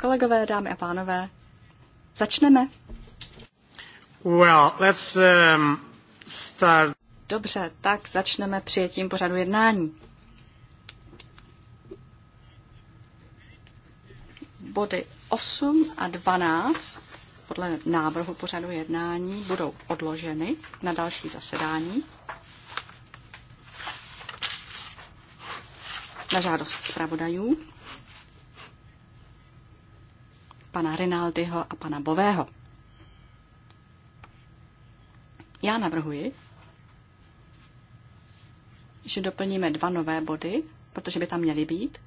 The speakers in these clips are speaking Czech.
Kolegové, dámy a pánové, začneme. Well, let's um, start. Dobře, tak začneme přijetím pořadu jednání. Body 8 a 12 podle návrhu pořadu jednání budou odloženy na další zasedání. na žádost zpravodajů pana Rinaldiho a pana Bového. Já navrhuji, že doplníme dva nové body, protože by tam měly být.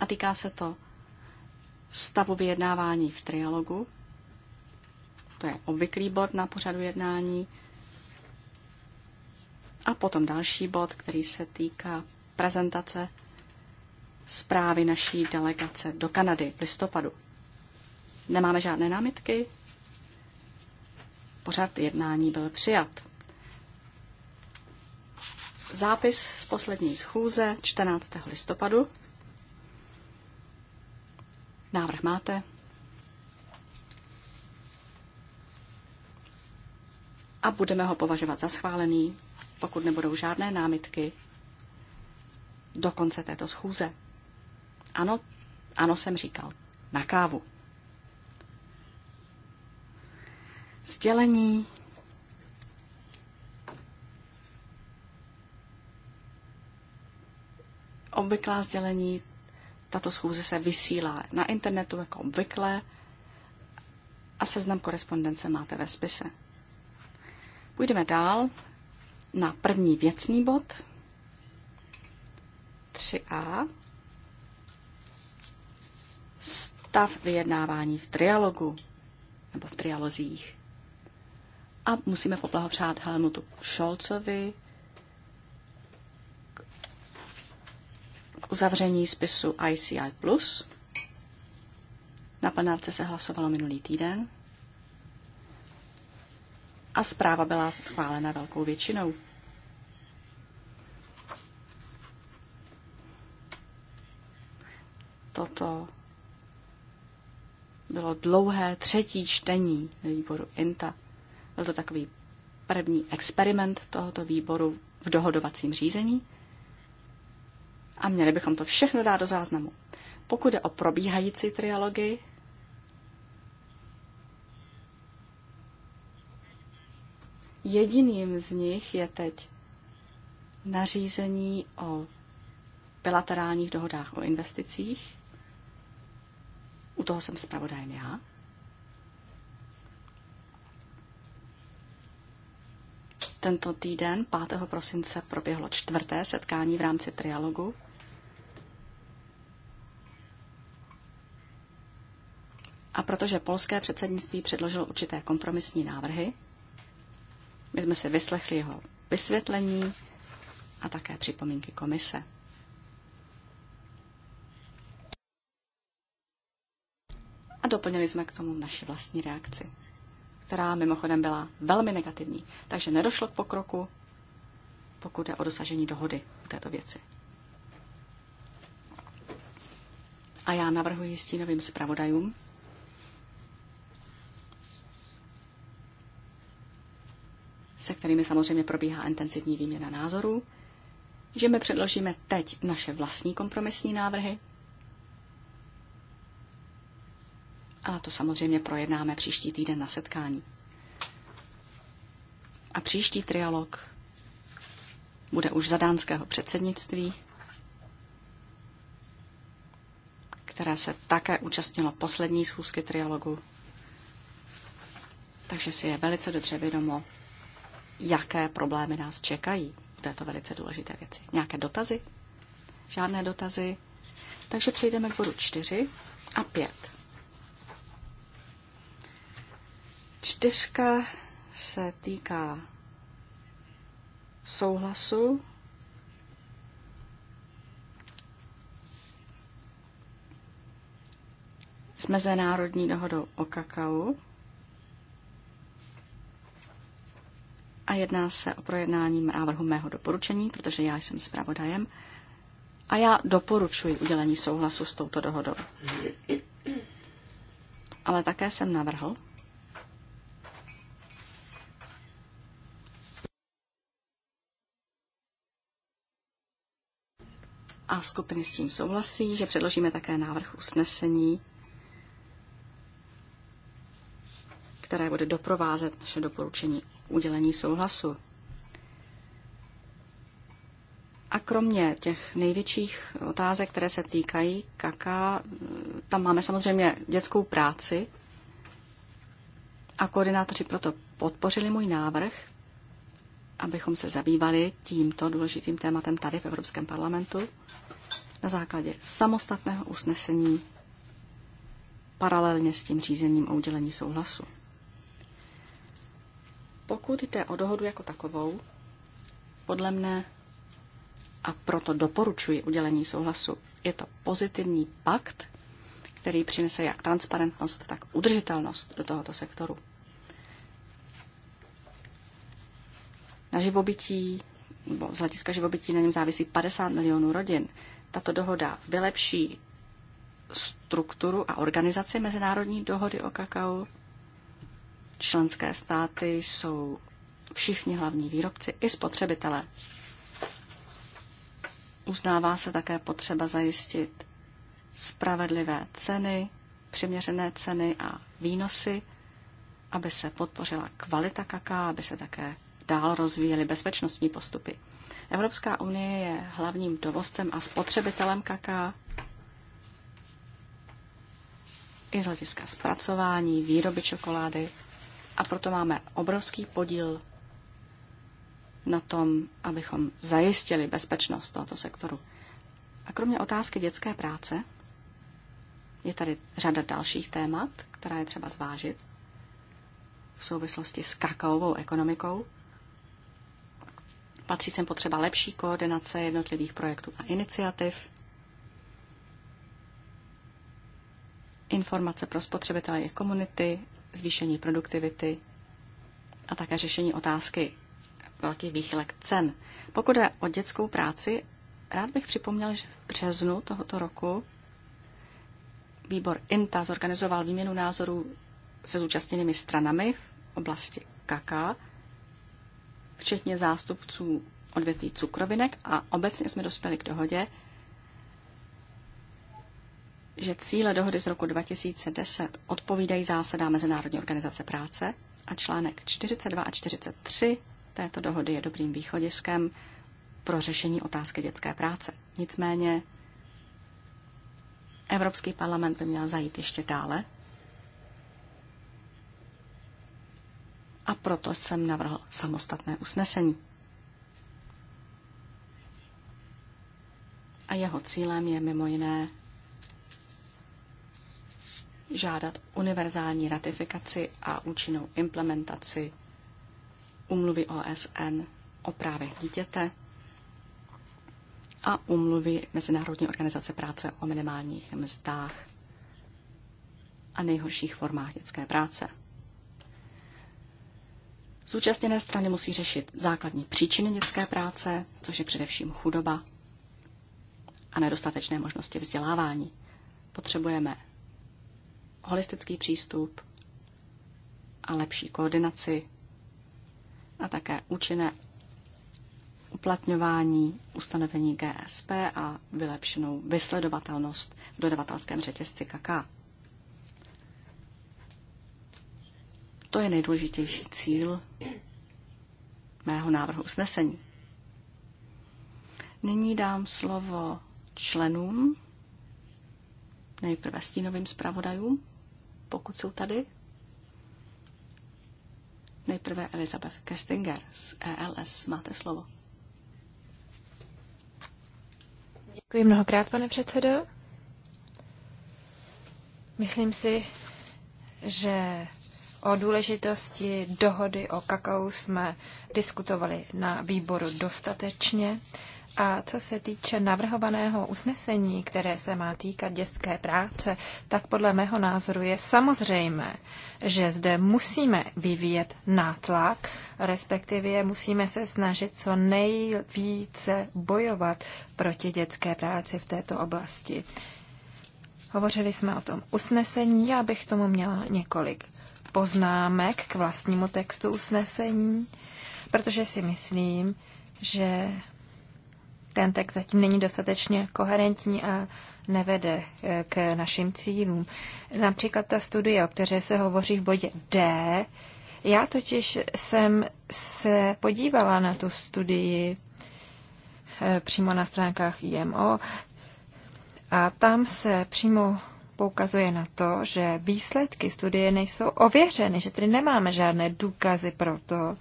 A týká se to stavu vyjednávání v trialogu. To je obvyklý bod na pořadu jednání. A potom další bod, který se týká prezentace zprávy naší delegace do Kanady v listopadu. Nemáme žádné námitky? Pořad jednání byl přijat. Zápis z poslední schůze 14. listopadu. Návrh máte? A budeme ho považovat za schválený, pokud nebudou žádné námitky do konce této schůze. Ano, ano, jsem říkal. Na kávu. Sdělení. Obvyklá sdělení. Tato schůze se vysílá na internetu jako obvykle a seznam korespondence máte ve spise. Půjdeme dál na první věcný bod. 3a. Stav vyjednávání v trialogu nebo v trialozích. A musíme poblahopřát Helmutu Šolcovi k uzavření spisu ICI+. Na plenárce se hlasovalo minulý týden a zpráva byla schválena velkou většinou. Toto bylo dlouhé třetí čtení výboru INTA. Byl to takový první experiment tohoto výboru v dohodovacím řízení a měli bychom to všechno dát do záznamu. Pokud je o probíhající trialogy, jediným z nich je teď nařízení o bilaterálních dohodách o investicích. U toho jsem zpravodajem já. Tento týden, 5. prosince, proběhlo čtvrté setkání v rámci trialogu. A protože polské předsednictví předložilo určité kompromisní návrhy, my jsme si vyslechli jeho vysvětlení a také připomínky komise. a doplnili jsme k tomu naši vlastní reakci, která mimochodem byla velmi negativní. Takže nedošlo k pokroku, pokud je o dosažení dohody u této věci. A já navrhuji stínovým zpravodajům, se kterými samozřejmě probíhá intenzivní výměna názorů, že my předložíme teď naše vlastní kompromisní návrhy, A to samozřejmě projednáme příští týden na setkání. A příští trialog bude už za dánského předsednictví, které se také účastnilo poslední schůzky trialogu. Takže si je velice dobře vědomo, jaké problémy nás čekají u této velice důležité věci. Nějaké dotazy? Žádné dotazy. Takže přejdeme k bodu 4 a 5. Čtyřka se týká souhlasu. S mezinárodní dohodou o kakao. A jedná se o projednání návrhu mého doporučení, protože já jsem zpravodajem. A já doporučuji udělení souhlasu s touto dohodou. Ale také jsem navrhl, a skupiny s tím souhlasí, že předložíme také návrh usnesení, které bude doprovázet naše doporučení udělení souhlasu. A kromě těch největších otázek, které se týkají kaká, tam máme samozřejmě dětskou práci a koordinátoři proto podpořili můj návrh, abychom se zabývali tímto důležitým tématem tady v Evropském parlamentu na základě samostatného usnesení paralelně s tím řízením o udělení souhlasu. Pokud jde o dohodu jako takovou, podle mne, a proto doporučuji udělení souhlasu, je to pozitivní pakt, který přinese jak transparentnost, tak udržitelnost do tohoto sektoru. Na živobytí, nebo z hlediska živobytí na něm závisí 50 milionů rodin. Tato dohoda vylepší strukturu a organizaci mezinárodní dohody o kakao. Členské státy jsou všichni hlavní výrobci i spotřebitelé. Uznává se také potřeba zajistit spravedlivé ceny, přiměřené ceny a výnosy, aby se podpořila kvalita kaká, aby se také dál rozvíjeli bezpečnostní postupy. Evropská unie je hlavním dovozcem a spotřebitelem kaká i z hlediska zpracování, výroby čokolády a proto máme obrovský podíl na tom, abychom zajistili bezpečnost tohoto sektoru. A kromě otázky dětské práce je tady řada dalších témat, která je třeba zvážit v souvislosti s kakaovou ekonomikou Patří sem potřeba lepší koordinace jednotlivých projektů a iniciativ, informace pro spotřebitele jejich komunity, zvýšení produktivity a také řešení otázky velkých výchylek cen. Pokud je o dětskou práci, rád bych připomněl, že v březnu tohoto roku výbor INTA zorganizoval výměnu názorů se zúčastněnými stranami v oblasti KK včetně zástupců odvětví cukrovinek a obecně jsme dospěli k dohodě, že cíle dohody z roku 2010 odpovídají zásadám Mezinárodní organizace práce a článek 42 a 43 této dohody je dobrým východiskem pro řešení otázky dětské práce. Nicméně Evropský parlament by měl zajít ještě dále a proto jsem navrhl samostatné usnesení. A jeho cílem je mimo jiné žádat univerzální ratifikaci a účinnou implementaci umluvy OSN o právech dítěte a umluvy Mezinárodní organizace práce o minimálních mzdách a nejhorších formách dětské práce. Zúčastněné strany musí řešit základní příčiny dětské práce, což je především chudoba a nedostatečné možnosti vzdělávání. Potřebujeme holistický přístup a lepší koordinaci a také účinné uplatňování ustanovení GSP a vylepšenou vysledovatelnost v dodavatelském řetězci KK. to je nejdůležitější cíl mého návrhu usnesení. Nyní dám slovo členům, nejprve stínovým zpravodajům, pokud jsou tady. Nejprve Elizabeth Kestinger z ELS. Máte slovo. Děkuji mnohokrát, pane předsedo. Myslím si, že O důležitosti dohody o kakao jsme diskutovali na výboru dostatečně. A co se týče navrhovaného usnesení, které se má týkat dětské práce, tak podle mého názoru je samozřejmé, že zde musíme vyvíjet nátlak, respektive musíme se snažit co nejvíce bojovat proti dětské práci v této oblasti. Hovořili jsme o tom usnesení, já bych tomu měla několik poznámek k vlastnímu textu usnesení, protože si myslím, že ten text zatím není dostatečně koherentní a nevede eh, k našim cílům. Například ta studie, o které se hovoří v bodě D, já totiž jsem se podívala na tu studii eh, přímo na stránkách IMO a tam se přímo poukazuje na to, že výsledky studie nejsou ověřeny, že tedy nemáme žádné důkazy pro to,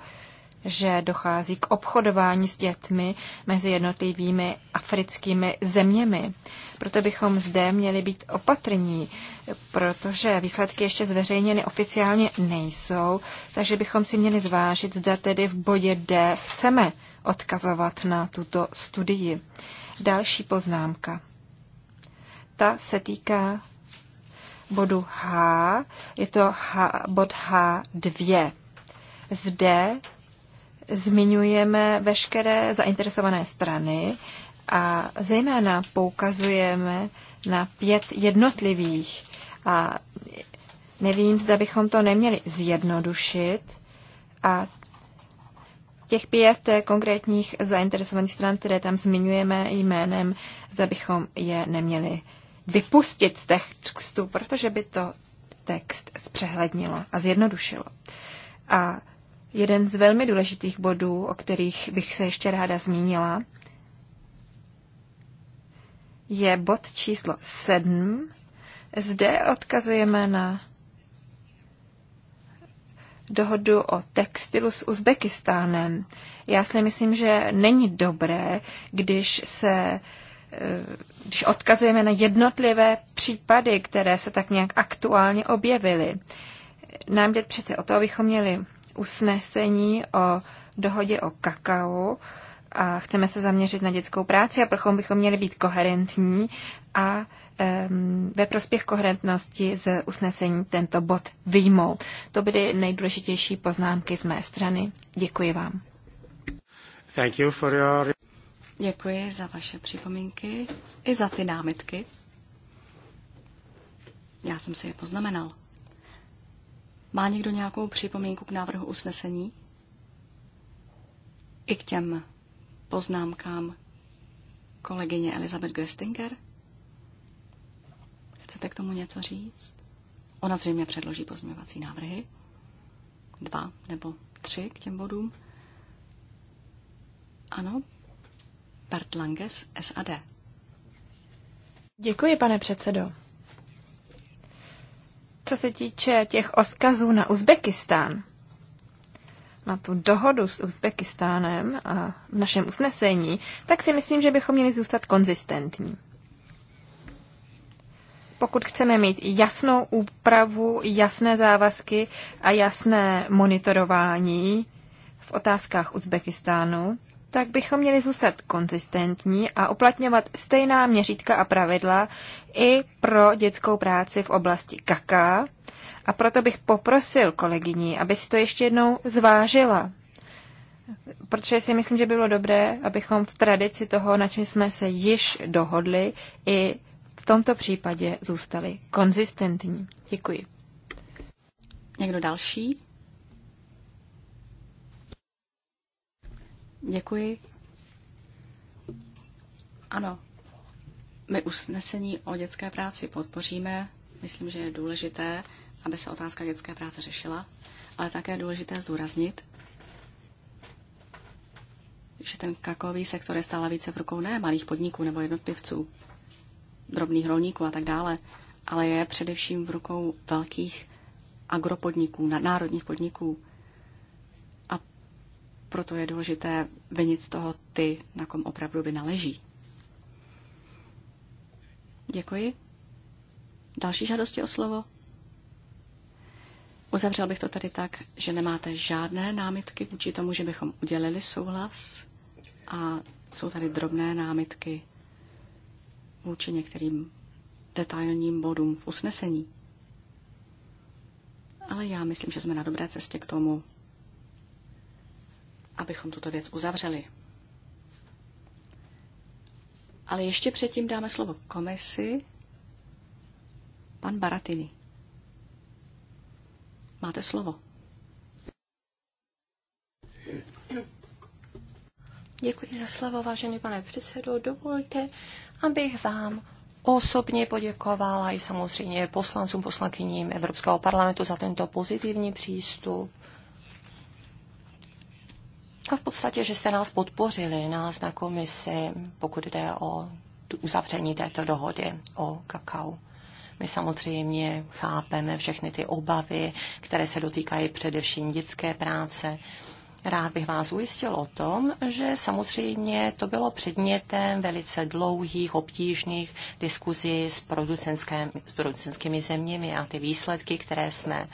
že dochází k obchodování s dětmi mezi jednotlivými africkými zeměmi. Proto bychom zde měli být opatrní, protože výsledky ještě zveřejněny oficiálně nejsou, takže bychom si měli zvážit, zda tedy v bodě D chceme odkazovat na tuto studii. Další poznámka. Ta se týká bodu H, je to H, bod H2. Zde zmiňujeme veškeré zainteresované strany a zejména poukazujeme na pět jednotlivých. A nevím, zda bychom to neměli zjednodušit a těch pět konkrétních zainteresovaných stran, které tam zmiňujeme jménem, zda bychom je neměli vypustit z textu, protože by to text zpřehlednilo a zjednodušilo. A jeden z velmi důležitých bodů, o kterých bych se ještě ráda zmínila, je bod číslo 7. Zde odkazujeme na dohodu o textilu s Uzbekistánem. Já si myslím, že není dobré, když se Eh, když odkazujeme na jednotlivé případy, které se tak nějak aktuálně objevily, nám jde přece o to, abychom měli usnesení o dohodě o kakao a chceme se zaměřit na dětskou práci a prochom bychom měli být koherentní a um, ve prospěch koherentnosti z usnesení tento bod vyjmout. To byly nejdůležitější poznámky z mé strany. Děkuji vám. Thank you for your... Děkuji za vaše připomínky i za ty námitky. Já jsem si je poznamenal. Má někdo nějakou připomínku k návrhu usnesení? I k těm poznámkám kolegyně Elizabeth Göstinger? Chcete k tomu něco říct? Ona zřejmě předloží pozměňovací návrhy. Dva nebo tři k těm bodům. Ano, Bert Langes, SAD. Děkuji, pane předsedo. Co se týče těch odkazů na Uzbekistán, na tu dohodu s Uzbekistánem a v našem usnesení, tak si myslím, že bychom měli zůstat konzistentní. Pokud chceme mít jasnou úpravu, jasné závazky a jasné monitorování v otázkách Uzbekistánu, tak bychom měli zůstat konzistentní a uplatňovat stejná měřítka a pravidla i pro dětskou práci v oblasti kaká. A proto bych poprosil kolegyní, aby si to ještě jednou zvážila. Protože si myslím, že bylo dobré, abychom v tradici toho, na čem jsme se již dohodli, i v tomto případě zůstali konzistentní. Děkuji. Někdo další? Děkuji. Ano, my usnesení o dětské práci podpoříme. Myslím, že je důležité, aby se otázka dětské práce řešila, ale také je důležité zdůraznit, že ten kakový sektor je stále více v rukou ne malých podniků nebo jednotlivců, drobných rolníků a tak dále, ale je především v rukou velkých agropodniků, národních podniků, proto je důležité vinit z toho ty, na kom opravdu vynaleží. Děkuji. Další žádosti o slovo? Uzavřel bych to tady tak, že nemáte žádné námitky vůči tomu, že bychom udělili souhlas a jsou tady drobné námitky vůči některým detailním bodům v usnesení. Ale já myslím, že jsme na dobré cestě k tomu, abychom tuto věc uzavřeli. Ale ještě předtím dáme slovo komisi. Pan Baratini. Máte slovo. Děkuji za slovo, vážený pane předsedo. Dovolte, abych vám osobně poděkovala i samozřejmě poslancům, poslankyním Evropského parlamentu za tento pozitivní přístup a v podstatě, že jste nás podpořili, nás na komisi, pokud jde o uzavření této dohody o kakao. My samozřejmě chápeme všechny ty obavy, které se dotýkají především dětské práce. Rád bych vás ujistil o tom, že samozřejmě to bylo předmětem velice dlouhých, obtížných diskuzí s, s producenskými zeměmi a ty výsledky, které jsme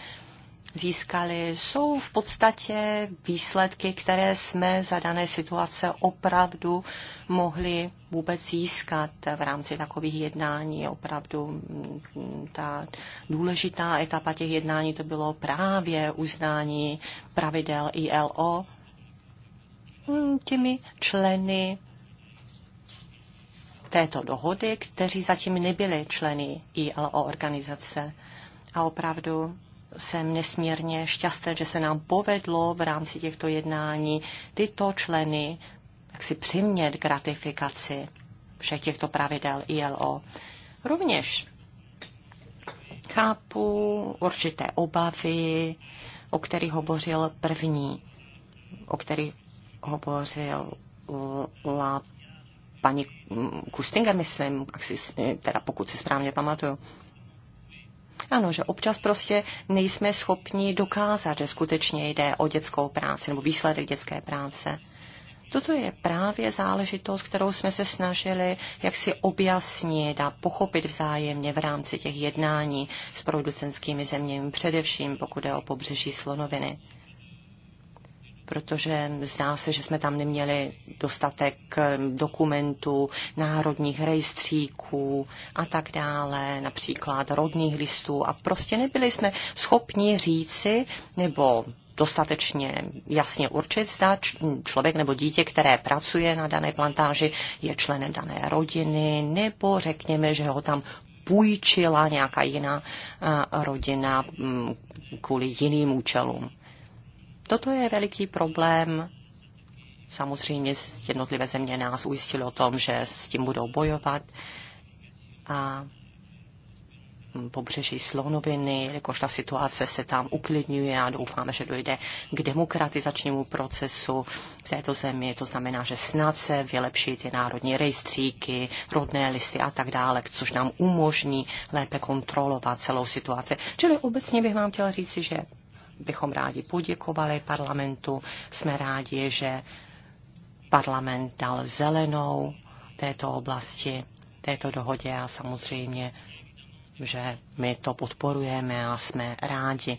získali, jsou v podstatě výsledky, které jsme za dané situace opravdu mohli vůbec získat v rámci takových jednání. Opravdu mm, ta důležitá etapa těch jednání to bylo právě uznání pravidel ILO mm, těmi členy této dohody, kteří zatím nebyli členy ILO organizace. A opravdu jsem nesmírně šťastný, že se nám povedlo v rámci těchto jednání tyto členy jak si přimět k ratifikaci všech těchto pravidel ILO. Rovněž chápu určité obavy, o kterých hovořil první, o kterých la paní Kustinger, myslím, si, eh, teda pokud si správně pamatuju. Ano, že občas prostě nejsme schopni dokázat, že skutečně jde o dětskou práci nebo výsledek dětské práce. Toto je právě záležitost, kterou jsme se snažili jak si objasnit a pochopit vzájemně v rámci těch jednání s producentskými zeměmi, především pokud je o pobřeží slonoviny protože zdá se, že jsme tam neměli dostatek eh, dokumentů, národních rejstříků a tak dále, například rodných listů a prostě nebyli jsme schopni říci nebo dostatečně jasně určit, zda člověk nebo dítě, které pracuje na dané plantáži, je členem dané rodiny, nebo řekněme, že ho tam půjčila nějaká jiná eh, rodina mm, kvůli jiným účelům. Toto je veliký problém. Samozřejmě jednotlivé země nás ujistily o tom, že s tím budou bojovat. A pobřeží Slonoviny, jakož ta situace se tam uklidňuje a doufáme, že dojde k demokratizačnímu procesu v této zemi. To znamená, že snad se vylepší ty národní rejstříky, rodné listy a tak dále, což nám umožní lépe kontrolovat celou situaci. Čili obecně bych vám chtěla říci, že bychom rádi poděkovali parlamentu. Jsme rádi, že parlament dal zelenou této oblasti, této dohodě a samozřejmě, že my to podporujeme a jsme rádi.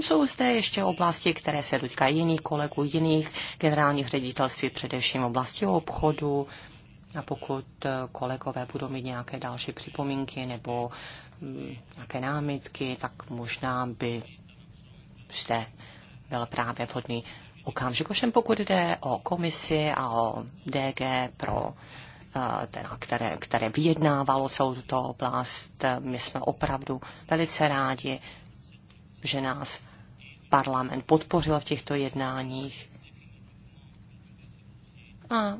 Jsou zde ještě oblasti, které se dotkají jiných kolegů, jiných generálních ředitelství, především oblasti obchodu. A pokud kolegové budou mít nějaké další připomínky nebo mm, nějaké námitky, tak možná by zde byl právě vhodný okamžik. Ošem pokud jde o komisi a o DG pro eh, teda, které, které vyjednávalo celou tuto oblast. My jsme opravdu velice rádi, že nás parlament podpořil v těchto jednáních. A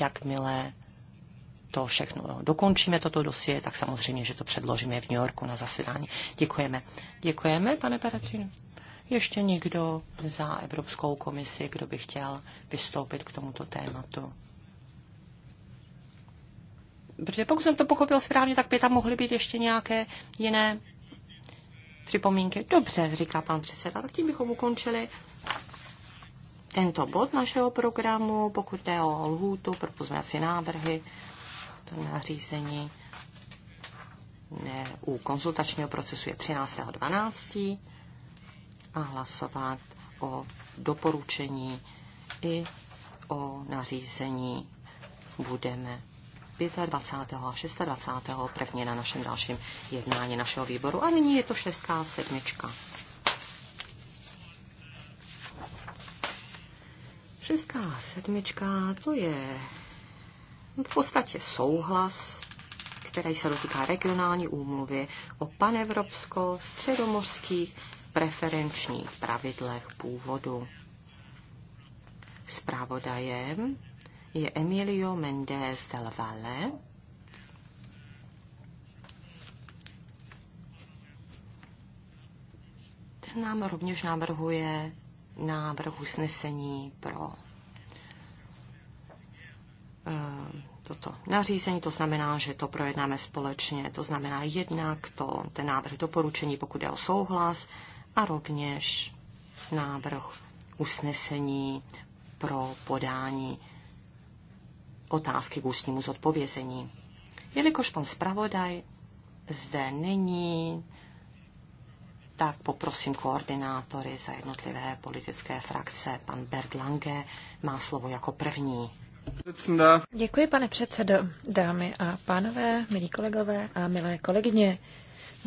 jakmile to všechno dokončíme, toto dosie, tak samozřejmě, že to předložíme v New Yorku na zasedání. Děkujeme. Děkujeme, pane Peratinu. Ještě někdo za Evropskou komisi, kdo by chtěl vystoupit k tomuto tématu? Protože pokud jsem to pochopil správně, tak by tam mohly být ještě nějaké jiné připomínky. Dobře, říká pan předseda, tak tím bychom ukončili tento bod našeho programu, pokud jde o lhůtu pro pozměňovací návrhy, to nařízení ne, u konzultačního procesu je 13.12 a hlasovat o doporučení i o nařízení budeme 25. a 26. prvně na našem dalším jednání našeho výboru. A nyní je to šestá sedmička. Šestá sedmička to je v podstatě souhlas, který se dotýká regionální úmluvy o panevropsko-středomořských preferenčních pravidlech původu. Zpravodajem je Emilio Mendez del Valle. Ten nám rovněž navrhuje návrh usnesení pro eh, toto nařízení, to znamená, že to projednáme společně, to znamená jednak to, ten návrh doporučení, pokud je o souhlas, a rovněž návrh usnesení pro podání otázky k ústnímu zodpovězení. Jelikož pan zpravodaj zde není, tak poprosím koordinátory za jednotlivé politické frakce. Pan Bert Lange má slovo jako první. Děkuji, pane předsedo, dámy a pánové, milí kolegové a milé kolegyně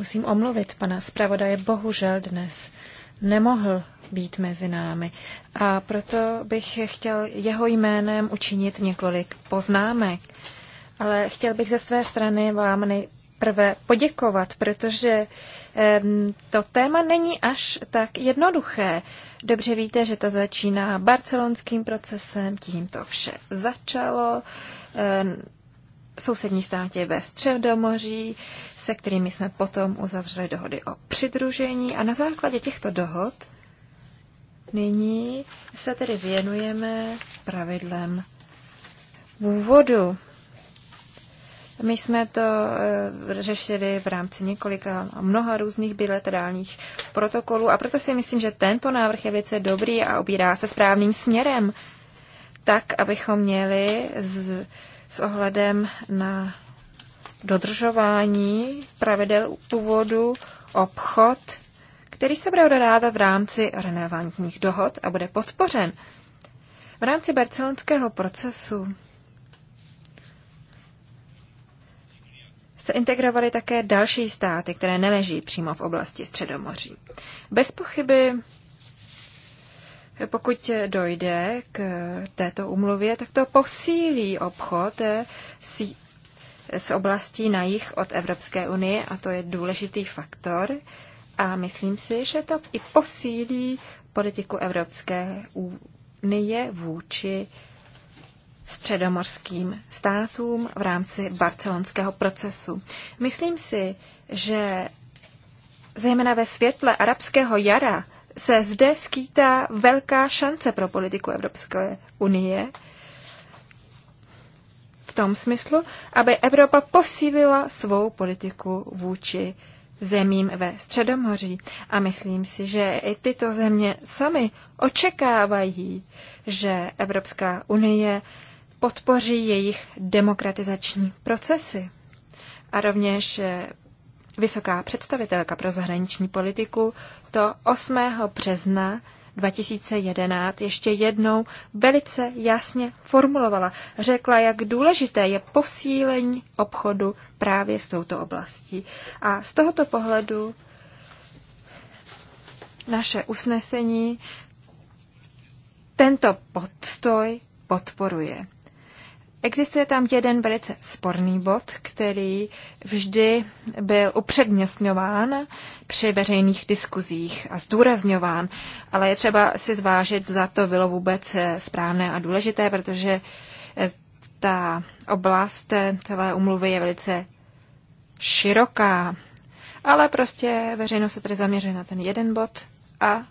musím omluvit pana zpravodaje, bohužel dnes nemohl být mezi námi. A proto bych chtěl jeho jménem učinit několik poznámek. Ale chtěl bych ze své strany vám nejprve poděkovat, protože to téma není až tak jednoduché. Dobře víte, že to začíná barcelonským procesem, tím to vše začalo sousední státě ve Středomoří, se kterými jsme potom uzavřeli dohody o přidružení a na základě těchto dohod nyní se tedy věnujeme pravidlem vůvodu. My jsme to eh, řešili v rámci několika mnoha různých bilaterálních protokolů a proto si myslím, že tento návrh je věce dobrý a obírá se správným směrem, tak abychom měli s, s ohledem na dodržování pravidel původu, obchod, který se bude dodávat v rámci relevantních dohod a bude podpořen. V rámci barcelonského procesu se integrovaly také další státy, které neleží přímo v oblasti Středomoří. Bez pochyby, pokud dojde k této umluvě, tak to posílí obchod z oblastí na jich od Evropské unie a to je důležitý faktor. A myslím si, že to i posílí politiku Evropské unie vůči středomorským státům v rámci barcelonského procesu. Myslím si, že zejména ve světle arabského jara se zde skýtá velká šance pro politiku Evropské unie tom smyslu, aby Evropa posílila svou politiku vůči zemím ve Středomoří. A myslím si, že i tyto země sami očekávají, že Evropská unie podpoří jejich demokratizační procesy. A rovněž eh, vysoká představitelka pro zahraniční politiku to 8. března 2011 ještě jednou velice jasně formulovala. Řekla, jak důležité je posílení obchodu právě s touto oblastí. A z tohoto pohledu naše usnesení tento podstoj podporuje. Existuje tam jeden velice sporný bod, který vždy byl upřednostňován při veřejných diskuzích a zdůrazňován, ale je třeba si zvážit, zda to bylo vůbec eh, správné a důležité, protože eh, ta oblast eh, celé umluvy je velice široká, ale prostě veřejnost se tedy zaměřuje na ten jeden bod a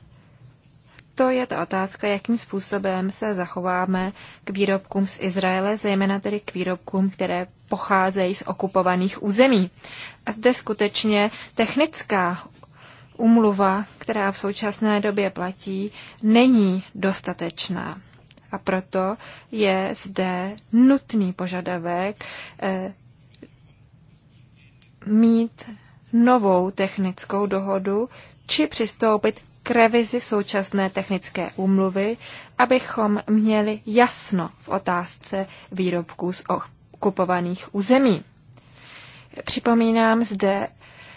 to je ta otázka, jakým způsobem se zachováme k výrobkům z Izraele, zejména tedy k výrobkům, které pocházejí z okupovaných území. A zde skutečně technická umluva, která v současné době platí, není dostatečná. A proto je zde nutný požadavek eh, mít novou technickou dohodu, či přistoupit k revizi současné technické úmluvy, abychom měli jasno v otázce výrobků z okupovaných území. Připomínám zde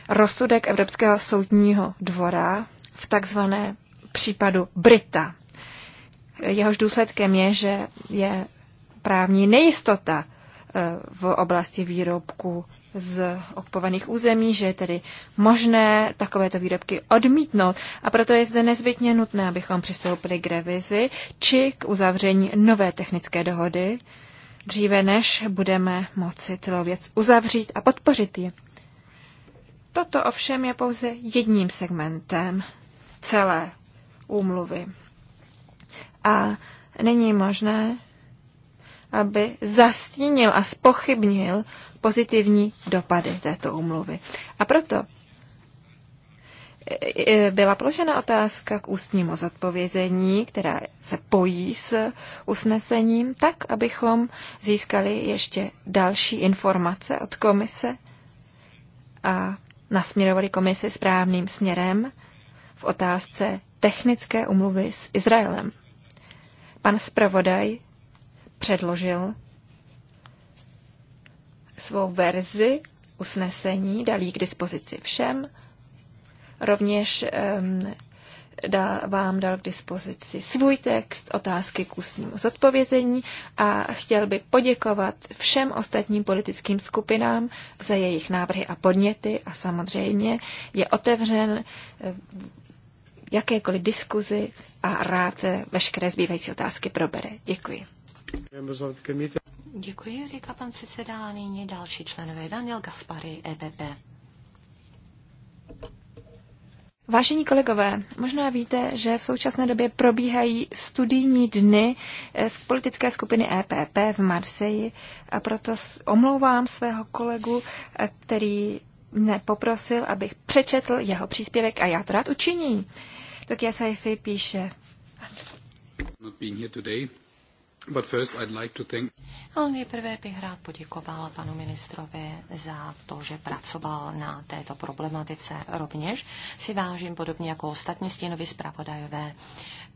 rozsudek Evropského soudního dvora v takzvané případu Brita. Jehož důsledkem je, že je právní nejistota eh, v oblasti výrobku z okupovaných území, že je tedy možné takovéto výrobky odmítnout. A proto je zde nezbytně nutné, abychom přistoupili k revizi či k uzavření nové technické dohody, dříve než budeme moci celou věc uzavřít a podpořit ji. Toto ovšem je pouze jedním segmentem celé úmluvy. A není možné, aby zastínil a spochybnil pozitivní dopady této umluvy. A proto e, e, byla položena otázka k ústnímu zodpovězení, která se pojí s usnesením, tak, abychom získali ještě další informace od komise a nasměrovali komisi správným směrem v otázce technické umluvy s Izraelem. Pan zpravodaj předložil svou verzi usnesení, dal ji k dispozici všem. Rovněž um, dá, vám dal k dispozici svůj text, otázky k ústnímu zodpovězení a chtěl by poděkovat všem ostatním politickým skupinám za jejich návrhy a podněty a samozřejmě je otevřen jakékoliv diskuzi a rád veškeré zbývající otázky probere. Děkuji. Děkuji, říká pan předseda a nyní další členové Daniel Gaspary, EPP. Vážení kolegové, možná víte, že v současné době probíhají studijní dny eh, z politické skupiny EPP v Marseji a proto omlouvám svého kolegu, eh, který mě poprosil, abych přečetl jeho příspěvek a já to rád učiním. já se píše. But first I'd like to thank... Ale no, nejprve bych rád poděkoval panu ministrovi za to, že pracoval na této problematice. Rovněž si vážím, podobně jako ostatní stěnovy zpravodajové,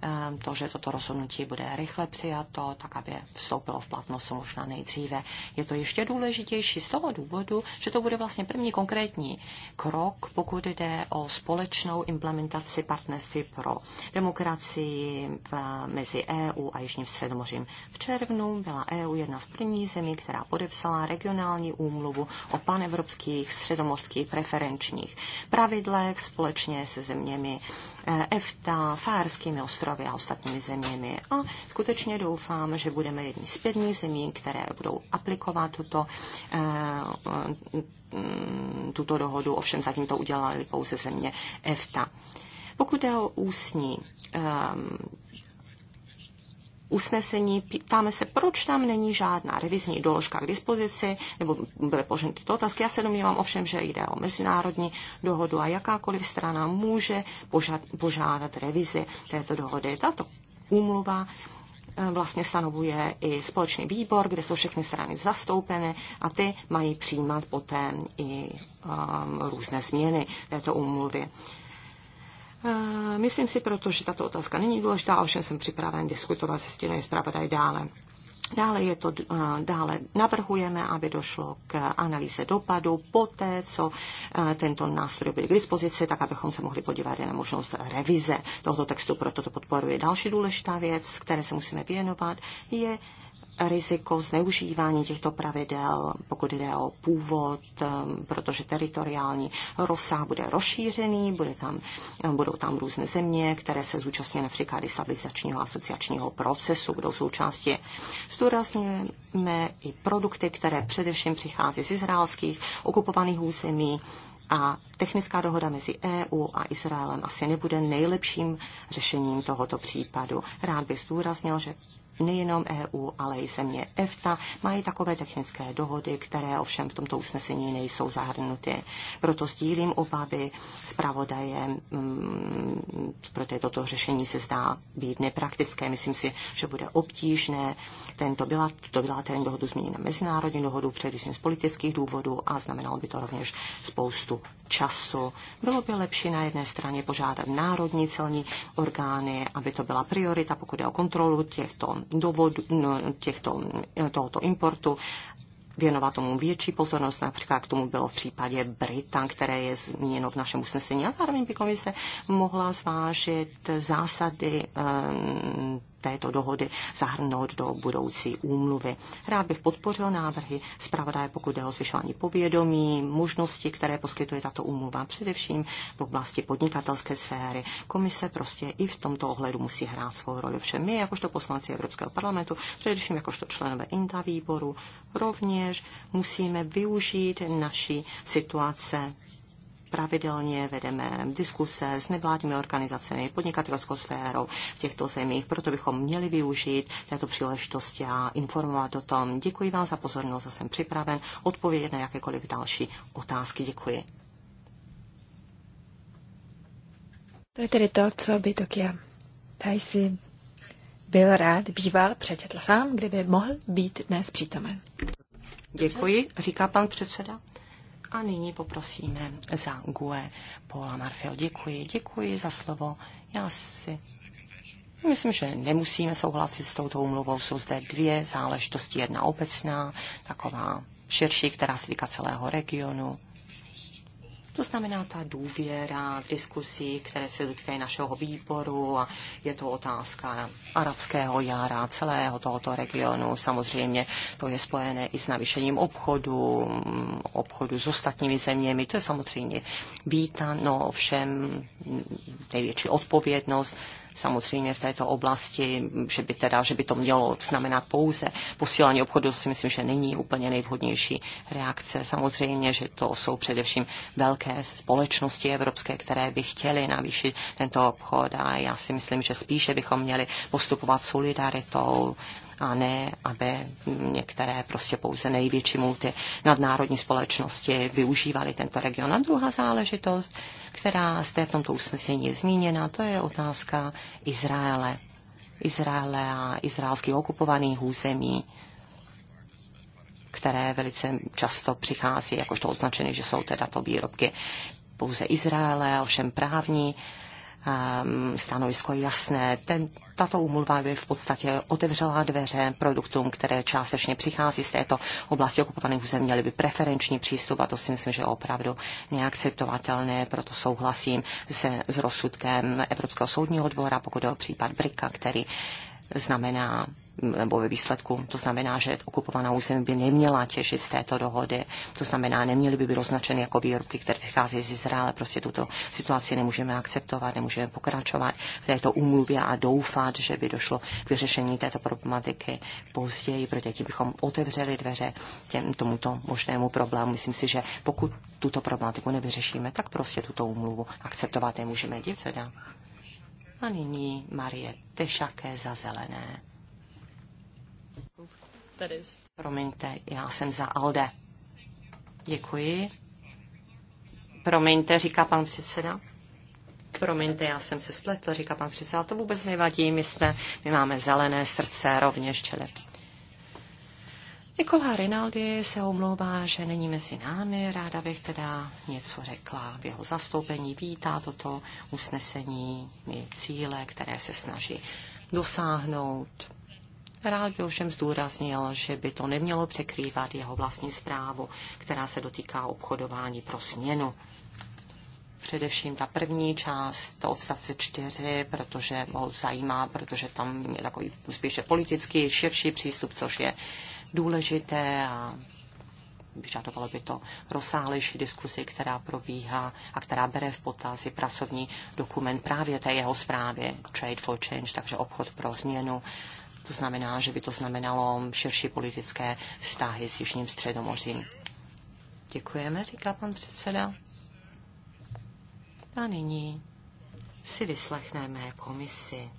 Ehm, to, že toto rozhodnutí bude rychle přijato, tak aby vstoupilo v platnost možná nejdříve. Je to ještě důležitější z toho důvodu, že to bude vlastně první konkrétní krok, pokud jde o společnou implementaci partnerství pro demokracii v, mezi EU a Jižním středomořím. V červnu byla EU jedna z prvních zemí, která podepsala regionální úmluvu o panevropských středomorských preferenčních pravidlech společně se zeměmi eh, EFTA, Fárskými ostrovy ostrovy a ostatními zeměmi. A skutečně doufám, že budeme jedni z pětní zemí, které budou aplikovat tuto eh, tuto dohodu, ovšem zatím to udělali pouze země EFTA. Pokud je o ústní ehm, usnesení, ptáme se, proč tam není žádná revizní doložka k dispozici, nebo byly pořeny tyto otázky. Já se domnívám ovšem, že jde o mezinárodní dohodu a jakákoliv strana může požad, požádat revizi této dohody. Tato úmluva eh, vlastně stanovuje i společný výbor, kde jsou všechny strany zastoupeny a ty mají přijímat poté i um, různé změny této úmluvy. Uh, Eh, myslím si proto, že tato otázka není důležitá, ovšem jsem připraven diskutovat se stěnou zpravodaj dále. Dále, je to, eh, dále navrhujeme, aby došlo k analýze dopadu poté, co eh, tento nástroj bude k dispozici, tak abychom se mohli podívat na možnost revize tohoto textu. Proto to podporuje. Další důležitá věc, které se musíme věnovat, je riziko zneužívání těchto pravidel, pokud jde o původ, protože teritoriální rozsah bude rozšířený, bude tam, budou tam různé země, které se zúčastní například stabilizačního asociačního procesu, budou součástí. Zdůrazňujeme i produkty, které především přichází z izraelských okupovaných území, a technická dohoda mezi EU a Izraelem asi nebude nejlepším řešením tohoto případu. Rád bych zdůraznil, že nejenom EU, ale i země EFTA mají takové technické dohody, které ovšem v tomto usnesení nejsou zahrnuty. Proto sdílím obavy pravodajem, mm, proto toto řešení se zdá být nepraktické. Myslím si, že bude obtížné tento byla, to bilaterální dohodu změnit na mezinárodní dohodu, především z politických důvodů a znamenalo by to rovněž spoustu času. Bylo by lepší na jedné straně požádat národní celní orgány, aby to byla priorita, pokud je o kontrolu těchto důvodů no, těchto, tohoto importu věnovat tomu větší pozornost, například k tomu bylo v případě Britan, které je zmíněno v našem usnesení. A zároveň by komise mohla zvážit zásady ehm, této dohody zahrnout do budoucí úmluvy. Rád bych podpořil návrhy zpravodaje, pokud jde o zvyšování povědomí, možnosti, které poskytuje tato úmluva, především v oblasti podnikatelské sféry. Komise prostě i v tomto ohledu musí hrát svou roli. Všem my, jakožto poslanci Evropského parlamentu, především jakožto členové INTA výboru, rovněž musíme využít naší situace pravidelně vedeme diskuse s nevládními organizacemi, podnikatelskou sférou v těchto zemích, proto bychom měli využít této příležitosti a informovat o tom. Děkuji vám za pozornost a jsem připraven odpovědět na jakékoliv další otázky. Děkuji. To je tedy to, co by Tokia Tajsi byl rád, býval, přečetl sám, kdyby mohl být dnes přítomen. Děkuji, říká pan předseda. A nyní poprosíme za GUE Paula Marfio. Děkuji, děkuji za slovo. Já si Myslím, že nemusíme souhlasit s touto umluvou. Jsou zde dvě záležitosti. Jedna obecná, taková širší, která se týká celého regionu. To znamená ta důvěra v diskusích, které se dotýkají našeho výboru a je to otázka arabského jara, celého tohoto regionu. Samozřejmě to je spojené i s navýšením obchodu, obchodu s ostatními zeměmi. To je samozřejmě vítáno všem největší odpovědnost samozřejmě v této oblasti, že by, teda, že by to mělo znamenat pouze posílání obchodu, si myslím, že není úplně nejvhodnější reakce. Samozřejmě, že to jsou především velké společnosti evropské, které by chtěly navýšit tento obchod a já si myslím, že spíše bychom měli postupovat solidaritou, a ne, aby některé prostě pouze největší multi nadnárodní společnosti využívaly tento region. A druhá záležitost, která zde v tomto usnesení je zmíněna, to je otázka Izraele. Izraele a izraelských okupovaných území které velice často přichází jakožto označeny, že jsou teda to výrobky pouze Izraele, ovšem právní um, stanovisko jasné. Ten, tato umluva by v podstatě otevřela dveře produktům, které částečně přichází z této oblasti okupovaných území, měly by preferenční přístup a to si myslím, že je opravdu neakceptovatelné, proto souhlasím se s rozsudkem Evropského soudního dvora, pokud je o případ Brika, který znamená nebo ve výsledku. To znamená, že okupovaná území by neměla těšit z této dohody. To znamená, neměly by být označeny jako výrobky, které vychází z Izraele. Prostě tuto situaci nemůžeme akceptovat, nemůžeme pokračovat v této úmluvě a doufat, že by došlo k vyřešení této problematiky později, protože tím bychom otevřeli dveře těm, tomuto možnému problému. Myslím si, že pokud tuto problematiku nevyřešíme, tak prostě tuto úmluvu akceptovat nemůžeme. Děceda. A nyní Marie Tešaké za zelené that is. Promiňte, já jsem za ALDE. Děkuji. Promiňte, říká pan předseda. Promiňte, já jsem se spletl, říká pan předseda, to vůbec nevadí, my, jsme, my máme zelené srdce rovněž, čili Nikola Rinaldi se omlouvá, že není mezi námi. Ráda bych teda něco řekla v jeho zastoupení. Vítá toto usnesení i cíle, které se snaží dosáhnout. Rád by ovšem zdůraznil, že by to nemělo překrývat jeho vlastní zprávu, která se dotýká obchodování pro směnu. Především ta první část to odstavce 4, protože ho zajímá, protože tam je takový spíše politický, širší přístup, což je důležité a vyžadovalo by to rozsáhlejší diskusi, která probíhá a která bere v potaz i pracovní dokument právě té jeho zprávy Trade for Change, takže obchod pro změnu to znamená, že by to znamenalo širší politické vztahy s Jižním středomořím. Děkujeme, říká pan předseda. A nyní si vyslechneme komisi.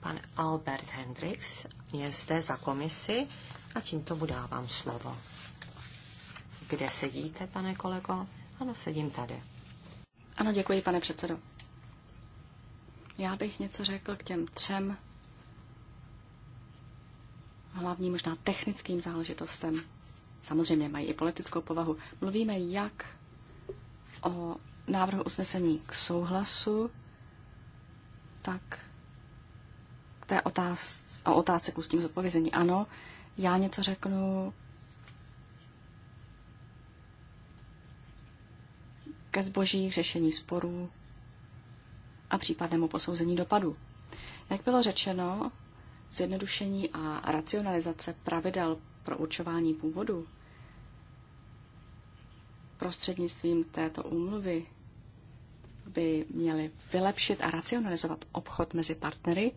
Pan Albert Hendrix je zde za komisi a tímto mu dávám slovo. Kde sedíte, pane kolego? Ano, sedím tady. Ano, děkuji, pane předsedo. Já bych něco řekl k těm třem hlavním, možná technickým záležitostem. Samozřejmě mají i politickou povahu. Mluvíme jak o návrhu usnesení k souhlasu, tak k té otázce, o otázce k ústním zodpovězení. Ano, já něco řeknu ke zboží řešení sporů a případnému posouzení dopadu. Jak bylo řečeno, zjednodušení a racionalizace pravidel pro určování původu prostřednictvím této úmluvy by měly vylepšit a racionalizovat obchod mezi partnery.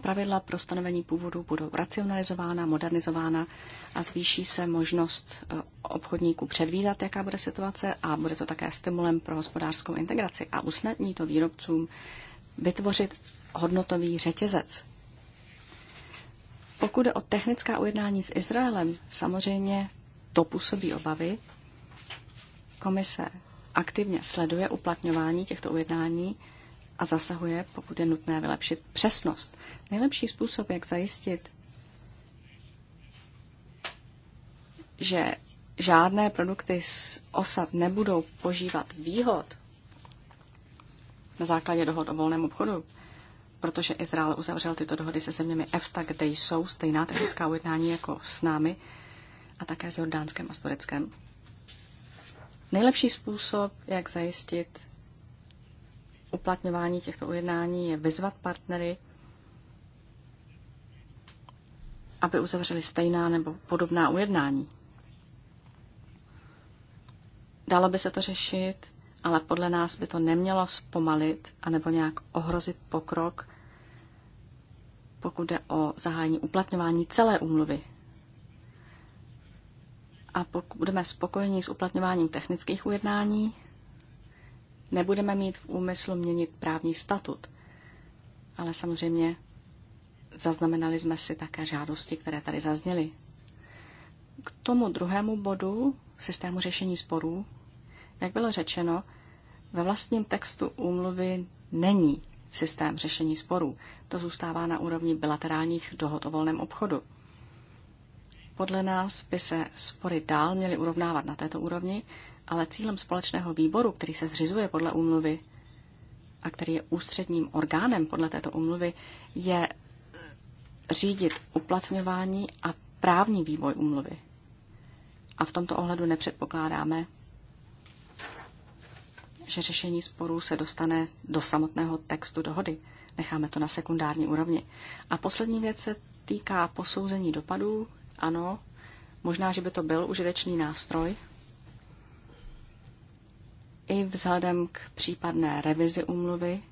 Pravidla pro stanovení původu budou racionalizována, modernizována a zvýší se možnost eh, obchodníků předvídat, jaká bude situace a bude to také stimulem pro hospodářskou integraci a usnadní to výrobcům vytvořit hodnotový řetězec. Pokud jde o technická ujednání s Izraelem, samozřejmě to působí obavy. Komise aktivně sleduje uplatňování těchto ujednání a zasahuje, pokud je nutné vylepšit přesnost. Nejlepší způsob, jak zajistit, že žádné produkty z osad nebudou požívat výhod na základě dohod o volném obchodu, protože Izrael uzavřel tyto dohody se zeměmi EFTA, kde jsou stejná technická ujednání jako s námi, a také s Jordánskem a s Tureckem. Nejlepší způsob, jak zajistit uplatňování těchto ujednání, je vyzvat partnery, aby uzavřeli stejná nebo podobná ujednání. Dalo by se to řešit, ale podle nás by to nemělo zpomalit anebo nějak ohrozit pokrok, pokud jde o zahájení uplatňování celé úmluvy, a pokud budeme spokojeni s uplatňováním technických ujednání, nebudeme mít v úmyslu měnit právní statut. Ale samozřejmě zaznamenali jsme si také žádosti, které tady zazněly. K tomu druhému bodu systému řešení sporů, jak bylo řečeno, ve vlastním textu úmluvy není systém řešení sporů. To zůstává na úrovni bilaterálních dohod o volném obchodu. Podle nás by se spory dál měly urovnávat na této úrovni, ale cílem společného výboru, který se zřizuje podle úmluvy a který je ústředním orgánem podle této úmluvy, je řídit uplatňování a právní vývoj úmluvy. A v tomto ohledu nepředpokládáme, že řešení sporů se dostane do samotného textu dohody. Necháme to na sekundární úrovni. A poslední věc se týká posouzení dopadů ano, možná, že by to byl užitečný nástroj. I vzhledem k případné revizi úmluvy,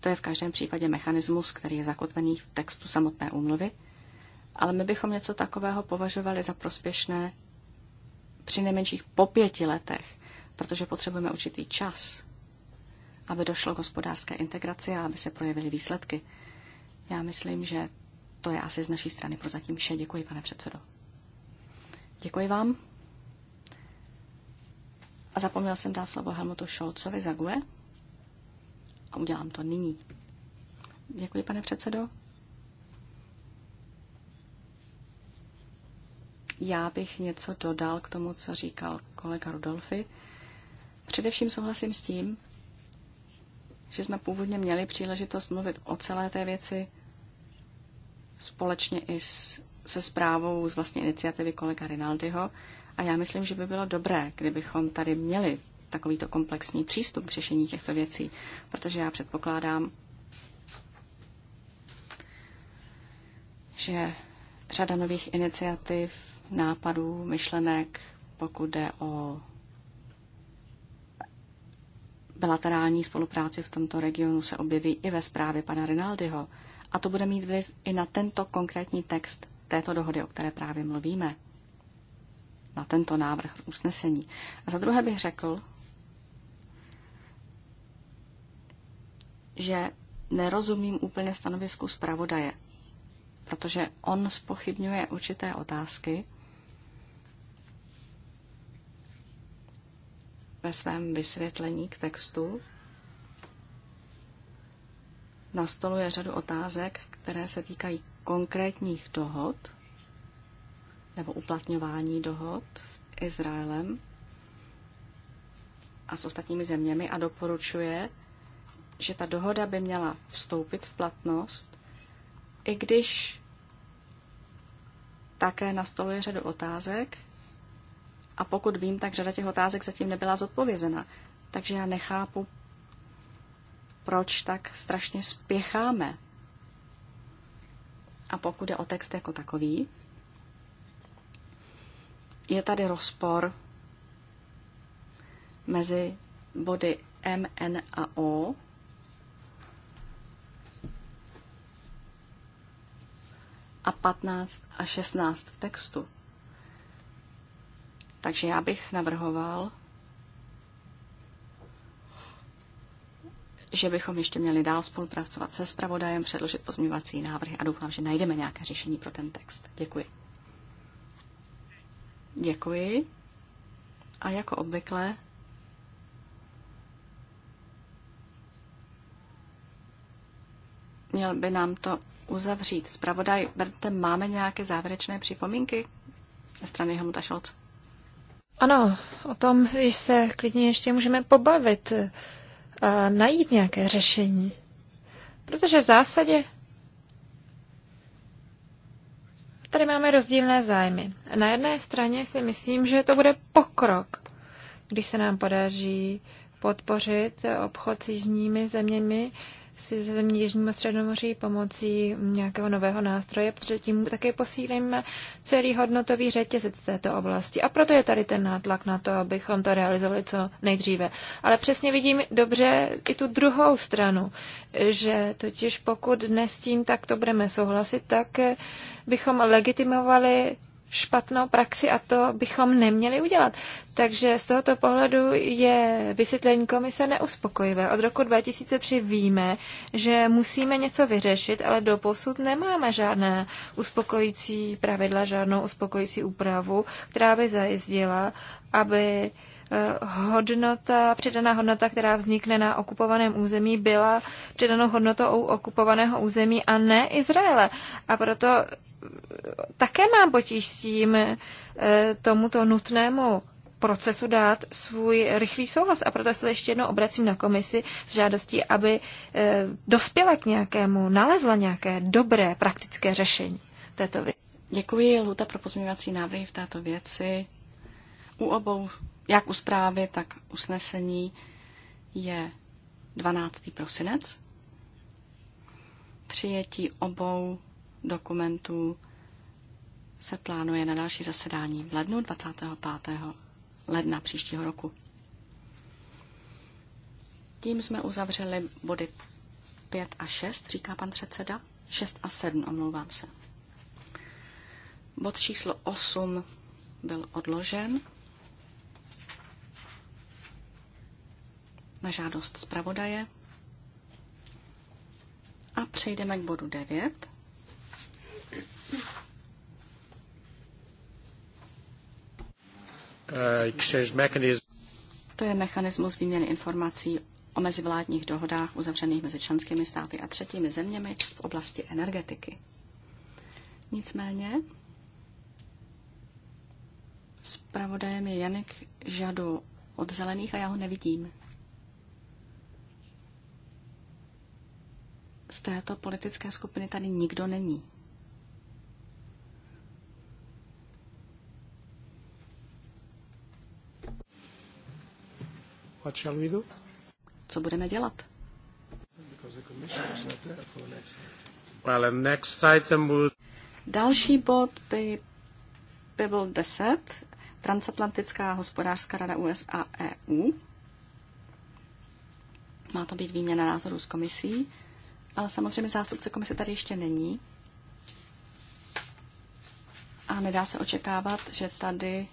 to je v každém případě mechanismus, který je zakotvený v textu samotné úmluvy, ale my bychom něco takového považovali za prospěšné při nejmenších po pěti letech, protože potřebujeme určitý čas, aby došlo k hospodářské integraci a aby se projevily výsledky. Já myslím, že to je asi z naší strany zatím vše. Děkuji, pane předsedo. Děkuji vám. A zapomněl jsem dát slovo Helmutu Šolcovi za GUE. A udělám to nyní. Děkuji, pane předsedo. Já bych něco dodal k tomu, co říkal kolega Rudolfi. Především souhlasím s tím, že jsme původně měli příležitost mluvit o celé té věci společně i s, se zprávou z vlastní iniciativy kolega Rinaldiho. A já myslím, že by bylo dobré, kdybychom tady měli takovýto komplexní přístup k řešení těchto věcí, protože já předpokládám, že řada nových iniciativ, nápadů, myšlenek, pokud jde o bilaterální spolupráci v tomto regionu, se objeví i ve zprávě pana Rinaldiho a to bude mít vliv i na tento konkrétní text této dohody, o které právě mluvíme. Na tento návrh v usnesení. A za druhé bych řekl, že nerozumím úplně stanovisku zpravodaje, protože on spochybňuje určité otázky ve svém vysvětlení k textu nastoluje řadu otázek, které se týkají konkrétních dohod nebo uplatňování dohod s Izraelem a s ostatními zeměmi a doporučuje, že ta dohoda by měla vstoupit v platnost, i když také nastoluje řadu otázek a pokud vím, tak řada těch otázek zatím nebyla zodpovězena. Takže já nechápu, proč tak strašně spěcháme. A pokud je o text jako takový, je tady rozpor mezi body M, N a O. A 15 a 16 v textu. Takže já bych navrhoval, že bychom ještě měli dál spolupracovat se zpravodajem, předložit pozměňovací návrhy a doufám, že najdeme nějaké řešení pro ten text. Děkuji. Děkuji. A jako obvykle měl by nám to uzavřít. Spravodaj, Berte, máme nějaké závěrečné připomínky ze strany Hamuta Šolc? Ano, o tom se klidně ještě můžeme pobavit najít nějaké řešení. Protože v zásadě tady máme rozdílné zájmy. Na jedné straně si myslím, že to bude pokrok, když se nám podaří podpořit obchod s jižními zeměmi, si zemí Jižního středomoří pomocí nějakého nového nástroje, protože tím také posílíme celý hodnotový řetězec této oblasti. A proto je tady ten nátlak na to, abychom to realizovali co nejdříve. Ale přesně vidím dobře i tu druhou stranu, že totiž pokud dnes tím tak budeme souhlasit, tak bychom legitimovali špatnou praxi a to bychom neměli udělat. Takže z tohoto pohledu je vysvětlení komise neuspokojivé. Od roku 2003 víme, že musíme něco vyřešit, ale do posud nemáme žádné uspokojící pravidla, žádnou uspokojící úpravu, která by zajistila, aby eh, hodnota, přidaná hodnota, která vznikne na okupovaném území, byla přidanou hodnotou okupovaného území a ne Izraele. A proto také mám potíž s tím eh, tomuto nutnému procesu dát svůj rychlý souhlas. A proto se ještě jednou obracím na komisi s žádostí, aby eh, dospěla k nějakému, nalezla nějaké dobré praktické řešení této věci. Děkuji, Luta, pro pozměňovací návrhy v této věci. U obou, jak u zprávy, tak usnesení je 12. prosinec. Přijetí obou dokumentů se plánuje na další zasedání v lednu 25. ledna příštího roku. Tím jsme uzavřeli body 5 a 6, říká pan předseda. 6 a 7, omlouvám se. Bod číslo 8 byl odložen na žádost zpravodaje. A přejdeme k bodu 9. To je mechanismus výměny informací o mezivládních dohodách uzavřených mezi členskými státy a třetími zeměmi v oblasti energetiky. Nicméně zpravodajem je Janek Žado od Zelených a já ho nevidím. Z této politické skupiny tady nikdo není. What shall we do? Co budeme dělat? Well, next item Další bod by, by byl 10. Transatlantická hospodářská rada USA EU. Má to být výměna názorů s komisí, ale samozřejmě zástupce komise tady ještě není. A nedá se očekávat, že tady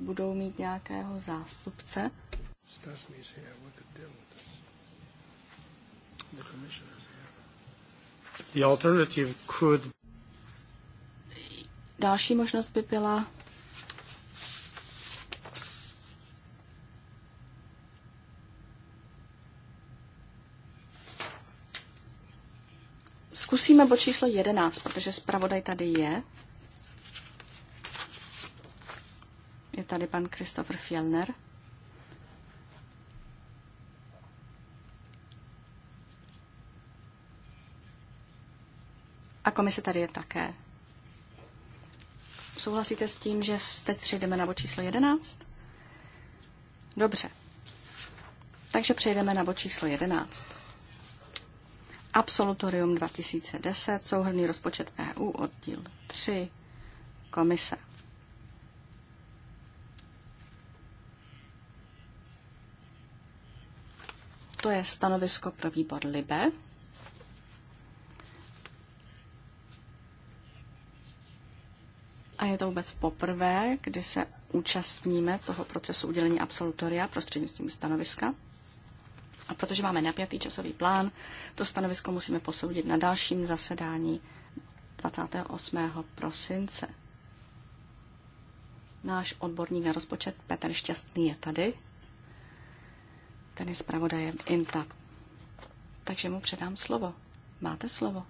budou mít nějakého zástupce. Další možnost by byla Zkusíme bod číslo 11, protože zpravodaj tady je. tady pan Christopher Fjellner. A komise tady je také. Souhlasíte s tím, že teď přejdeme na bod číslo 11? Dobře. Takže přejdeme na bod číslo 11. Absolutorium 2010, souhrný rozpočet EU, oddíl 3, komise. To je stanovisko pro výbor Libe. A je to vůbec poprvé, kdy se účastníme toho procesu udělení absolutoria prostřednictvím stanoviska. A protože máme napjatý časový plán, to stanovisko musíme posoudit na dalším zasedání 28. prosince. Náš odborník na rozpočet Petr Šťastný je tady ten je zpravodajem INTA. Takže mu předám slovo. Máte slovo.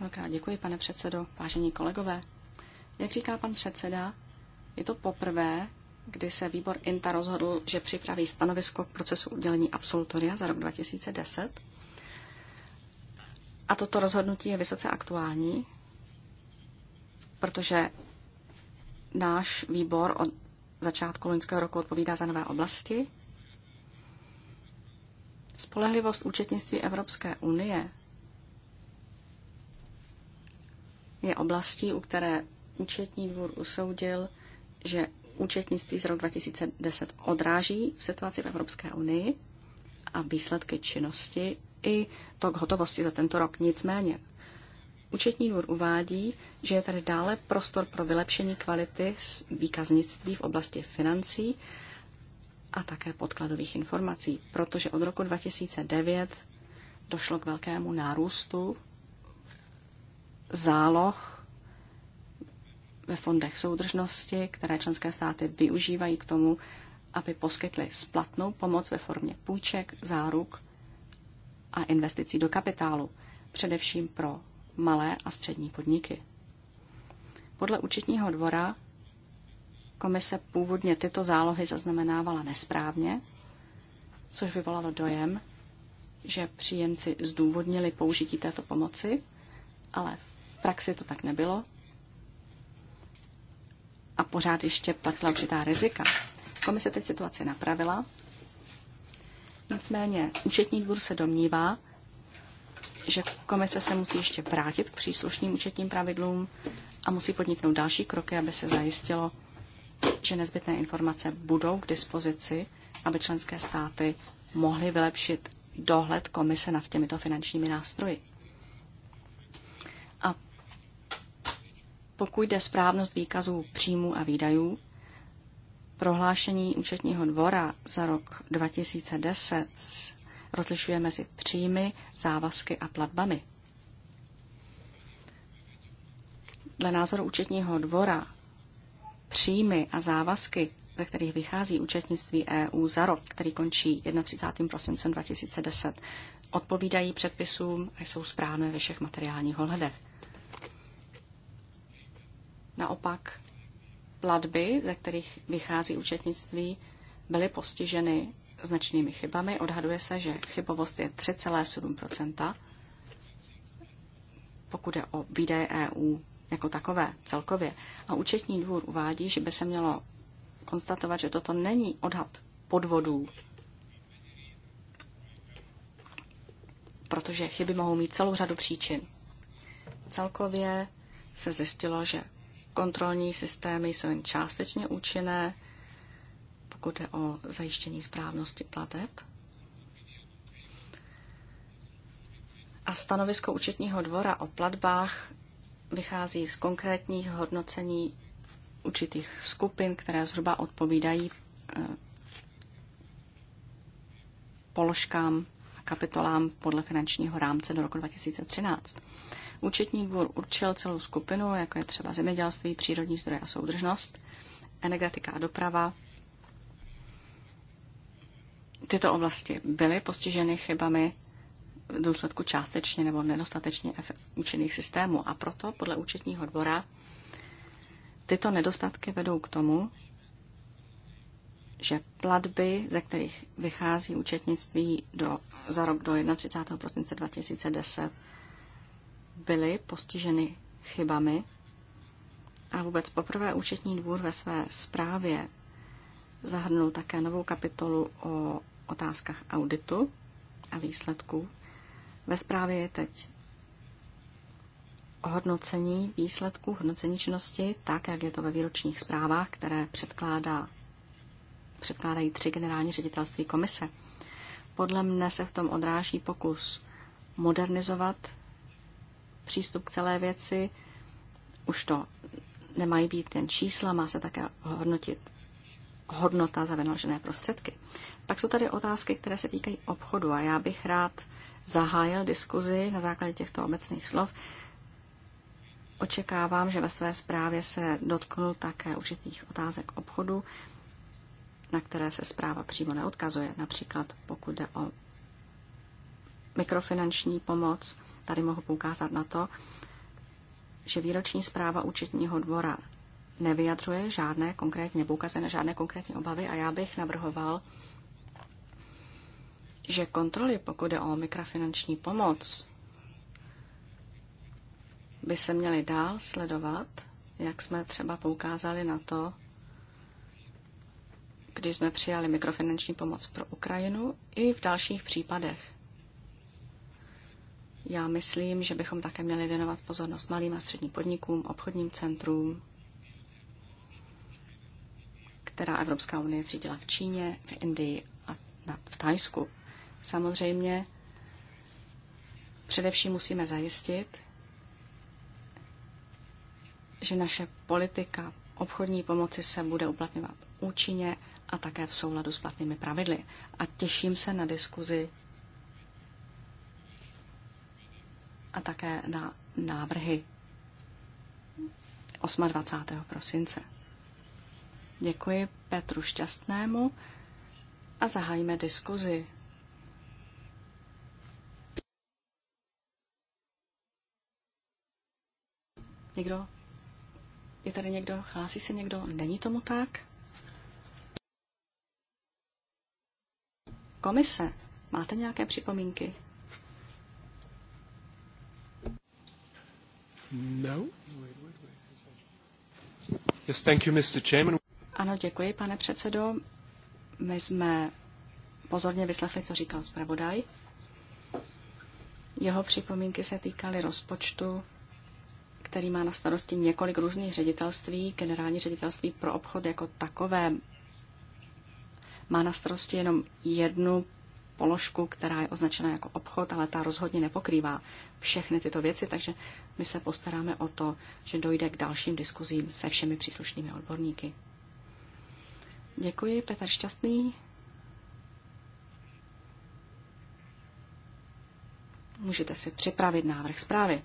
Velká děkuji, pane předsedo, vážení kolegové. Jak říká pan předseda, je to poprvé, kdy se výbor INTA rozhodl, že připraví stanovisko k procesu udělení absolutoria za rok 2010. A toto rozhodnutí je vysoce aktuální, protože náš výbor od začátku loňského roku odpovídá za nové oblasti. Spolehlivost účetnictví Evropské unie je oblastí, u které účetní dvůr usoudil, že účetnictví z roku 2010 odráží v situaci v Evropské unii a výsledky činnosti i k hotovosti za tento rok. Nicméně Účetní dvůr uvádí, že je tady dále prostor pro vylepšení kvality výkaznictví v oblasti financí a také podkladových informací, protože od roku 2009 došlo k velkému nárůstu záloh ve fondech soudržnosti, které členské státy využívají k tomu, aby poskytly splatnou pomoc ve formě půjček, záruk a investicí do kapitálu, především pro malé a střední podniky. Podle účetního dvora komise původně tyto zálohy zaznamenávala nesprávně, což vyvolalo dojem, že příjemci zdůvodnili použití této pomoci, ale v praxi to tak nebylo a pořád ještě platila určitá rizika. Komise teď situaci napravila, nicméně účetní dvůr se domnívá, že komise se musí ještě vrátit k příslušným účetním pravidlům a musí podniknout další kroky, aby se zajistilo, že nezbytné informace budou k dispozici, aby členské státy mohly vylepšit dohled komise nad těmito finančními nástroji. A pokud jde správnost výkazů příjmů a výdajů, prohlášení účetního dvora za rok 2010 rozlišuje mezi příjmy, závazky a platbami. Dle názoru účetního dvora příjmy a závazky, ze kterých vychází účetnictví EU za rok, který končí 31. prosincem 2010, odpovídají předpisům a jsou správné ve všech materiálních ohledech. Naopak platby, ze kterých vychází účetnictví, byly postiženy značnými chybami. Odhaduje se, že chybovost je 3,7 pokud je o výdaje EU jako takové celkově. A účetní dvůr uvádí, že by se mělo konstatovat, že toto není odhad podvodů, protože chyby mohou mít celou řadu příčin. Celkově se zjistilo, že kontrolní systémy jsou jen částečně účinné, pokud jde o zajištění správnosti plateb. A stanovisko účetního dvora o platbách vychází z konkrétních hodnocení určitých skupin, které zhruba odpovídají eh, položkám a kapitolám podle finančního rámce do roku 2013. Účetní dvůr určil celou skupinu, jako je třeba zemědělství, přírodní zdroje a soudržnost, energetika a doprava, tyto oblasti byly postiženy chybami v důsledku částečně nebo nedostatečně účinných systémů. A proto podle účetního dvora tyto nedostatky vedou k tomu, že platby, ze kterých vychází účetnictví do, za rok do 31. prosince 2010, byly postiženy chybami. A vůbec poprvé účetní dvůr ve své zprávě zahrnul také novou kapitolu o otázkách auditu a výsledků. Ve zprávě je teď hodnocení výsledků, hodnocení činnosti, tak, jak je to ve výročních zprávách, které předkládá, předkládají tři generální ředitelství komise. Podle mne se v tom odráží pokus modernizovat přístup k celé věci. Už to nemají být jen čísla, má se také hodnotit hodnota za vynaložené prostředky. Pak jsou tady otázky, které se týkají obchodu a já bych rád zahájil diskuzi na základě těchto obecných slov. Očekávám, že ve své zprávě se dotknu také určitých otázek obchodu, na které se zpráva přímo neodkazuje. Například pokud jde o mikrofinanční pomoc, tady mohu poukázat na to, že výroční zpráva účetního dvora nevyjadřuje žádné konkrétně, poukazy na žádné konkrétní obavy a já bych navrhoval, že kontroly, pokud jde o mikrofinanční pomoc, by se měly dál sledovat, jak jsme třeba poukázali na to, když jsme přijali mikrofinanční pomoc pro Ukrajinu i v dalších případech. Já myslím, že bychom také měli věnovat pozornost malým a středním podnikům, obchodním centrům, která Evropská unie zřídila v Číně, v Indii a v Tajsku. Samozřejmě především musíme zajistit, že naše politika obchodní pomoci se bude uplatňovat účinně a také v souladu s platnými pravidly. A těším se na diskuzi a také na návrhy 28. prosince. Děkuji Petru Šťastnému a zahájíme diskuzi. Někdo? Je tady někdo? Hlásí se někdo? Není tomu tak? Komise, máte nějaké připomínky? No. Yes, thank you, Mr. Chairman. Ano, děkuji, pane předsedo. My jsme pozorně vyslechli, co říkal zpravodaj. Jeho připomínky se týkaly rozpočtu, který má na starosti několik různých ředitelství. Generální ředitelství pro obchod jako takové má na starosti jenom jednu položku, která je označena jako obchod, ale ta rozhodně nepokrývá všechny tyto věci, takže my se postaráme o to, že dojde k dalším diskuzím se všemi příslušnými odborníky. Děkuji, Petr Šťastný. Můžete si připravit návrh zprávy.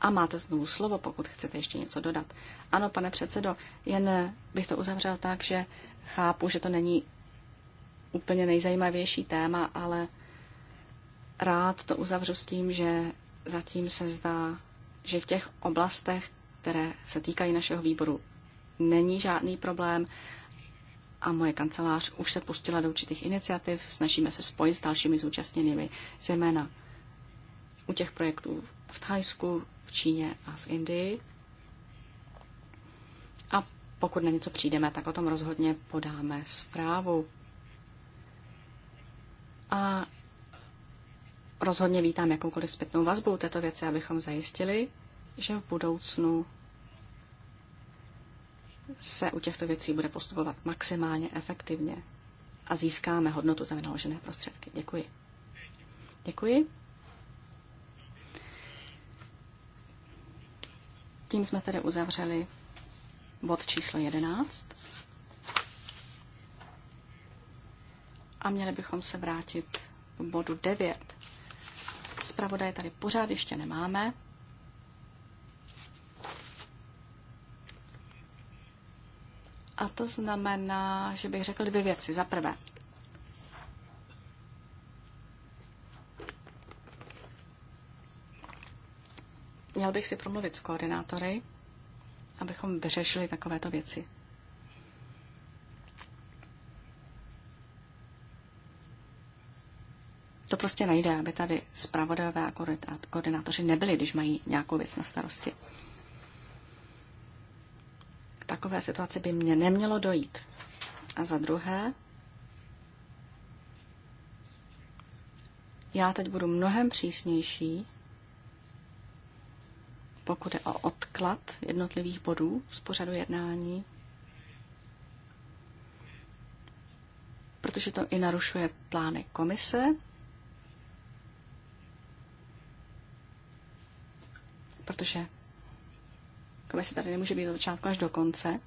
A máte znovu slovo, pokud chcete ještě něco dodat. Ano, pane předsedo, jen bych to uzavřel tak, že chápu, že to není úplně nejzajímavější téma, ale rád to uzavřu s tím, že zatím se zdá, že v těch oblastech, které se týkají našeho výboru, není žádný problém a moje kancelář už se pustila do určitých iniciativ, snažíme se spojit s dalšími zúčastněnými, zejména u těch projektů v Thajsku, v Číně a v Indii. A pokud na něco přijdeme, tak o tom rozhodně podáme zprávu. A rozhodně vítám jakoukoliv zpětnou vazbu této věci, abychom zajistili, že v budoucnu se u těchto věcí bude postupovat maximálně efektivně a získáme hodnotu za vynaložené prostředky. Děkuji. Děkuji. Tím jsme tedy uzavřeli bod číslo 11. A měli bychom se vrátit k bodu 9. Zpravodaje tady pořád ještě nemáme. A to znamená, že bych řekl dvě věci. Za prvé, měl bych si promluvit s koordinátory, abychom vyřešili takovéto věci. To prostě nejde, aby tady zpravodajové a koordinátoři nebyli, když mají nějakou věc na starosti takové situaci by mě nemělo dojít. A za druhé, já teď budu mnohem přísnější, pokud je o odklad jednotlivých bodů z pořadu jednání, protože to i narušuje plány komise, protože Komise tady nemůže být od začátku až do konce.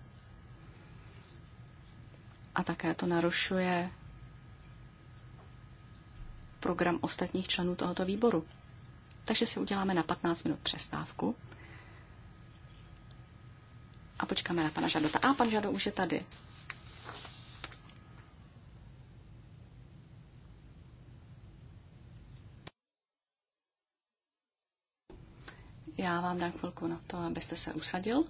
A také to narušuje program ostatních členů tohoto výboru. Takže si uděláme na 15 minut přestávku a počkáme na pana Žadota. A pan Žado už je tady. Já vám dám chvilku na to, abyste se usadil.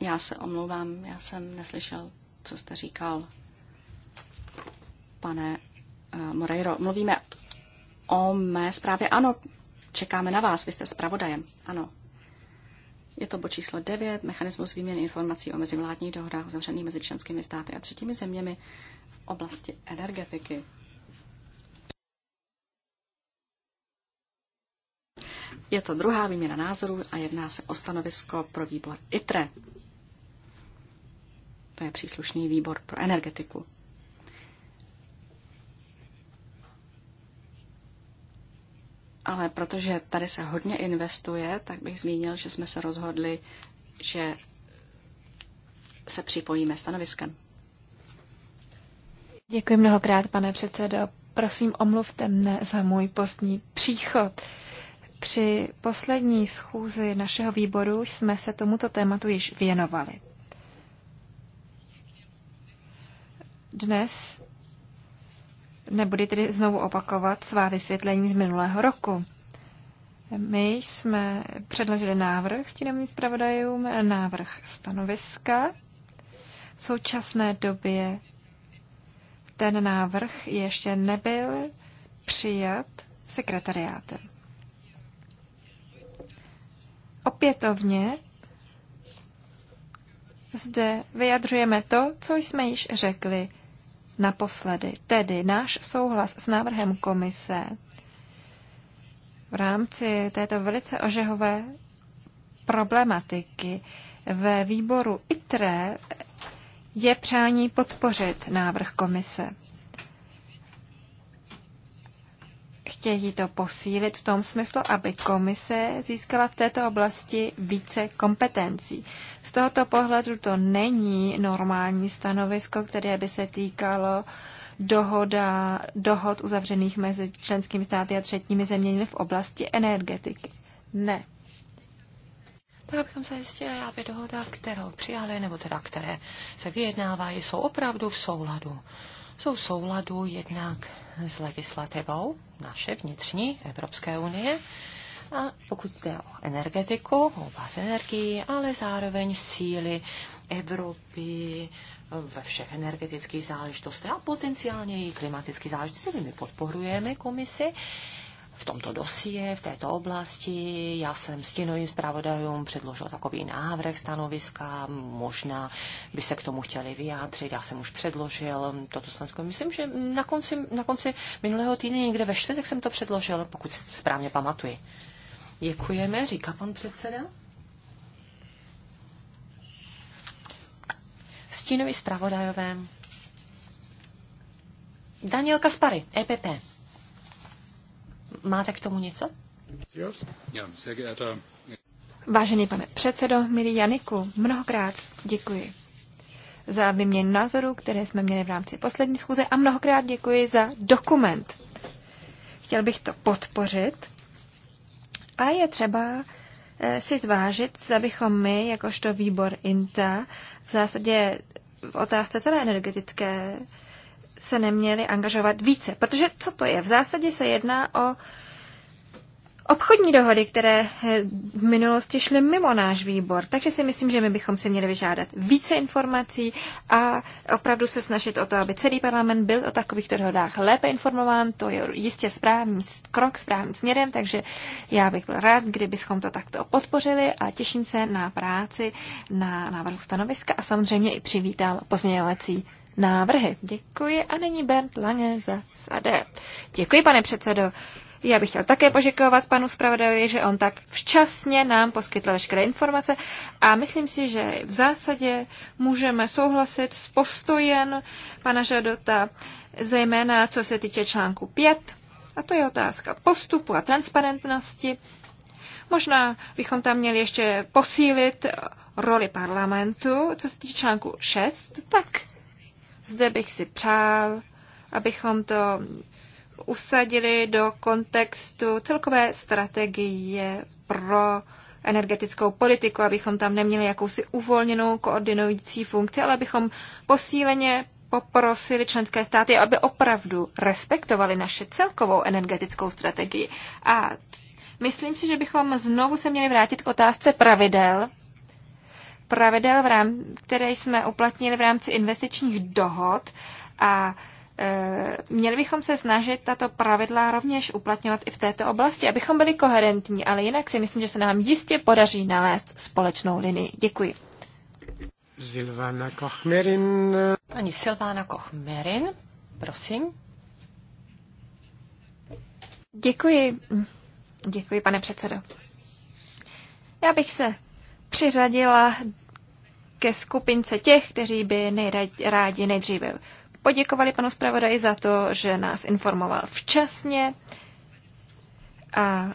Já se omlouvám, já jsem neslyšel, co jste říkal, pane eh, Moreiro. Mluvíme o mé zprávě. Ano, čekáme na vás, vy jste zpravodajem. Ano. Je to bod číslo 9, mechanismus výměny informací o mezivládních dohodách uzavřených mezi členskými státy a třetími zeměmi v oblasti energetiky. Je to druhá výměna názorů a jedná se o stanovisko pro výbor ITRE. To je příslušný výbor pro energetiku. Ale protože tady se hodně investuje, tak bych zmínil, že jsme se rozhodli, že se připojíme stanoviskem. Děkuji mnohokrát, pane předsedo. Prosím, omluvte mne za můj postní příchod. Při poslední schůzi našeho výboru jsme se tomuto tématu již věnovali. Dnes nebudu tedy znovu opakovat svá vysvětlení z minulého roku. My jsme předložili návrh stínovým zpravodajům, návrh stanoviska. V současné době ten návrh ještě nebyl přijat sekretariátem opětovně zde vyjadřujeme to, co jsme již řekli naposledy, tedy náš souhlas s návrhem komise v rámci této velice ožehové problematiky ve výboru ITRE je přání podpořit návrh komise. chtějí to posílit v tom smyslu, aby komise získala v této oblasti více kompetencí. Z tohoto pohledu to není normální stanovisko, které by se týkalo dohoda, dohod uzavřených mezi členskými státy a třetími zeměmi v oblasti energetiky. Ne. Tak abychom zajistili, aby dohoda, kterou přijali, nebo teda které se vyjednávají, jsou opravdu v souladu jsou v souladu jednak s legislativou naše vnitřní Evropské unie, a pokud jde o energetiku, vás energii, ale zároveň síly Evropy eh, ve všech energetických záležitostech a potenciálně i klimatických záležitostech. My podporujeme komisi v tomto dosie, v této oblasti. Já jsem stínovým zpravodajům předložil takový návrh stanoviska, možná by se k tomu chtěli vyjádřit. Já jsem už předložil toto stanovisko. Myslím, že na konci, na konci minulého týdne někde ve čtvrtek jsem to předložil, pokud správně pamatuji. Děkujeme, říká pan předseda. Stínový zpravodajové. Daniel Kaspary, EPP. Máte k tomu něco? Vážený pane předsedo, milý Janiku, mnohokrát děkuji za vyměnu názoru, které jsme měli v rámci poslední schůze a mnohokrát děkuji za dokument. Chtěl bych to podpořit a je třeba eh, si zvážit, zda bychom my, jakožto výbor INTA, v zásadě v otázce celé energetické se neměli angažovat více. Protože co to je? V zásadě se jedná o obchodní dohody, které eh, v minulosti šly mimo náš výbor. Takže si myslím, že my bychom si měli vyžádat více informací a opravdu se snažit o to, aby celý parlament byl o takovýchto dohodách lépe informován. To je jistě správný krok správným směrem, takže já bych byl rád, kdybychom to takto podpořili a těším se na práci na návrhu stanoviska a samozřejmě i přivítám pozměňovací návrhy. Děkuji a není Bernd Lange za SAD. Děkuji, pane předsedo. Já bych chtěl také poděkovat panu zpravodajovi, že on tak včasně nám poskytl veškeré informace a myslím si, že v zásadě můžeme souhlasit s postojem pana Žadota, zejména co se týče článku 5, a to je otázka postupu a transparentnosti. Možná bychom tam měli ještě posílit roli parlamentu, co se týče článku 6, tak zde bych si přál, abychom to usadili do kontextu celkové strategie pro energetickou politiku, abychom tam neměli jakousi uvolněnou koordinující funkci, ale abychom posíleně poprosili členské státy, aby opravdu respektovali naše celkovou energetickou strategii. A myslím si, že bychom znovu se měli vrátit k otázce pravidel pravidel, v rám, které jsme uplatnili v rámci investičních dohod a e, měli bychom se snažit tato pravidla rovněž uplatňovat i v této oblasti, abychom byli koherentní, ale jinak si myslím, že se nám jistě podaří nalézt společnou linii. Děkuji. Silvana Kochmerin. Pani Silvana Kochmerin, prosím. Děkuji. Děkuji, pane předsedo. Já bych se přiřadila ke skupince těch, kteří by rádi nejdříve poděkovali panu zpravodaji za to, že nás informoval včasně a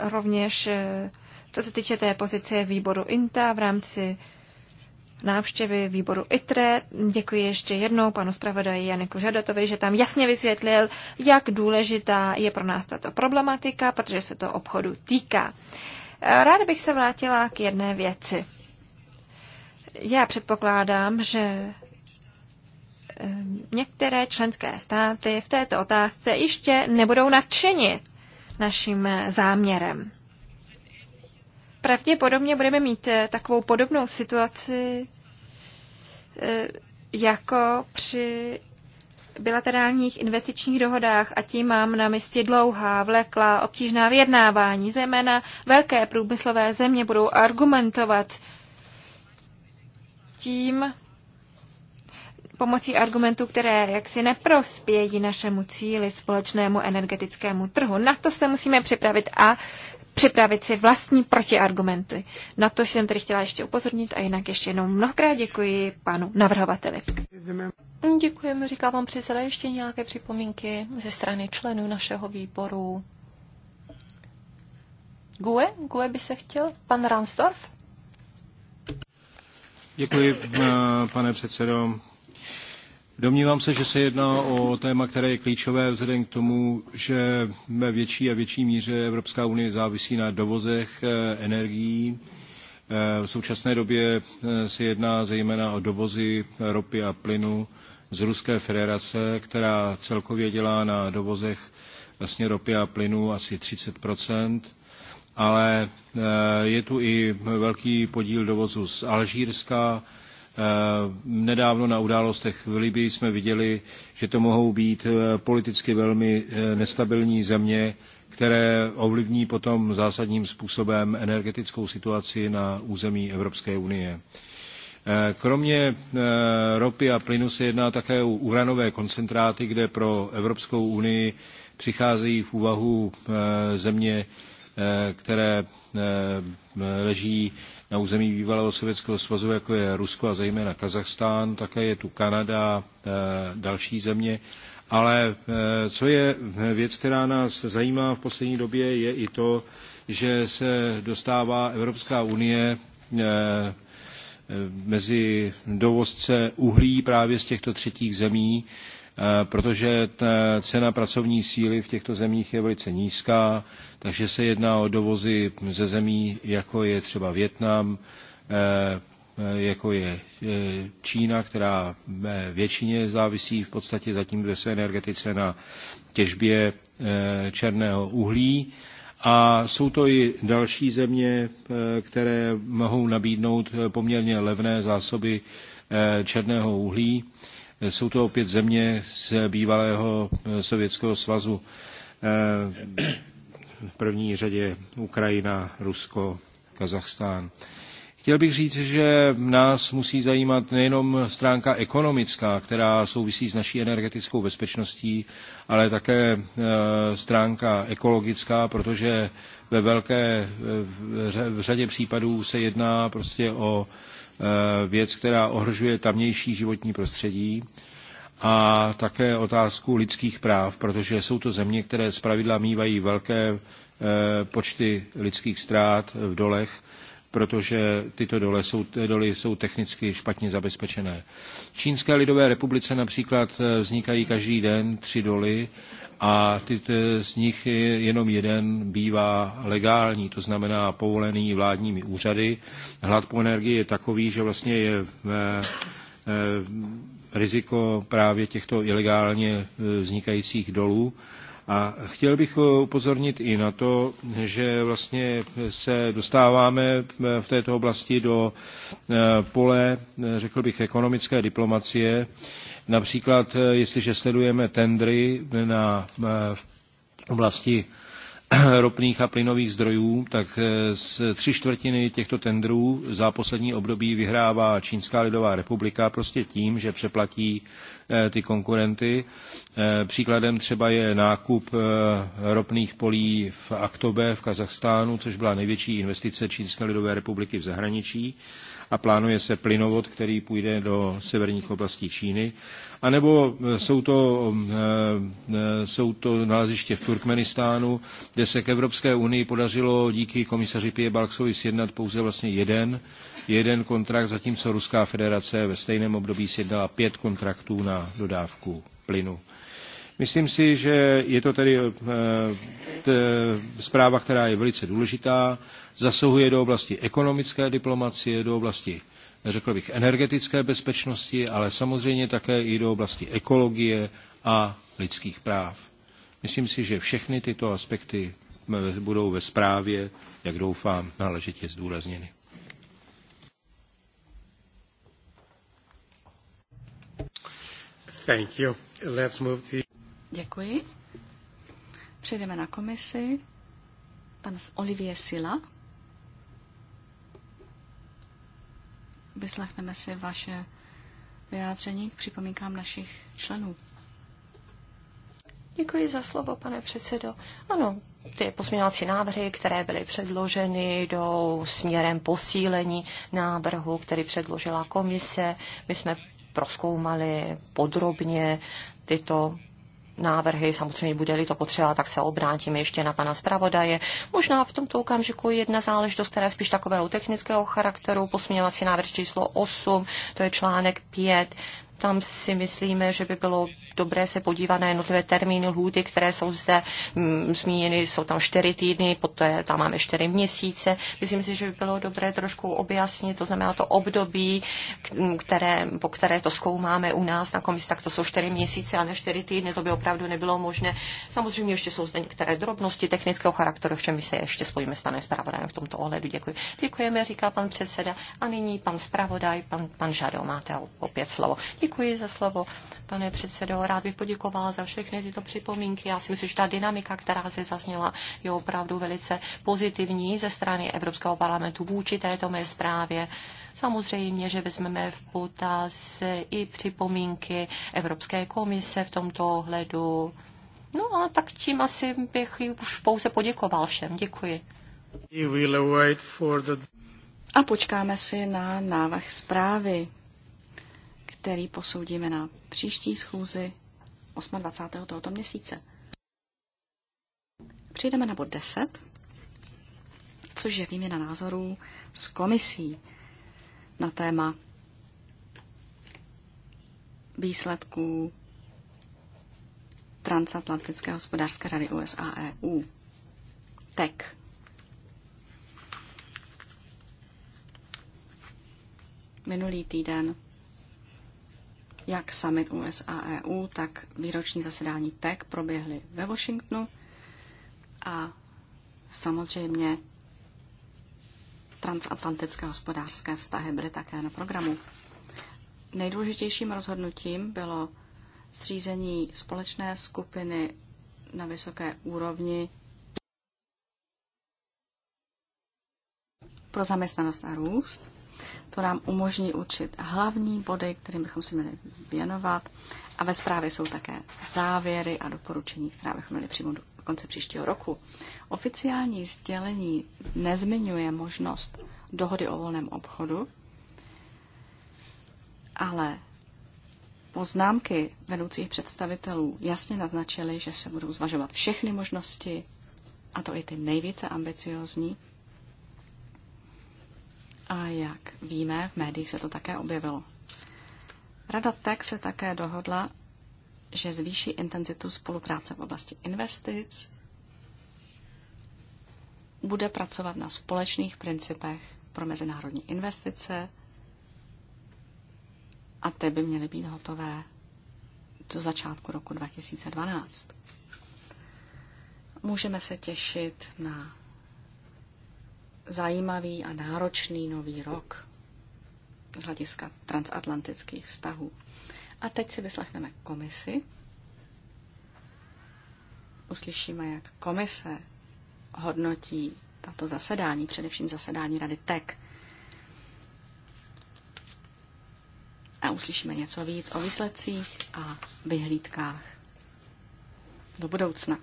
rovněž eh, co se týče té pozice výboru INTA v rámci návštěvy výboru ITRE. Děkuji ještě jednou panu zpravodaji Janiku Žadatovi, že tam jasně vysvětlil, jak důležitá je pro nás tato problematika, protože se to obchodu týká. Ráda bych se vrátila k jedné věci. Já předpokládám, že některé členské státy v této otázce ještě nebudou nadšeni naším eh, záměrem. Pravděpodobně budeme mít eh, takovou podobnou situaci eh, jako při bilaterálních investičních dohodách, a tím mám na mysli dlouhá, vleklá, obtížná vyjednávání, zejména velké průmyslové země budou argumentovat tím, pomocí argumentů, které jaksi neprospějí našemu cíli společnému energetickému trhu. Na to se musíme připravit a připravit si vlastní protiargumenty. Na to jsem tedy chtěla ještě upozornit a jinak ještě jenom mnohokrát děkuji panu navrhovateli. Děkujeme, říká vám předseda, ještě nějaké připomínky ze strany členů našeho výboru. Gue? Gue by se chtěl? Pan Ransdorf? Děkuji, eh, pane předsedo. Domnívám se, že se jedná o téma, které je klíčové vzhledem k tomu, že ve větší a větší míře Evropská unie závisí na dovozech eh, energií. Eh, v současné době eh, se jedná zejména o dovozy ropy a plynu z Ruské federace, která celkově dělá na dovozech vlastně ropy a plynu asi 30 ale je tu i velký podíl dovozu z Alžírska, Eh, nedávno na událostech v Libii jsme viděli, že to mohou být eh, politicky velmi eh, nestabilní země, které ovlivní potom zásadním způsobem energetickou situaci na území Evropské unie. Kromě ropy a plynu se jedná také o uranové koncentráty, kde pro Evropskou unii přicházejí v úvahu země, které leží na území bývalého Sovětského svazu, jako je Rusko a zejména Kazachstán, také je tu Kanada, eh, další země. Ale eh, co je věc, která nás zajímá v poslední době, je i to, že se dostává Evropská unie eh, mezi dovozce uhlí právě z těchto třetích zemí Eh, protože ta cena pracovní síly v těchto zemích je velice nízká, takže se jedná o dovozy ze zemí, jako je třeba Větnam, eh, eh, jako je Čína, která většině závisí v podstatě zatím ve své energetice na těžbě černého uhlí. A jsou to i další země, které mohou nabídnout poměrně levné zásoby černého uhlí. Jsou to opět země z bývalého eh, Sovětského svazu. Eh, v první řadě Ukrajina, Rusko, Kazachstán. Chtěl bych říct, že nás musí zajímat nejenom stránka ekonomická, která souvisí s naší energetickou bezpečností, ale také eh, stránka ekologická, protože ve velké v řadě případů se jedná prostě o Eh, věc, která ohrožuje tamnější životní prostředí a také otázku lidských práv, protože jsou to země, které pravidla mývají velké eh, počty lidských ztrát v dolech, protože tyto dole jsou, doly jsou technicky špatně zabezpečené. V Čínské lidové republice například eh, vznikají každý den tři doly a ty, ty, z nich jenom jeden bývá legální, to znamená povolený vládními úřady. Hlad po energii je takový, že vlastně je v, eh, v, eh, riziko právě těchto ilegálně eh, vznikajících dolů. A chtěl bych upozornit i na to, že vlastně se dostáváme v této oblasti do pole, řekl bych, ekonomické diplomacie, Například, eh, jestliže sledujeme tendry na eh, oblasti ropných a plynových zdrojů, tak eh, z tři čtvrtiny těchto tendrů za poslední období vyhrává Čínská lidová republika prostě tím, že přeplatí ty konkurenty. Příkladem třeba je nákup ropných polí v Aktobe v Kazachstánu, což byla největší investice Čínské lidové republiky v zahraničí a plánuje se plynovod, který půjde do severních oblastí Číny. A nebo e, jsou to, e, e, jsou to naleziště v Turkmenistánu, kde se k Evropské unii podařilo díky komisaři Pije Balksovi sjednat pouze vlastně jeden, jeden kontrakt, zatímco Ruská federace ve stejném období sjednala pět kontraktů na dodávku plynu Myslím si, že je to tedy eh, zpráva, která je velice důležitá, zasahuje do oblasti ekonomické diplomacie, do oblasti řekl bych, energetické bezpečnosti, ale samozřejmě také i do oblasti ekologie a lidských práv. Myslím si, že všechny tyto aspekty eh, budou ve zprávě, jak doufám, náležitě zdůrazněny. Thank you. Let's move to... Děkuji. Přejdeme na komisi. Pan z Olivie Sila. Vyslechneme si vaše vyjádření k připomínkám našich členů. Děkuji za slovo, pane předsedo. Ano, ty pozměňovací návrhy, které byly předloženy, do směrem posílení návrhu, který předložila komise. My jsme proskoumali podrobně tyto návrhy. Samozřejmě bude-li to potřeba, tak se obrátíme ještě na pana zpravodaje. Možná v tomto okamžiku jedna záležitost, která je spíš takového technického charakteru, posměvací návrh číslo 8, to je článek 5. Tam si myslíme, že by bylo dobré se podívat na jednotlivé termíny lhůty, které jsou zde mm, zmíněny. Jsou tam čtyři týdny, poté tam máme čtyři měsíce. Myslím si, že by bylo dobré trošku objasnit, to znamená to období, které, po které to zkoumáme u nás na komisi, tak to jsou čtyři měsíce a ne čtyři týdny, to by opravdu nebylo možné. Samozřejmě ještě jsou zde některé drobnosti technického charakteru, v čem my se ještě spojíme s panem zpravodajem v tomto ohledu. Děkuji. Děkujeme, říká pan předseda. A nyní pan zpravodaj, pan, pan Žado, máte opět slovo. Děkuji za slovo pane předsedo. Rád bych poděkoval za všechny tyto připomínky. Já si myslím, že ta dynamika, která se zazněla, je opravdu velice pozitivní ze strany Evropského parlamentu vůči této mé zprávě. Samozřejmě, že vezmeme v potaz i připomínky Evropské komise v tomto ohledu. No a tak tím asi bych už pouze poděkoval všem. Děkuji. A počkáme si na návrh zprávy který posoudíme na příští schůzi 28. tohoto měsíce. Přijdeme na bod 10, což je výměna názorů s komisí na téma výsledků Transatlantické hospodářské rady USA a EU. TEC. Minulý týden jak summit USA EU, tak výroční zasedání TEC proběhly ve Washingtonu a samozřejmě transatlantické hospodářské vztahy byly také na programu. Nejdůležitějším rozhodnutím bylo zřízení společné skupiny na vysoké úrovni pro zaměstnanost a růst. To nám umožní učit hlavní body, kterým bychom se měli věnovat. A ve zprávě jsou také závěry a doporučení, která bychom měli přijmout do konce příštího roku. Oficiální sdělení nezmiňuje možnost dohody o volném obchodu, ale poznámky vedoucích představitelů jasně naznačily, že se budou zvažovat všechny možnosti, a to i ty nejvíce ambiciozní, a jak víme, v médiích se to také objevilo. Rada TEC se také dohodla, že zvýší intenzitu spolupráce v oblasti investic, bude pracovat na společných principech pro mezinárodní investice a ty by měly být hotové do začátku roku 2012. Můžeme se těšit na zajímavý a náročný nový rok z hlediska transatlantických vztahů. A teď si vyslechneme komisi. Uslyšíme, jak komise hodnotí tato zasedání, především zasedání Rady TEC. A uslyšíme něco víc o výsledcích a vyhlídkách do budoucna.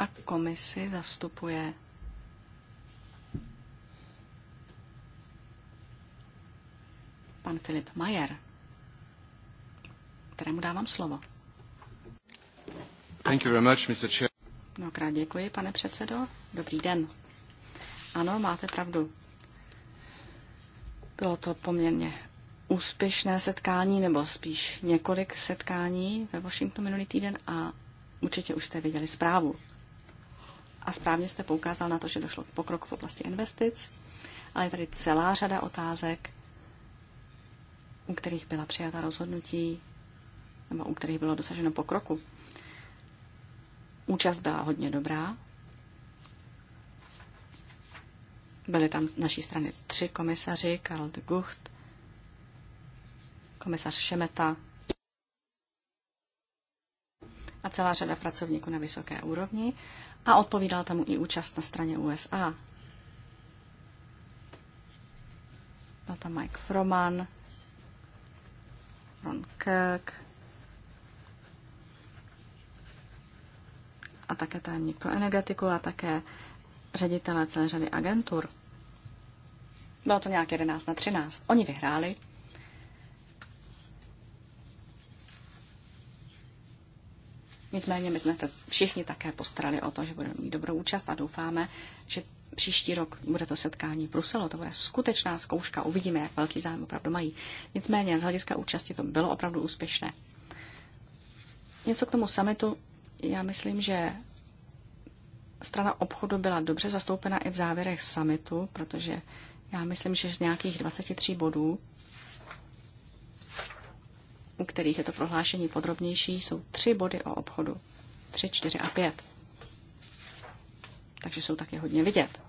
a komisi zastupuje pan Filip Majer, kterému dávám slovo. Thank you very much, Mr. Chair. Mnohokrát děkuji, pane předsedo. Dobrý den. Ano, máte pravdu. Bylo to poměrně úspěšné setkání, nebo spíš několik setkání ve Washingtonu minulý týden a určitě už jste viděli zprávu. A správně jste poukázal na to, že došlo k pokroku v oblasti investic, ale je tady celá řada otázek, u kterých byla přijata rozhodnutí nebo u kterých bylo dosaženo pokroku. Účast byla hodně dobrá. Byly tam naší strany tři komisaři, Karl de Gucht, komisař Šemeta a celá řada pracovníků na vysoké úrovni a odpovídala tomu i účast na straně USA. Byl tam Mike Froman, Ron Kirk a také tajemník pro energetiku a také ředitele celé řady agentur. Bylo to nějak 11 na 13. Oni vyhráli Nicméně my jsme to všichni také postarali o to, že budeme mít dobrou účast a doufáme, že příští rok bude to setkání v Bruselu. To bude skutečná zkouška. Uvidíme, jak velký zájem opravdu mají. Nicméně z hlediska účasti to bylo opravdu úspěšné. Něco k tomu summitu. Já myslím, že strana obchodu byla dobře zastoupena i v závěrech summitu, protože já myslím, že z nějakých 23 bodů u kterých je to prohlášení podrobnější, jsou tři body o obchodu. Tři, čtyři a pět. Takže jsou taky hodně vidět.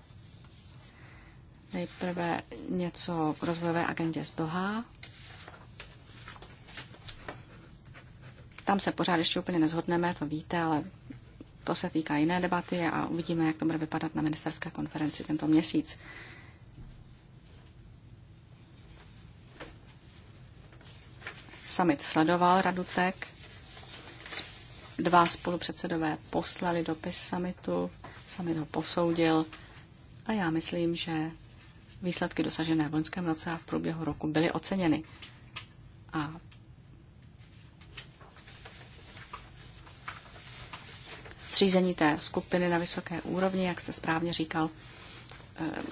Nejprve něco k rozvojové agendě z Doha. Tam se pořád ještě úplně nezhodneme, to víte, ale to se týká jiné debaty a uvidíme, jak to bude vypadat na ministerské konferenci tento měsíc. summit sledoval radutek, Dva spolupředsedové poslali dopis summitu, summit ho posoudil a já myslím, že výsledky dosažené v loňském roce a v průběhu roku byly oceněny. A řízení té skupiny na vysoké úrovni, jak jste správně říkal, eh,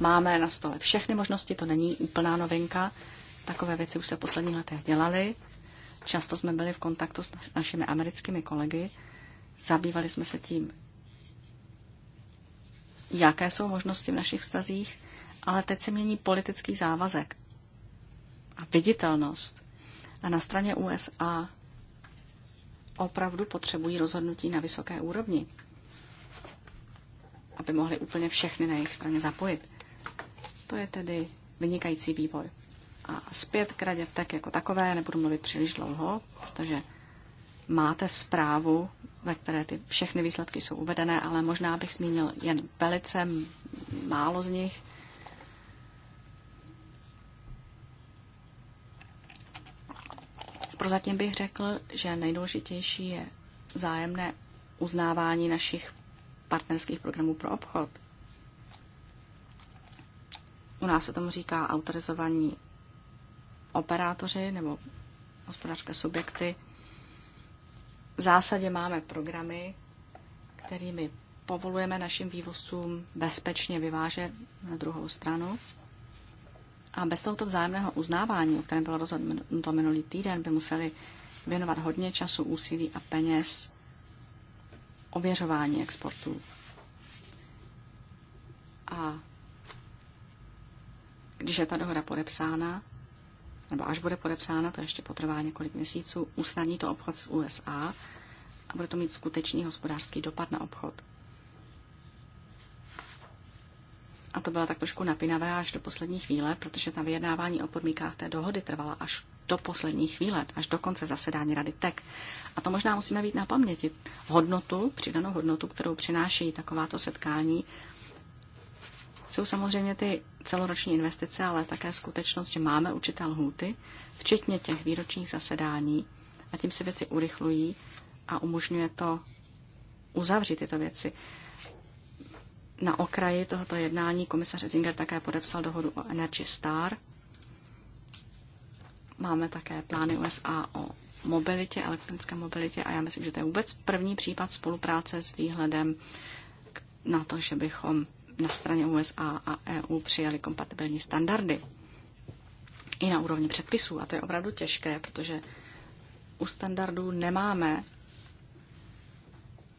máme na stole všechny možnosti, to není úplná novinka, Takové věci už se v posledních letech dělaly. Často jsme byli v kontaktu s našimi americkými kolegy. Zabývali jsme se tím, jaké jsou možnosti v našich vztazích, ale teď se mění politický závazek a viditelnost. A na straně USA opravdu potřebují rozhodnutí na vysoké úrovni, aby mohli úplně všechny na jejich straně zapojit. To je tedy vynikající vývoj. A zpět k radě tak jako takové, nebudu mluvit příliš dlouho, protože máte zprávu, ve které ty všechny výsledky jsou uvedené, ale možná bych zmínil jen velice málo z nich. Prozatím bych řekl, že nejdůležitější je zájemné uznávání našich partnerských programů pro obchod. U nás se tomu říká autorizovaní operátoři nebo hospodářské subjekty v zásadě máme programy, kterými povolujeme našim vývozcům bezpečně vyvážet na druhou stranu. A bez tohoto vzájemného uznávání, o kterém bylo rozhodnuto minulý týden, by museli věnovat hodně času, úsilí a peněz ověřování exportů. A když je ta dohoda podepsána, nebo až bude podepsána, to ještě potrvá několik měsíců, usnadní to obchod s USA a bude to mít skutečný hospodářský dopad na obchod. A to byla tak trošku napinavé až do poslední chvíle, protože ta vyjednávání o podmínkách té dohody trvala až do poslední chvíle, až do konce zasedání Rady TEK. A to možná musíme mít na paměti. Hodnotu, přidanou hodnotu, kterou přináší takováto setkání jsou samozřejmě ty celoroční investice, ale také skutečnost, že máme určité lhůty, včetně těch výročních zasedání a tím se věci urychlují a umožňuje to uzavřít tyto věci. Na okraji tohoto jednání komisař Ettinger také podepsal dohodu o Energy Star. Máme také plány USA o mobilitě, elektronické mobilitě a já myslím, že to je vůbec první případ spolupráce s výhledem na to, že bychom na straně USA a EU přijali kompatibilní standardy i na úrovni předpisů. A to je opravdu těžké, protože u standardů nemáme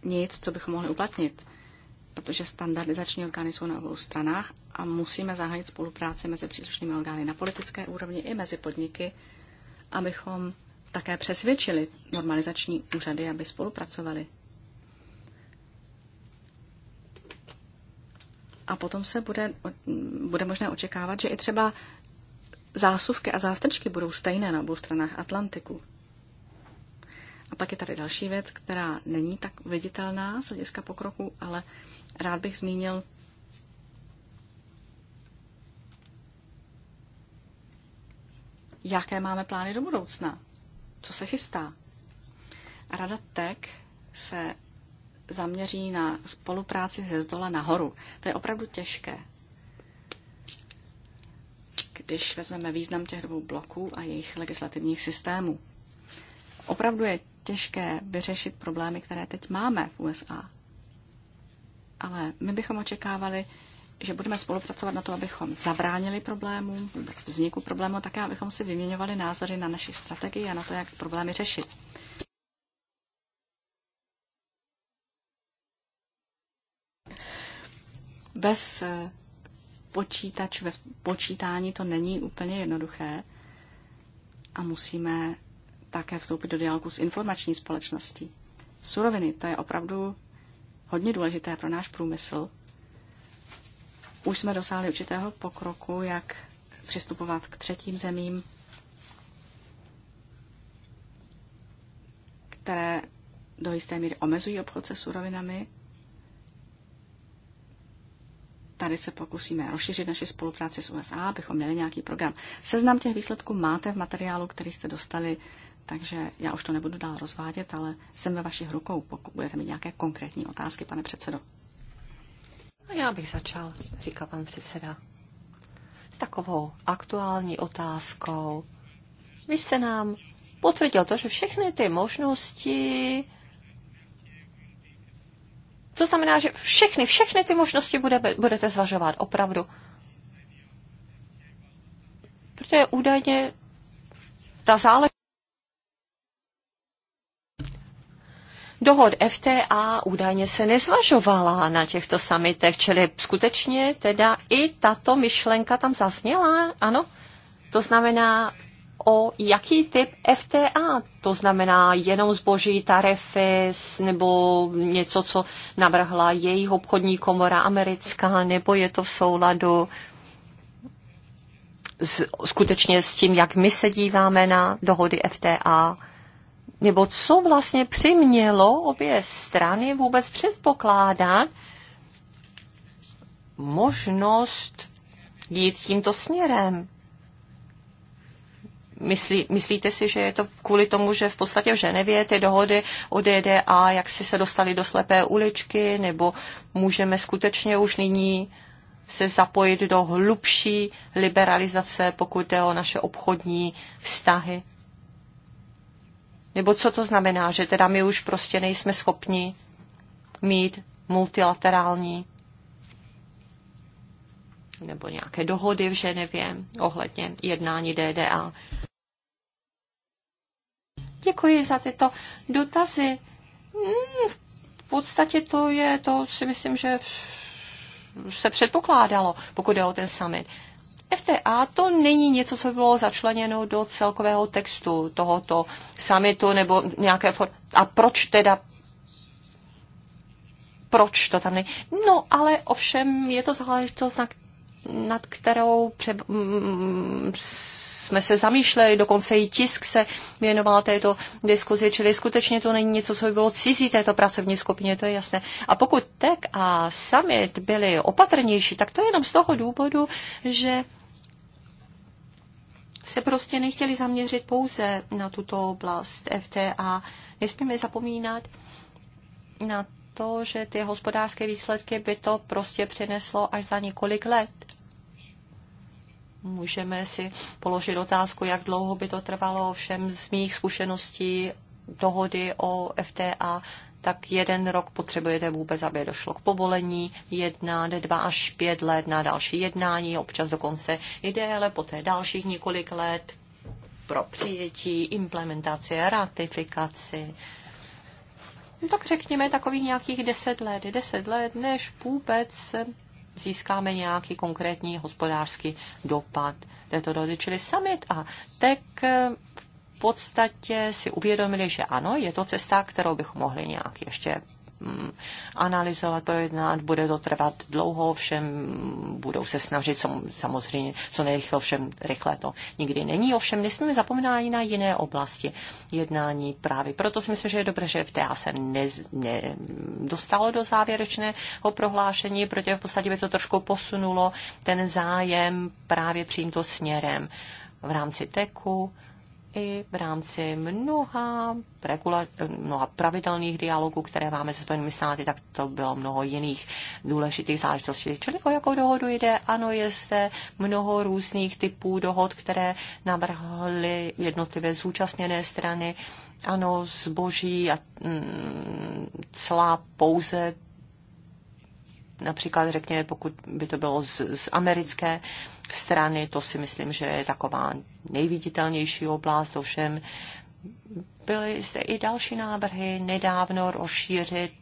nic, co bychom mohli uplatnit, protože standardizační orgány jsou na obou stranách a musíme zahájit spolupráci mezi příslušnými orgány na politické úrovni i mezi podniky, abychom také přesvědčili normalizační úřady, aby spolupracovali. A potom se bude, bude možné očekávat, že i třeba zásuvky a zástrčky budou stejné na obou stranách Atlantiku. A pak je tady další věc, která není tak viditelná z hlediska pokroku, ale rád bych zmínil jaké máme plány do budoucna, co se chystá. Rada TEC se zaměří na spolupráci ze zdola nahoru. To je opravdu těžké. Když vezmeme význam těch dvou bloků a jejich legislativních systémů. Opravdu je těžké vyřešit problémy, které teď máme v USA. Ale my bychom očekávali, že budeme spolupracovat na to, abychom zabránili problémům, vůbec vzniku problému, také abychom si vyměňovali názory na naši strategii a na to, jak problémy řešit. bez eh, počítač ve počítání to není úplně jednoduché a musíme také vstoupit do dialogu s informační společností. Suroviny, to je opravdu hodně důležité pro náš průmysl. Už jsme dosáhli určitého pokroku, jak přistupovat k třetím zemím, které do jisté míry omezují obchod se surovinami, tady se pokusíme rozšířit naši spolupráci s USA, abychom měli nějaký program. Seznam těch výsledků máte v materiálu, který jste dostali, takže já už to nebudu dál rozvádět, ale jsem ve vašich rukou, pokud budete mít nějaké konkrétní otázky, pane předsedo. A já bych začal, říká pan předseda, s takovou aktuální otázkou. Vy jste nám potvrdil to, že všechny ty možnosti to znamená, že všechny, všechny ty možnosti bude, budete zvažovat opravdu. Protože údajně ta záležitost dohod FTA údajně se nezvažovala na těchto samitech, čili skutečně teda i tato myšlenka tam zazněla, ano? To znamená, o jaký typ FTA, to znamená jenom zboží, tarify nebo něco, co navrhla jejich obchodní komora americká, nebo je to v souladu s, skutečně s tím, jak my se díváme na dohody FTA, nebo co vlastně přimělo obě strany vůbec předpokládat možnost jít tímto směrem. Myslí, myslíte si, že je to kvůli tomu, že v podstatě v Ženevě ty dohody o DDA, jak si se dostali do slepé uličky, nebo můžeme skutečně už nyní se zapojit do hlubší liberalizace, pokud je o naše obchodní vztahy? Nebo co to znamená, že teda my už prostě nejsme schopni mít multilaterální nebo nějaké dohody v Ženevě ohledně jednání DDA. Děkuji za tyto dotazy. Hmm, v podstatě to je, to si myslím, že se předpokládalo, pokud je o ten summit. FTA to není něco, co by bylo začleněno do celkového textu tohoto summitu nebo nějaké for- A proč teda proč to tam není. No, ale ovšem je to záležitost, na nad kterou pře- jsme se zamýšleli, dokonce i tisk se věnoval této diskuzi, čili skutečně to není něco, co by bylo cizí této pracovní skupině, to je jasné. A pokud TEC a summit byli opatrnější, tak to je jenom z toho důvodu, že se prostě nechtěli zaměřit pouze na tuto oblast FTA. Nesmíme zapomínat na to, že ty hospodářské výsledky by to prostě přineslo až za několik let můžeme si položit otázku, jak dlouho by to trvalo. Všem z mých zkušeností dohody o FTA tak jeden rok potřebujete vůbec, aby došlo k povolení jedna, dva až pět let na další jednání, občas dokonce i déle, poté dalších několik let pro přijetí, implementaci, ratifikaci. No tak řekněme takových nějakých deset let, deset let, než vůbec získáme nějaký konkrétní hospodářský dopad této dohody, čili summit a tak eh, v podstatě si uvědomili, že ano, je to cesta, kterou bychom mohli nějak ještě Mm, analyzovat, projednat, bude to trvat dlouho, všem budou se snažit samozřejmě co nejrychle, ovšem rychle to nikdy není. Ovšem nesmíme zapomínat i na jiné oblasti jednání právě. Proto si myslím, že je dobré, že FTA se nedostalo ne, do závěrečného prohlášení, protože v podstatě by to trošku posunulo ten zájem právě přímto směrem v rámci teku i v rámci mnoha, regula- mnoha pravidelných dialogů, které máme se Spojenými státy, tak to bylo mnoho jiných důležitých záležitostí. Čili o jakou dohodu jde? Ano, je zde mnoho různých typů dohod, které navrhly jednotlivé zúčastněné strany. Ano, zboží a mm, celá pouze například řekněme, pokud by to bylo z, z americké strany, to si myslím, že je taková nejviditelnější oblast, ovšem byly zde i další návrhy nedávno rozšířit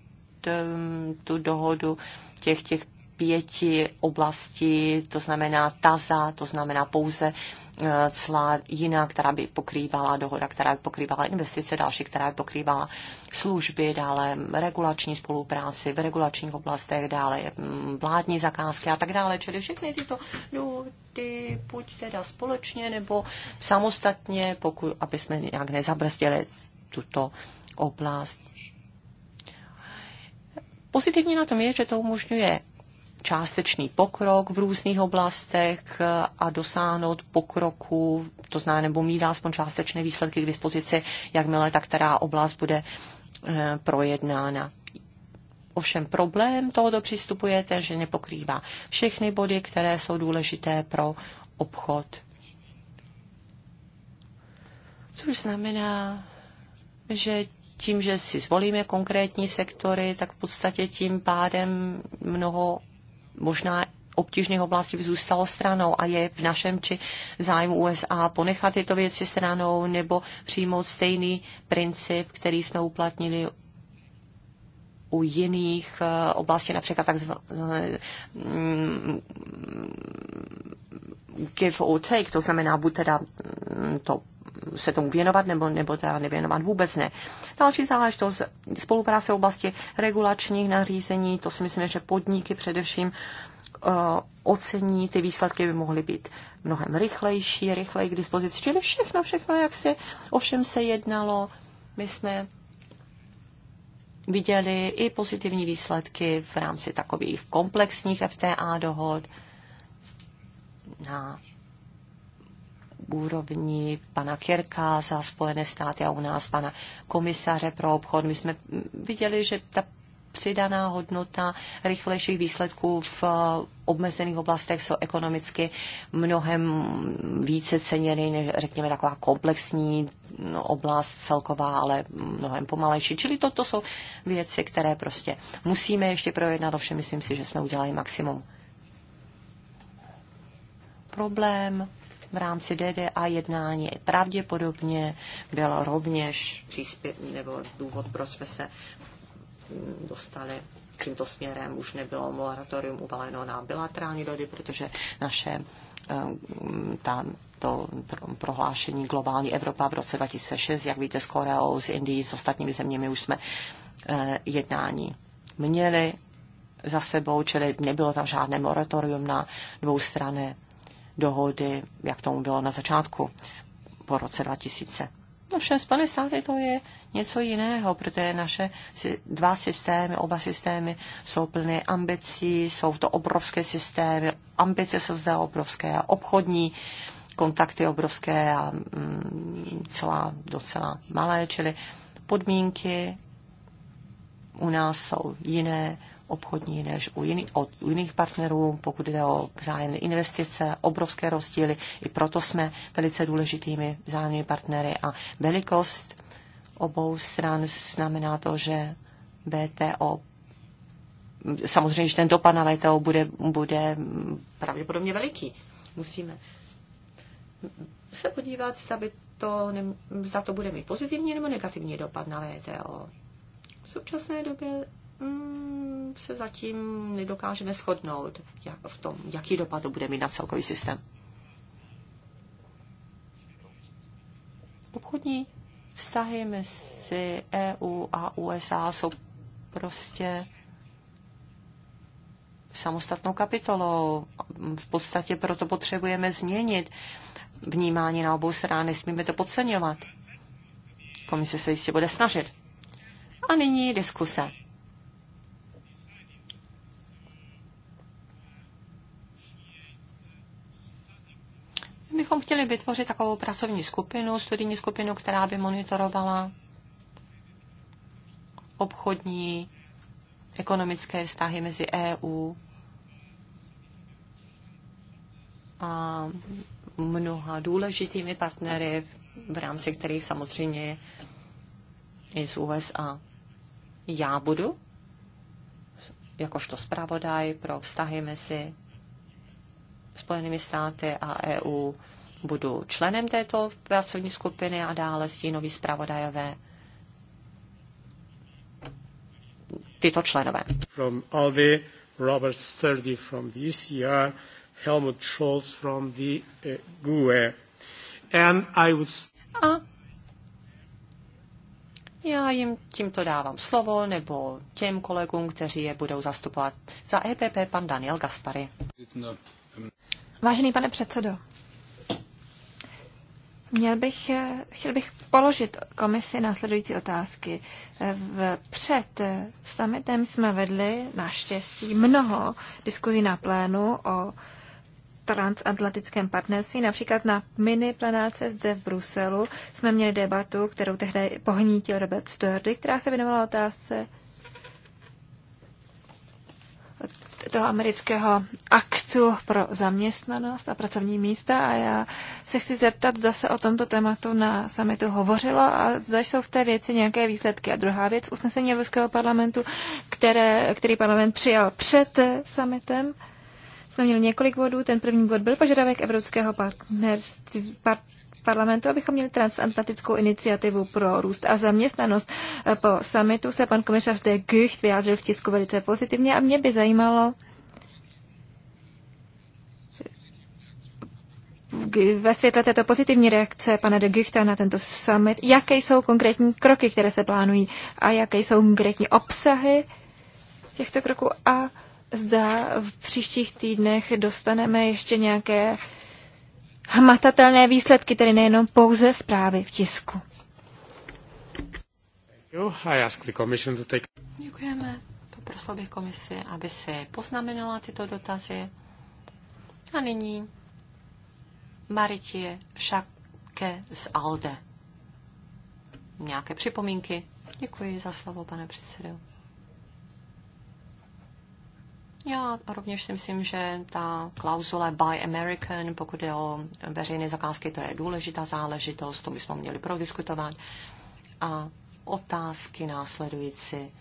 um, tu dohodu těch, těch pěti oblasti, to znamená TAZA, to znamená pouze eh, cla jiná, která by pokrývala dohoda, která by pokrývala investice, další, která by pokrývala služby, dále regulační spolupráci v regulačních oblastech, dále mm, vládní zakázky a tak dále. Čili všechny tyto důvody, buď teda společně nebo samostatně, pokud, aby jsme nějak nezabrzdili tuto oblast. Pozitivní na tom je, že to umožňuje částečný pokrok v různých oblastech a dosáhnout pokroku, to zná nebo mít aspoň částečné výsledky k dispozici, jakmile ta která oblast bude eh, projednána. Ovšem problém tohoto přístupu je ten, že nepokrývá všechny body, které jsou důležité pro obchod. Což znamená, že tím, že si zvolíme konkrétní sektory, tak v podstatě tím pádem mnoho možná obtížných oblastí zůstalo stranou a je v našem či zájmu USA ponechat tyto věci stranou nebo přijmout stejný princip, který jsme uplatnili u jiných eh, oblastí, například takzvané mm, give or take, to znamená buď teda mm, to se tomu věnovat nebo, nebo teda nevěnovat vůbec ne. Další záležitost spolupráce v oblasti regulačních nařízení, to si myslím, že podniky především eh, ocení, ty výsledky by mohly být mnohem rychlejší, rychleji k dispozici. Čili všechno, všechno, jak se ovšem se jednalo, my jsme viděli i pozitivní výsledky v rámci takových komplexních FTA dohod na úrovni pana Kirka za Spojené státy a u nás pana komisaře pro obchod. My jsme viděli, že ta přidaná hodnota rychlejších výsledků v eh, obmezených oblastech jsou ekonomicky mnohem více ceněny než řekněme taková komplexní no, oblast celková, ale mnohem pomalejší. Čili toto to jsou věci, které prostě musíme ještě projednat, ovšem myslím si, že jsme udělali maximum. Problém v rámci DDA jednání pravděpodobně byl rovněž příspěv, nebo důvod, proč jsme se dostali tímto směrem. Už nebylo moratorium uvaleno na bilaterální dody, protože naše eh, tam to prohlášení Globální Evropa v roce 2006, jak víte, s Koreou, s Indií, s ostatními zeměmi už jsme eh, jednání měli za sebou, čili nebylo tam žádné moratorium na dvou strany dohody, jak tomu bylo na začátku po roce 2000. No všem Spojené státy to je něco jiného, protože naše dva systémy, oba systémy jsou plné ambicí, jsou to obrovské systémy, ambice jsou zde obrovské a obchodní kontakty obrovské a mm, celá, docela malé, čili podmínky u nás jsou jiné, obchodní než u jiný, od u jiných partnerů, pokud jde o vzájemné investice, obrovské rozdíly. I proto jsme velice důležitými vzájemnými partnery a velikost obou stran znamená to, že BTO samozřejmě, že ten dopad na VTO bude, bude pravděpodobně veliký. Musíme se podívat, zda, by to, zda to bude mít pozitivní nebo negativní dopad na VTO. V současné době Mm, se zatím nedokážeme shodnout jak v tom, jaký dopad to bude mít na celkový systém. Obchodní vztahy mezi EU a USA jsou prostě samostatnou kapitolou. V podstatě proto potřebujeme změnit vnímání na obou stranách. Nesmíme to podceňovat. Komise se jistě bude snažit. A nyní diskuse. bychom chtěli vytvořit takovou pracovní skupinu, studijní skupinu, která by monitorovala obchodní, ekonomické vztahy mezi EU a mnoha důležitými partnery, v rámci kterých samozřejmě i z USA. Já budu jakožto zpravodaj pro vztahy mezi Spojenými státy a EU budu členem této pracovní skupiny a dále stínoví zpravodajové tyto členové. From Alvi, Robert Sturdy from the ECR, Helmut Scholz from the uh, eh, GUE. And I would... A já jim tímto dávám slovo, nebo těm kolegům, kteří je budou zastupovat. Za EPP pan Daniel Gaspary. Vážený pane předsedo, Měl bych, eh, chtěl bych položit komisi následující otázky. Eh, v, před eh, summitem jsme vedli naštěstí mnoho diskuzí na plénu o transatlantickém partnerství. Například na mini plenáce zde v Bruselu jsme měli debatu, kterou tehdy pohnítil Robert Sturdy, která se věnovala otázce toho amerického aktu pro zaměstnanost a pracovní místa a já se chci zeptat, zda se o tomto tématu na samitu hovořilo a zda jsou v té věci nějaké výsledky. A druhá věc, usnesení Evropského parlamentu, které, který parlament přijal před samitem, jsme měli několik bodů. Ten první bod byl požadavek Evropského partnerství, part, parlamentu, abychom měli transatlantickou iniciativu pro růst a zaměstnanost. Po summitu se pan komisař de Gucht vyjádřil v tisku velice pozitivně a mě by zajímalo, ve světle této pozitivní reakce pana de Guchta na tento summit, jaké jsou konkrétní kroky, které se plánují a jaké jsou konkrétní obsahy těchto kroků a zda v příštích týdnech dostaneme ještě nějaké hmatatelné výsledky, tedy nejenom pouze zprávy v tisku. Děkujeme. Poprosil bych komisi, aby si poznamenala tyto dotazy. A nyní Maritie Šake z ALDE. Nějaké připomínky? Děkuji za slovo, pane předsedo. Já rovněž si myslím, že ta klauzule Buy American, pokud je o veřejné zakázky, to je důležitá záležitost, to bychom měli prodiskutovat. A otázky následující.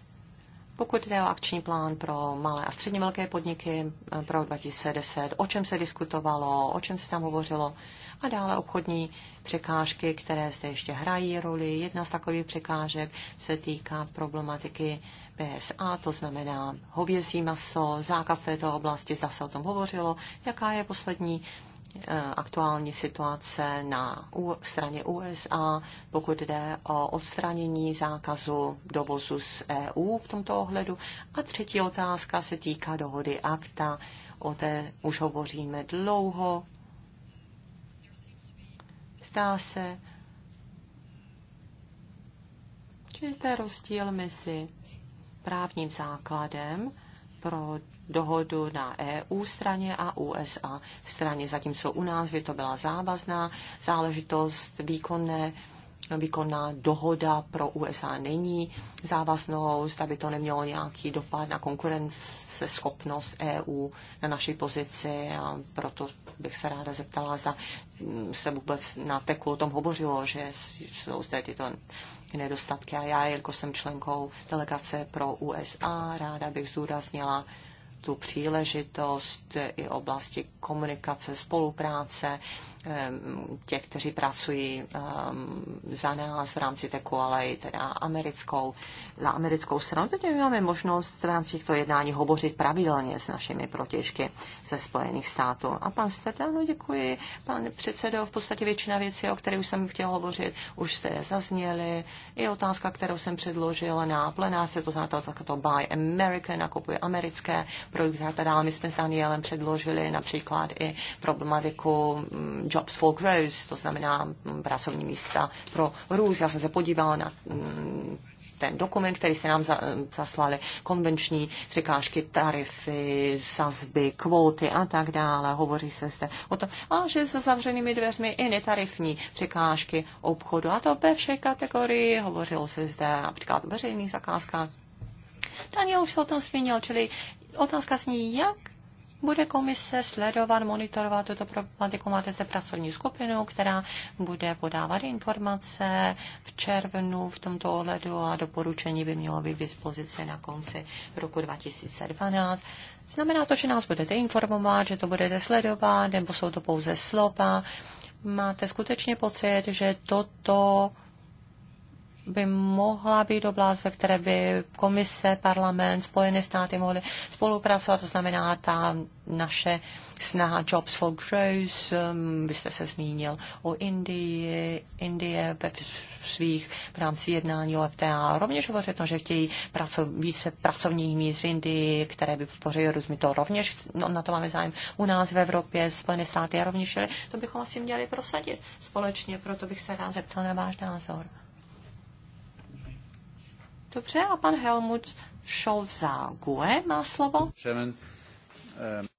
Pokud jde o akční plán pro malé a středně velké podniky eh, pro 2010, o čem se diskutovalo, o čem se tam hovořilo, a dále obchodní překážky, které zde ještě hrají roli. Jedna z takových překážek se týká problematiky PSA, to znamená hovězí maso, zákaz této oblasti, zda se o tom hovořilo, jaká je poslední eh, aktuální situace na straně USA, pokud jde o odstranění zákazu dovozu z EU v tomto ohledu. A třetí otázka se týká dohody akta. O té už hovoříme dlouho. Zdá se, že je rozdíl mezi právním základem pro dohodu na EU straně a USA straně. Zatímco u nás by to byla závazná záležitost výkonné výkonná dohoda pro USA není závaznou, zda by to nemělo nějaký dopad na konkurenceschopnost EU, na naší pozici a proto bych se ráda zeptala, zda se vůbec na teku o tom hovořilo, že jsou zde tyto nedostatky. A já, jelikož jsem členkou delegace pro USA, ráda bych zdůraznila tu příležitost i oblasti komunikace, spolupráce Ehm, těch, kteří pracují ehm, za nás v rámci té koalej, teda americkou, za americkou stranu, protože máme možnost v rámci těchto jednání hovořit pravidelně s našimi protěžky ze Spojených států. A pan Stedano, děkuji. Pan předsedo, v podstatě většina věcí, o kterých jsem chtěl hovořit, už jste je zazněli. I otázka, kterou jsem předložil na plenáce, to znamená to, to Buy American, nakupuje americké produkty a tak dále. My jsme s Danielem předložili například i problematiku mm, Jobs for Growth, to znamená mm, pracovní místa pro růst. Já jsem se podívala na mm, ten dokument, který se nám mm, zaslali, konvenční překážky, tarify, sazby, kvóty a tak dále. Hovoří se zde o tom, a že se zavřenými dveřmi i netarifní překážky obchodu. A to ve všech kategorii. Hovořilo se zde například o veřejných zakázkách. Daniel už se o tom zmínil, čili otázka zní, jak bude komise sledovat, monitorovat tuto problematiku? Máte zde pracovní skupinu, která bude podávat informace v červnu v tomto ohledu a doporučení by mělo být v dispozici na konci roku 2012. Znamená to, že nás budete informovat, že to budete sledovat, nebo jsou to pouze slova. Máte skutečně pocit, že toto by mohla být oblast, ve které by komise, parlament, Spojené státy mohly spolupracovat, to znamená ta naše snaha Jobs for Growth, um, vy jste se zmínil o Indii, Indie ve svých v rámci jednání o FTA, rovněž hovoří o tom, že chtějí praco, více pracovních míst v Indii, které by podpořili růst. to rovněž, no, na to máme zájem u nás v Evropě, Spojené státy a rovněž, to bychom asi měli prosadit společně, proto bych se rád zeptal na váš názor. Dobře, a pan Helmut Scholz za e má slovo. Um,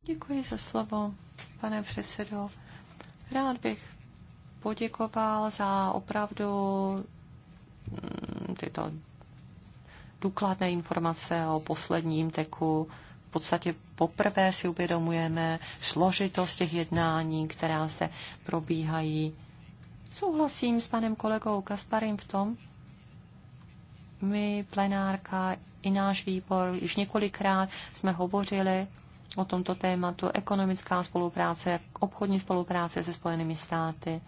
Děkuji za slovo, pane předsedo. Rád bych poděkoval za opravdu mm, tyto důkladné informace o posledním teku. V podstatě poprvé si uvědomujeme složitost těch jednání, která se probíhají. Souhlasím s panem kolegou Kasparem v tom, my, plenárka i náš výbor, již několikrát jsme hovořili o tomto tématu ekonomická spolupráce, obchodní spolupráce se Spojenými státy.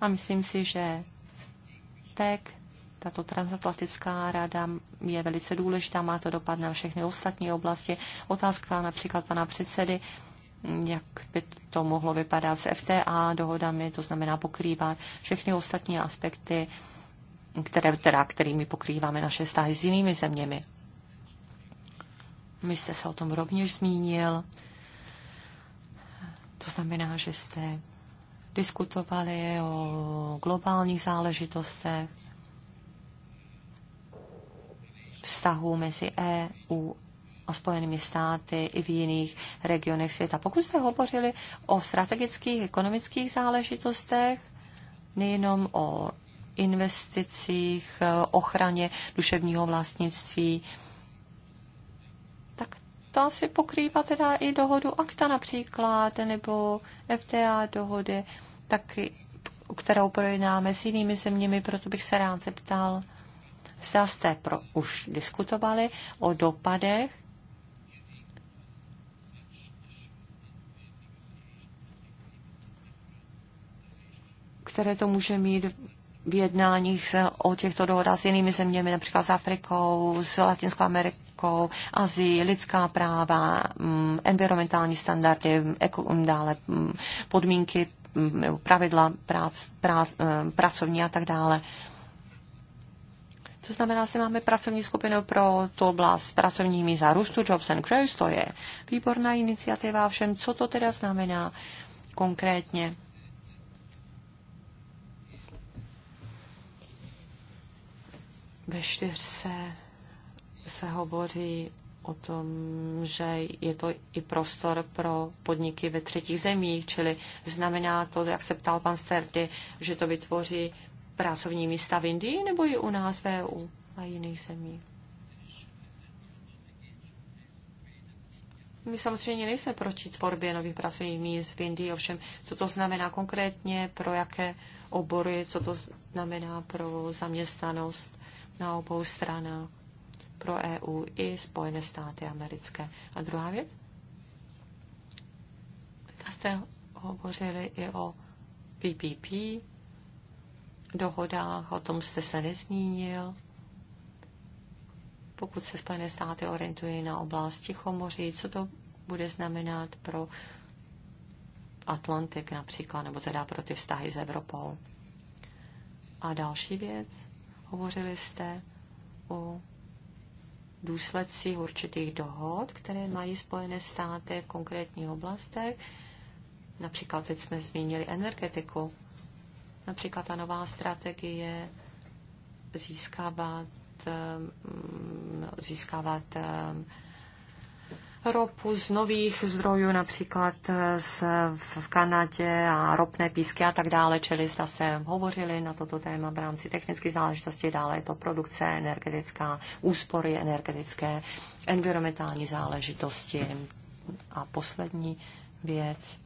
A myslím si, že TEC, tato transatlantická rada je velice důležitá, má to dopad na všechny ostatní oblasti. Otázka například pana předsedy, jak by to mohlo vypadat s FTA dohodami, to znamená pokrývat všechny ostatní aspekty které, teda, kterými pokrýváme naše vztahy s jinými zeměmi. My jste se o tom rovněž zmínil. To znamená, že jste diskutovali o globálních záležitostech, vztahu mezi EU a Spojenými státy i v jiných regionech světa. Pokud jste hovořili o strategických ekonomických záležitostech, nejenom o investicích, eh, ochraně duševního vlastnictví. Tak to asi pokrývá teda i dohodu akta například, nebo FTA dohody, tak kterou projednáme s jinými zeměmi, proto bych se rád zeptal, zda jste pro, už diskutovali o dopadech které to může mít v jednáních o těchto dohodách s jinými zeměmi, například s Afrikou, s Latinskou Amerikou, Azii, lidská práva, mm, environmentální standardy, mm, dále mm, podmínky pravidla prác, prác, eh, pracovní a tak dále. To znamená, že máme pracovní skupinu pro tu oblast pracovní míza růstu Jobs and Growth, to je výborná iniciativa, všem, co to teda znamená konkrétně. Ve čtyřce se hovoří o tom, že je to i prostor pro podniky ve třetích zemích, čili znamená to, jak se ptal pan Sterdy, že to vytvoří pracovní místa v Indii nebo i u nás v EU a jiných zemích. My samozřejmě nejsme proti tvorbě nových pracovních míst v Indii, ovšem, co to znamená konkrétně, pro jaké obory, co to znamená pro zaměstnanost na obou stranách pro EU i Spojené státy americké. A druhá věc? Zase jste hovořili i o PPP dohodách, o tom jste se nezmínil. Pokud se Spojené státy orientují na oblast Tichomoří, co to bude znamenat pro Atlantik například, nebo teda pro ty vztahy s Evropou. A další věc, Hovořili jste o důsledcích určitých dohod, které mají Spojené státy v konkrétních oblastech. Například teď jsme zmínili energetiku. Například ta nová strategie získávat, eh, získávat eh, ropu z nových zdrojů, například z, v Kanadě a ropné písky a tak dále, čili jste se hovořili na toto téma v rámci technických záležitostí, dále je to produkce energetická, úspory energetické, environmentální záležitosti a poslední věc.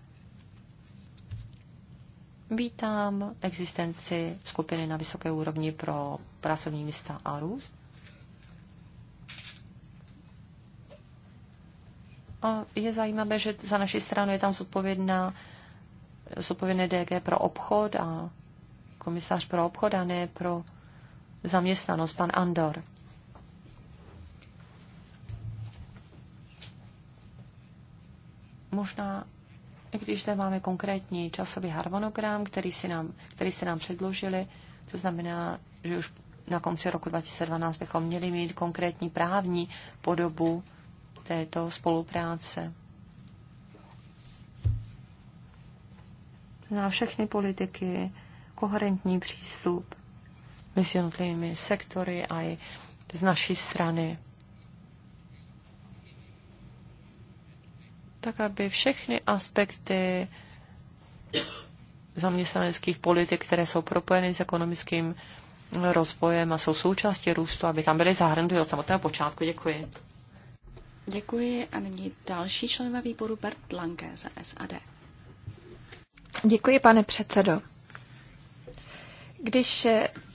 Vítám existenci skupiny na vysoké úrovni pro pracovní místa a růst A je zajímavé, že za naší stranu je tam zodpovědná, zodpovědné DG pro obchod a komisař pro obchod a ne pro zaměstnanost, pan Andor. Možná, i když zde máme konkrétní časový harmonogram, který, si nám, který jste nám předložili, to znamená, že už na konci roku 2012 bychom měli mít konkrétní právní podobu této spolupráce. Na všechny politiky, koherentní přístup mezi jednotlivými sektory a i z naší strany. Tak, aby všechny aspekty zaměstnaneckých politik, které jsou propojeny s ekonomickým rozvojem a jsou součástí růstu, aby tam byly zahrnuty od samotného počátku. Děkuji. Děkuji a nyní další členové výboru Bert Lange za SAD. Děkuji, pane předsedo. Když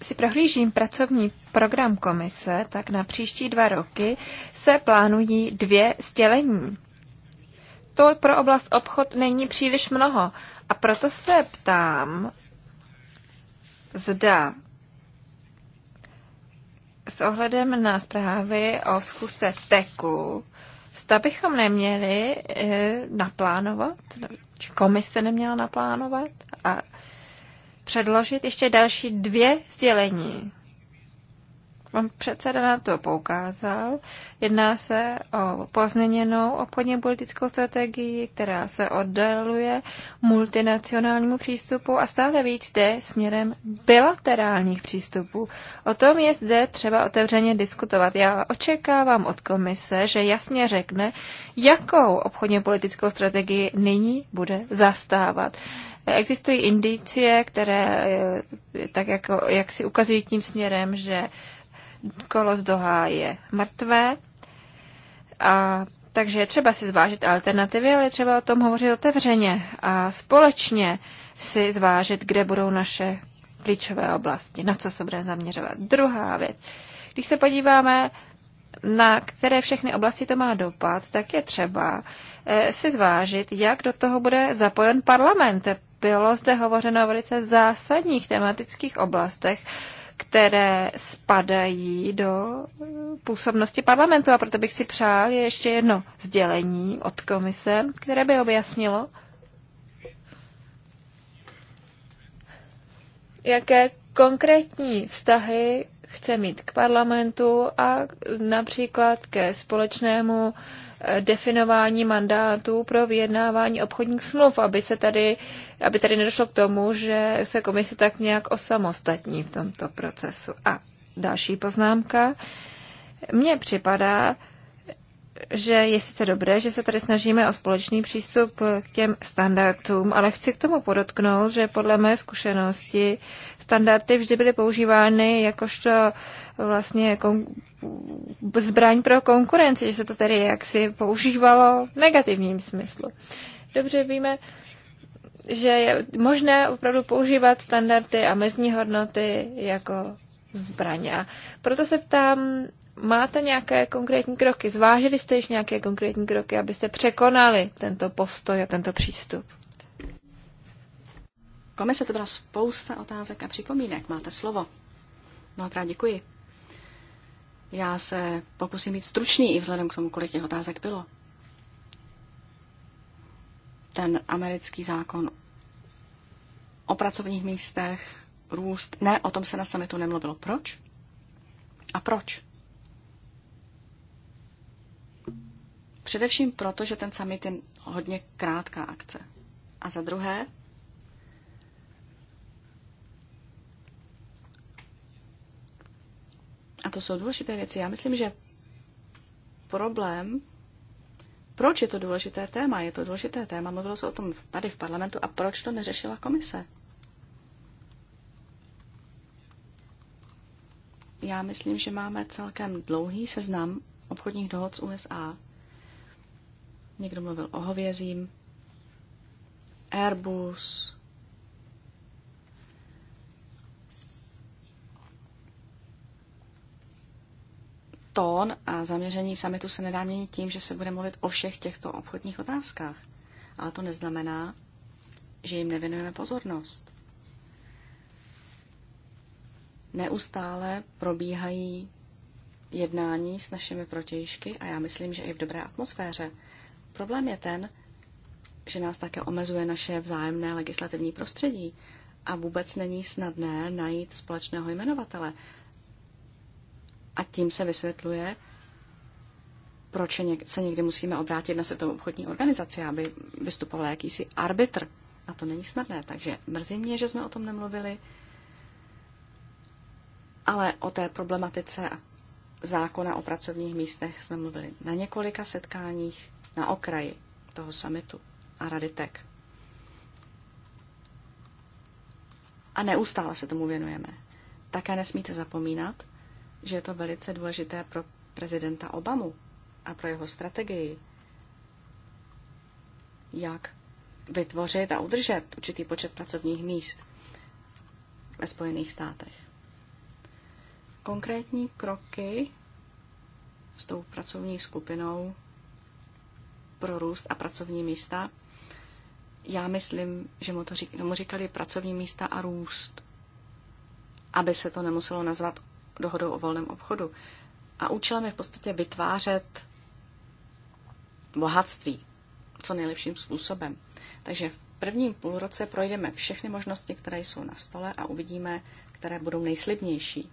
si prohlížím pracovní program komise, tak na příští dva roky se plánují dvě sdělení. To pro oblast obchod není příliš mnoho a proto se ptám, zda s ohledem na zprávy o zkuste teku, zda bychom neměli e, naplánovat, či komise neměla naplánovat a předložit ještě další dvě sdělení. Pan předseda na to poukázal. Jedná se o pozměněnou obchodně politickou strategii, která se oddaluje multinacionálnímu přístupu a stále víc jde směrem bilaterálních přístupů. O tom je zde třeba otevřeně diskutovat. Já očekávám od komise, že jasně řekne, jakou obchodně politickou strategii nyní bude zastávat. Existují indicie, které eh, tak jako, jak si ukazují tím směrem, že kolo z Doha je mrtvé. A takže je třeba si zvážit alternativy, ale je třeba o tom hovořit otevřeně a společně si zvážit, kde budou naše klíčové oblasti, na co se budeme zaměřovat. Druhá věc. Když se podíváme, na které všechny oblasti to má dopad, tak je třeba eh, si zvážit, jak do toho bude zapojen parlament. Bylo zde hovořeno o velice zásadních tematických oblastech, které spadají do působnosti parlamentu. A proto bych si přál ještě jedno sdělení od komise, které by objasnilo, jaké konkrétní vztahy chce mít k parlamentu a například ke společnému uh, definování mandátů pro vyjednávání obchodních smluv, aby, se tady, aby tady nedošlo k tomu, že se komise tak nějak osamostatní v tomto procesu. A další poznámka. Mně připadá, že je sice dobré, že se tady snažíme o společný přístup k těm standardům, ale chci k tomu podotknout, že podle mé zkušenosti standardy vždy byly používány jakožto vlastně zbraň pro konkurenci, že se to tedy jaksi používalo v negativním smyslu. Dobře víme, že je možné opravdu používat standardy a mezní hodnoty jako zbraň. Proto se ptám, máte nějaké konkrétní kroky? Zvážili jste již nějaké konkrétní kroky, abyste překonali tento postoj a tento přístup? Komise to byla spousta otázek a připomínek. Máte slovo. Mnohokrát děkuji. Já se pokusím být stručný i vzhledem k tomu, kolik těch otázek bylo. Ten americký zákon o pracovních místech, růst, ne, o tom se na samitu nemluvilo. Proč? A proč? Především proto, že ten summit je hodně krátká akce. A za druhé, A to jsou důležité věci. Já myslím, že problém, proč je to důležité téma? Je to důležité téma, mluvilo se o tom tady v parlamentu a proč to neřešila komise? Já myslím, že máme celkem dlouhý seznam obchodních dohod z USA. Někdo mluvil o hovězím, Airbus, tón a zaměření samitu se nedá měnit tím, že se bude mluvit o všech těchto obchodních otázkách. Ale to neznamená, že jim nevěnujeme pozornost. Neustále probíhají jednání s našimi protějšky a já myslím, že i v dobré atmosféře. Problém je ten, že nás také omezuje naše vzájemné legislativní prostředí a vůbec není snadné najít společného jmenovatele. A tím se vysvětluje, proč se někdy musíme obrátit na Světovou obchodní organizaci, aby vystupoval jakýsi arbitr. A to není snadné, takže mrzí mě, že jsme o tom nemluvili. Ale o té problematice zákona o pracovních místech jsme mluvili na několika setkáních na okraji toho samitu a raditek. A neustále se tomu věnujeme. Také nesmíte zapomínat, že je to velice důležité pro prezidenta Obamu a pro jeho strategii, jak vytvořit a udržet určitý počet pracovních míst ve Spojených státech. Konkrétní kroky s tou pracovní skupinou pro růst a pracovní místa. Já myslím, že mu, to řík, mu říkali pracovní místa a růst, aby se to nemuselo nazvat dohodou o volném obchodu. A účelem je v podstatě vytvářet bohatství co nejlepším způsobem. Takže v prvním půlroce projdeme všechny možnosti, které jsou na stole a uvidíme, které budou nejslibnější.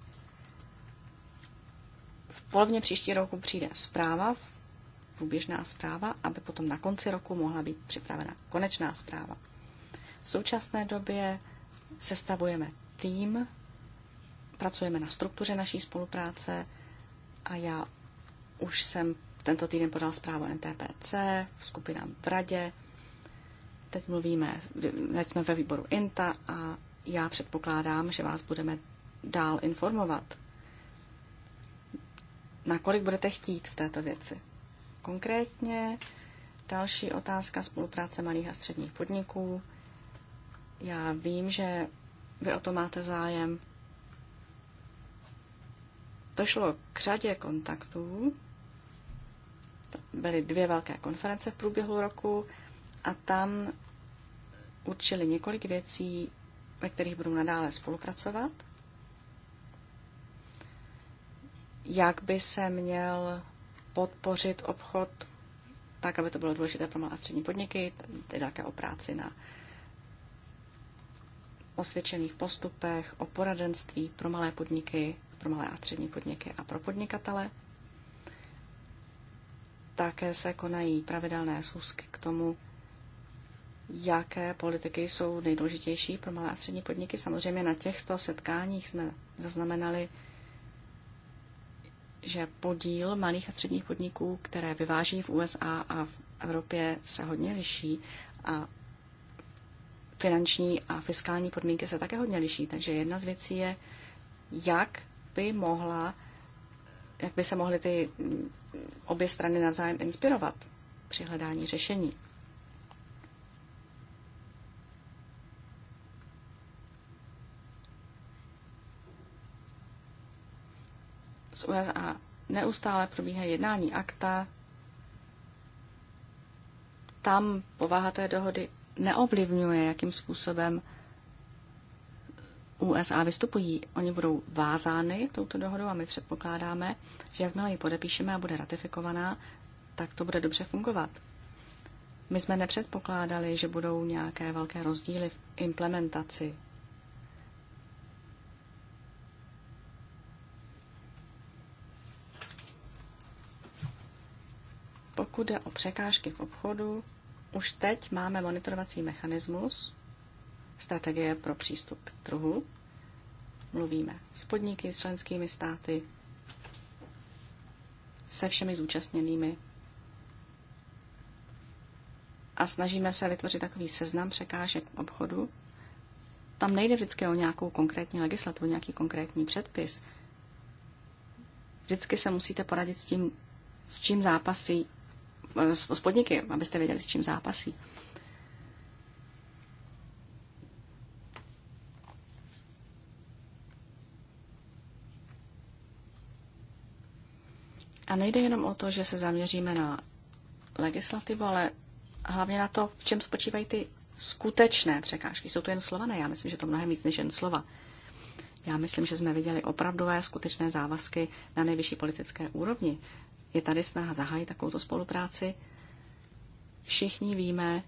V polovině příští roku přijde zpráva, průběžná zpráva, aby potom na konci roku mohla být připravena konečná zpráva. V současné době sestavujeme tým Pracujeme na struktuře naší spolupráce a já už jsem tento týden podal zprávu NTPC, skupinám v radě. Teď mluvíme, teď jsme ve výboru INTA a já předpokládám, že vás budeme dál informovat. Nakolik budete chtít v této věci? Konkrétně další otázka spolupráce malých a středních podniků. Já vím, že vy o to máte zájem došlo k řadě kontaktů. Byly dvě velké konference v průběhu roku a tam určili několik věcí, ve kterých budou nadále spolupracovat. Jak by se měl podpořit obchod tak, aby to bylo důležité pro malé a střední podniky, tedy také o práci na osvědčených postupech, o poradenství pro malé podniky, pro malé a střední podniky a pro podnikatele. Také se konají pravidelné schůzky k tomu, jaké politiky jsou nejdůležitější pro malé a střední podniky. Samozřejmě na těchto setkáních jsme zaznamenali, že podíl malých a středních podniků, které vyváží v USA a v Evropě, se hodně liší a finanční a fiskální podmínky se také hodně liší. Takže jedna z věcí je, jak by mohla, jak by se mohly ty mm, obě strany navzájem inspirovat při hledání řešení. Z USA neustále probíhají jednání akta. Tam povaha té dohody neovlivňuje, jakým způsobem USA vystupují. Oni budou vázány touto dohodou a my předpokládáme, že jakmile ji podepíšeme a bude ratifikovaná, tak to bude dobře fungovat. My jsme nepředpokládali, že budou nějaké velké rozdíly v implementaci. Pokud jde o překážky v obchodu, už teď máme monitorovací mechanismus, strategie pro přístup k trhu. Mluvíme s podniky, s členskými státy, se všemi zúčastněnými a snažíme se vytvořit takový seznam překážek obchodu. Tam nejde vždycky o nějakou konkrétní legislativu, nějaký konkrétní předpis. Vždycky se musíte poradit s tím, s čím zápasí s podniky, abyste věděli, s čím zápasí. A nejde jenom o to, že se zaměříme na legislativu, ale hlavně na to, v čem spočívají ty skutečné překážky. Jsou to jen slova? Ne, já myslím, že to mnohem víc než jen slova. Já myslím, že jsme viděli opravdové skutečné závazky na nejvyšší politické úrovni. Je tady snaha zahájit takovouto spolupráci. Všichni víme,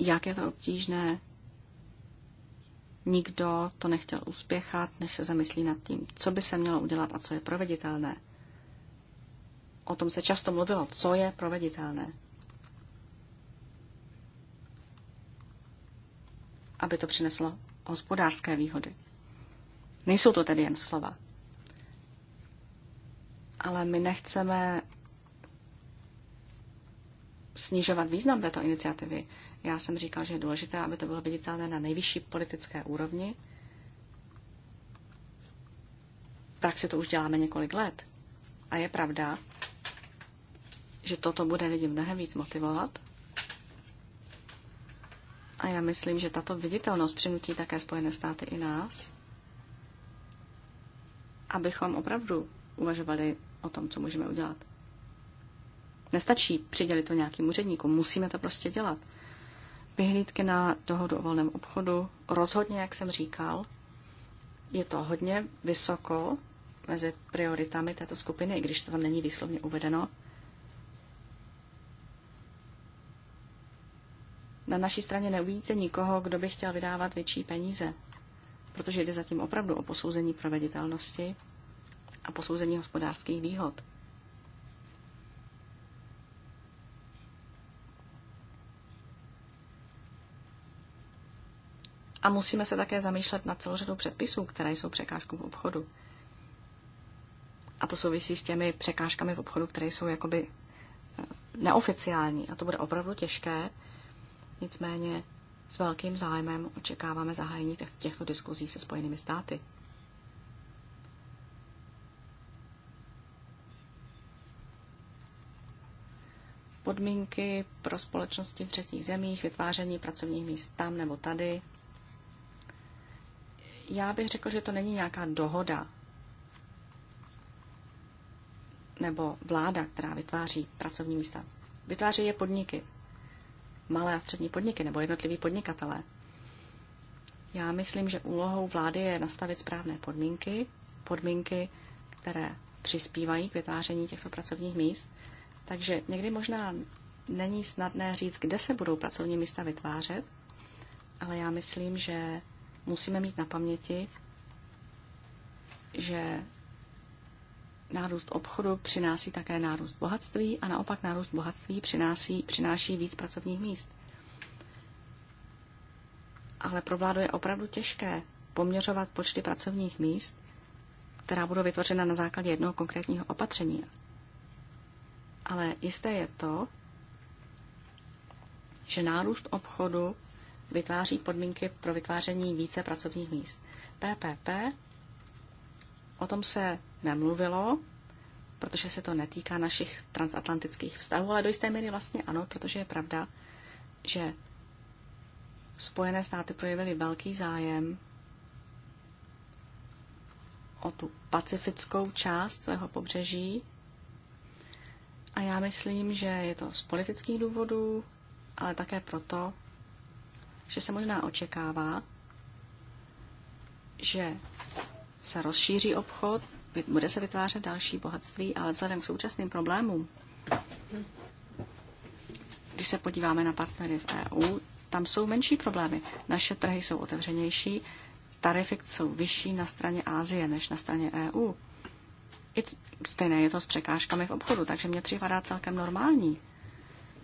jak je to obtížné Nikdo to nechtěl uspěchat, než se zamyslí nad tím, co by se mělo udělat a co je proveditelné. O tom se často mluvilo, co je proveditelné. Aby to přineslo hospodářské výhody. Nejsou to tedy jen slova. Ale my nechceme snižovat význam této iniciativy. Já jsem říkal, že je důležité, aby to bylo viditelné na nejvyšší politické úrovni. V praxi to už děláme několik let. A je pravda, že toto bude lidi mnohem víc motivovat. A já myslím, že tato viditelnost přinutí také Spojené státy i nás, abychom opravdu uvažovali o tom, co můžeme udělat. Nestačí přidělit to nějakým úředníkům, musíme to prostě dělat. Vyhlídky na dohodu o volném obchodu, rozhodně, jak jsem říkal, je to hodně vysoko mezi prioritami této skupiny, i když to tam není výslovně uvedeno. Na naší straně neuvidíte nikoho, kdo by chtěl vydávat větší peníze, protože jde zatím opravdu o posouzení proveditelnosti a posouzení hospodářských výhod. A musíme se také zamýšlet nad celou řadou předpisů, které jsou překážkou v obchodu. A to souvisí s těmi překážkami v obchodu, které jsou jakoby eh, neoficiální. A to bude opravdu těžké. Nicméně s velkým zájmem očekáváme zahájení těchto diskuzí se Spojenými státy. podmínky pro společnosti v třetích zemích, vytváření pracovních míst tam nebo tady, já bych řekl, že to není nějaká dohoda nebo vláda, která vytváří pracovní místa. Vytváří je podniky, malé a střední podniky nebo jednotliví podnikatelé. Já myslím, že úlohou vlády je nastavit správné podmínky, podmínky, které přispívají k vytváření těchto pracovních míst. Takže někdy možná není snadné říct, kde se budou pracovní místa vytvářet, ale já myslím, že musíme mít na paměti, že nárůst obchodu přináší také nárůst bohatství a naopak nárůst bohatství přináší, přináší víc pracovních míst. Ale pro vládu je opravdu těžké poměřovat počty pracovních míst, která budou vytvořena na základě jednoho konkrétního opatření. Ale jisté je to, že nárůst obchodu vytváří podmínky pro vytváření více pracovních míst. PPP, o tom se nemluvilo, protože se to netýká našich transatlantických vztahů, ale do jisté míry vlastně ano, protože je pravda, že Spojené státy projevily velký zájem o tu pacifickou část svého pobřeží. A já myslím, že je to z politických důvodů, ale také proto, že se možná očekává, že se rozšíří obchod, bude se vytvářet další bohatství, ale vzhledem k současným problémům, když se podíváme na partnery v EU, tam jsou menší problémy. Naše trhy jsou otevřenější, tarify jsou vyšší na straně Ázie než na straně EU. I stejné je to s překážkami v obchodu, takže mě připadá celkem normální,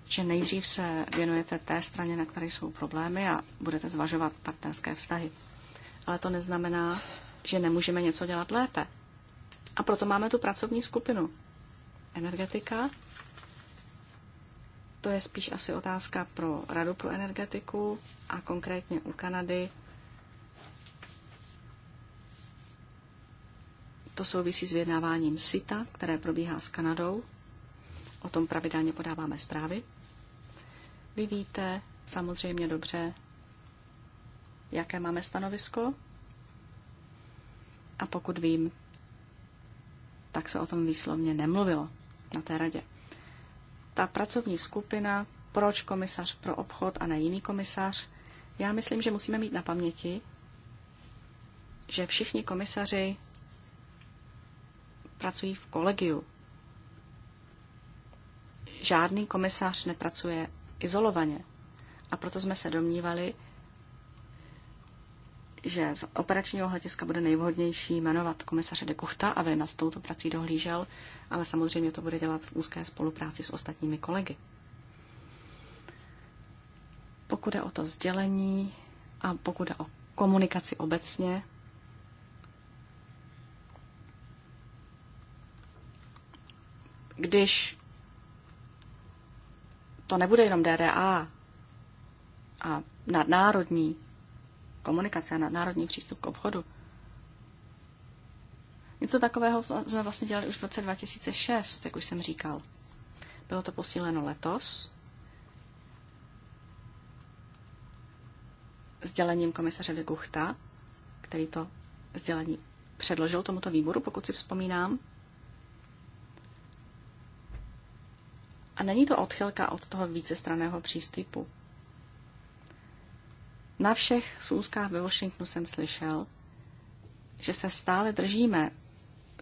že nejdřív se věnujete té straně, na které jsou problémy a budete zvažovat partnerské vztahy. Ale to neznamená, že nemůžeme něco dělat lépe. A proto máme tu pracovní skupinu. Energetika, to je spíš asi otázka pro Radu pro energetiku a konkrétně u Kanady. To souvisí s vyjednáváním SITA, které probíhá s Kanadou. O tom pravidelně podáváme zprávy. Vy víte samozřejmě dobře, jaké máme stanovisko. A pokud vím, tak se o tom výslovně nemluvilo na té radě. Ta pracovní skupina, proč komisař pro obchod a ne jiný komisař, já myslím, že musíme mít na paměti, že všichni komisaři pracují v kolegiu. Žádný komisař nepracuje izolovaně. A proto jsme se domnívali, že z operačního hlediska bude nejvhodnější jmenovat komisaře de Kuchta, aby nad touto prací dohlížel, ale samozřejmě to bude dělat v úzké spolupráci s ostatními kolegy. Pokud je o to sdělení a pokud je o komunikaci obecně, když to nebude jenom DDA a nadnárodní komunikace a nadnárodní přístup k obchodu. Něco takového jsme vlastně dělali už v roce 2006, jak už jsem říkal. Bylo to posíleno letos sdělením komisaře Leguchta, který to sdělení předložil tomuto výboru, pokud si vzpomínám, A není to odchylka od toho vícestraného přístupu. Na všech sůzkách ve Washingtonu jsem slyšel, že se stále držíme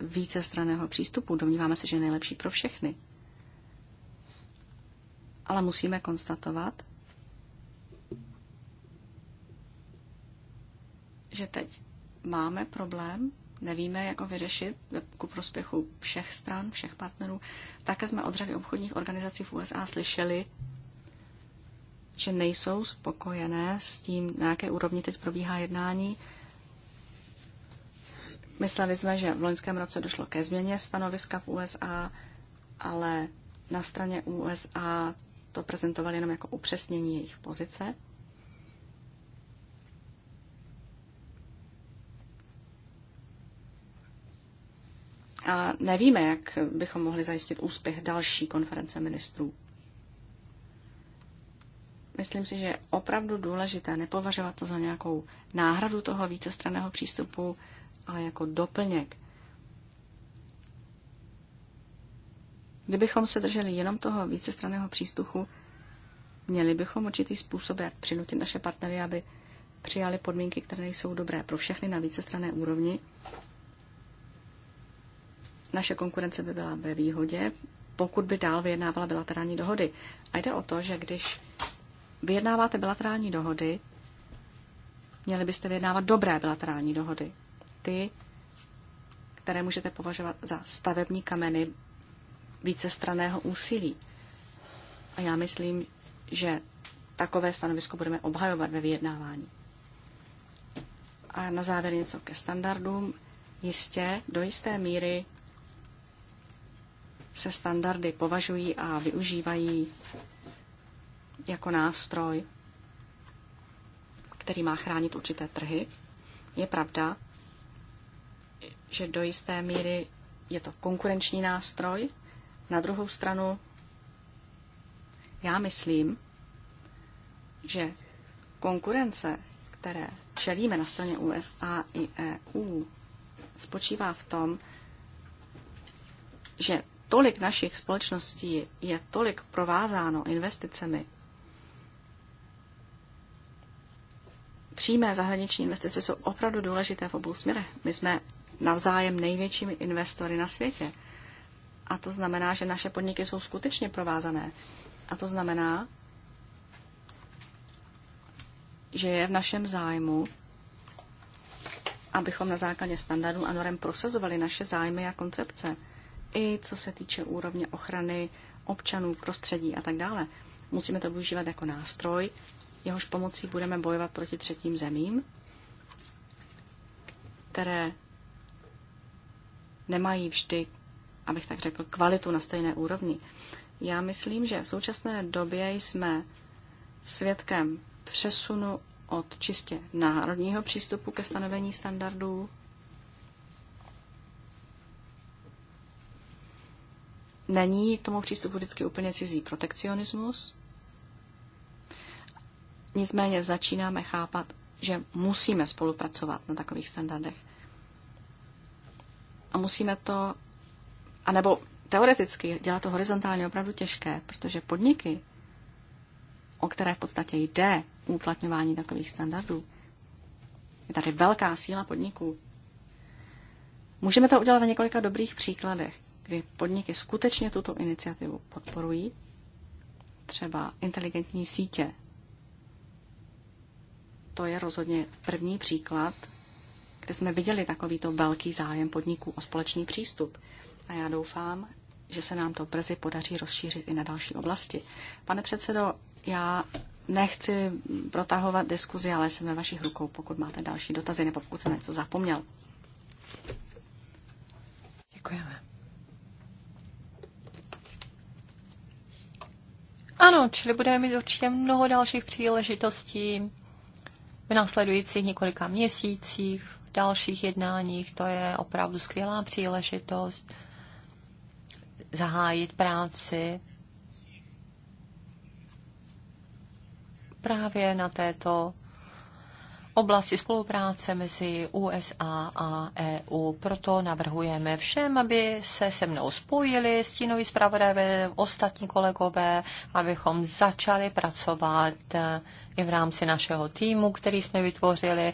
vícestraného přístupu. Domníváme se, že je nejlepší pro všechny. Ale musíme konstatovat, že teď máme problém nevíme, jak ho vyřešit ku prospěchu všech stran, všech partnerů. Také jsme od řady obchodních organizací v USA slyšeli, že nejsou spokojené s tím, na jaké úrovni teď probíhá jednání. Mysleli jsme, že v loňském roce došlo ke změně stanoviska v USA, ale na straně USA to prezentovali jenom jako upřesnění jejich pozice. A nevíme, jak bychom mohli zajistit úspěch další konference ministrů. Myslím si, že je opravdu důležité nepovažovat to za nějakou náhradu toho vícestranného přístupu, ale jako doplněk. Kdybychom se drželi jenom toho vícestranného přístupu, měli bychom určitý způsob, jak přinutit naše partnery, aby přijali podmínky, které jsou dobré pro všechny na vícestranné úrovni naše konkurence by byla ve výhodě, pokud by dál vyjednávala bilaterální dohody. A jde o to, že když vyjednáváte bilaterální dohody, měli byste vyjednávat dobré bilaterální dohody. Ty, které můžete považovat za stavební kameny vícestraného úsilí. A já myslím, že takové stanovisko budeme obhajovat ve vyjednávání. A na závěr něco ke standardům. Jistě, do jisté míry se standardy považují a využívají jako nástroj, který má chránit určité trhy. Je pravda, že do jisté míry je to konkurenční nástroj. Na druhou stranu, já myslím, že konkurence, které čelíme na straně USA i EU, spočívá v tom, že tolik našich společností je tolik provázáno investicemi, přímé zahraniční investice jsou opravdu důležité v obou směrech. My jsme navzájem největšími investory na světě. A to znamená, že naše podniky jsou skutečně provázané. A to znamená, že je v našem zájmu, abychom na základě standardů a norem prosazovali naše zájmy a koncepce i co se týče úrovně ochrany občanů, prostředí a tak dále. Musíme to využívat jako nástroj, jehož pomocí budeme bojovat proti třetím zemím, které nemají vždy, abych tak řekl, kvalitu na stejné úrovni. Já myslím, že v současné době jsme svědkem přesunu od čistě národního přístupu ke stanovení standardů není tomu přístupu vždycky úplně cizí protekcionismus. Nicméně začínáme chápat, že musíme spolupracovat na takových standardech. A musíme to, anebo teoreticky dělat to horizontálně opravdu těžké, protože podniky, o které v podstatě jde uplatňování takových standardů, je tady velká síla podniků. Můžeme to udělat na několika dobrých příkladech kdy podniky skutečně tuto iniciativu podporují, třeba inteligentní sítě. To je rozhodně první příklad, kde jsme viděli takovýto velký zájem podniků o společný přístup. A já doufám, že se nám to brzy podaří rozšířit i na další oblasti. Pane předsedo, já nechci protahovat diskuzi, ale jsem ve vašich rukou, pokud máte další dotazy nebo pokud jsem něco zapomněl. Děkujeme. Ano, čili budeme mít určitě mnoho dalších příležitostí v následujících několika měsících, v dalších jednáních. To je opravdu skvělá příležitost zahájit práci právě na této oblasti spolupráce mezi USA a EU. Proto navrhujeme všem, aby se se mnou spojili stínoví zpravodajové, ostatní kolegové, abychom začali pracovat eh, i v rámci našeho týmu, který jsme vytvořili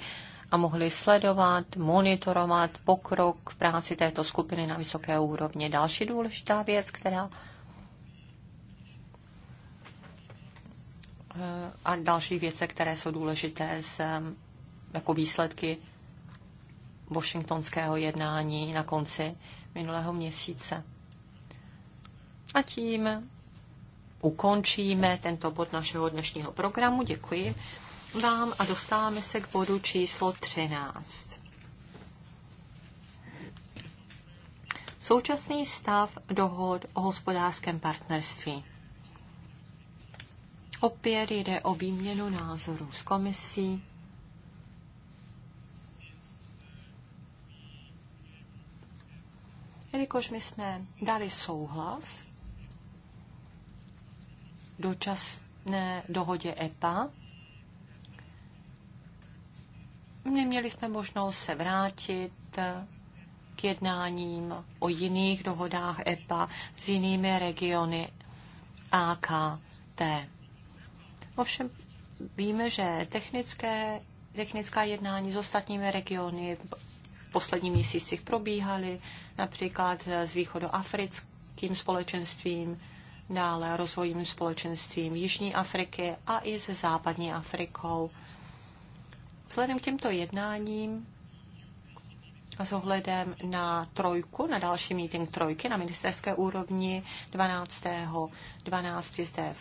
a mohli sledovat, monitorovat pokrok v práci této skupiny na vysoké úrovni. Další důležitá věc, která eh, a další věce, které jsou důležité z jako výsledky washingtonského jednání na konci minulého měsíce. A tím ukončíme tento bod našeho dnešního programu. Děkuji vám a dostáváme se k bodu číslo 13. Současný stav dohod o hospodářském partnerství. Opět jde o výměnu názorů s komisí jelikož my jsme dali souhlas dočasné dohodě EPA, neměli jsme možnost se vrátit k jednáním o jiných dohodách EPA s jinými regiony AKT. Ovšem víme, že technické, technická jednání s ostatními regiony v posledních měsících probíhaly, například s východoafrickým společenstvím, dále rozvojím společenstvím Jižní Afriky a i se západní Afrikou. Vzhledem k těmto jednáním a s ohledem na trojku, na další meeting trojky na ministerské úrovni 12. 12. zde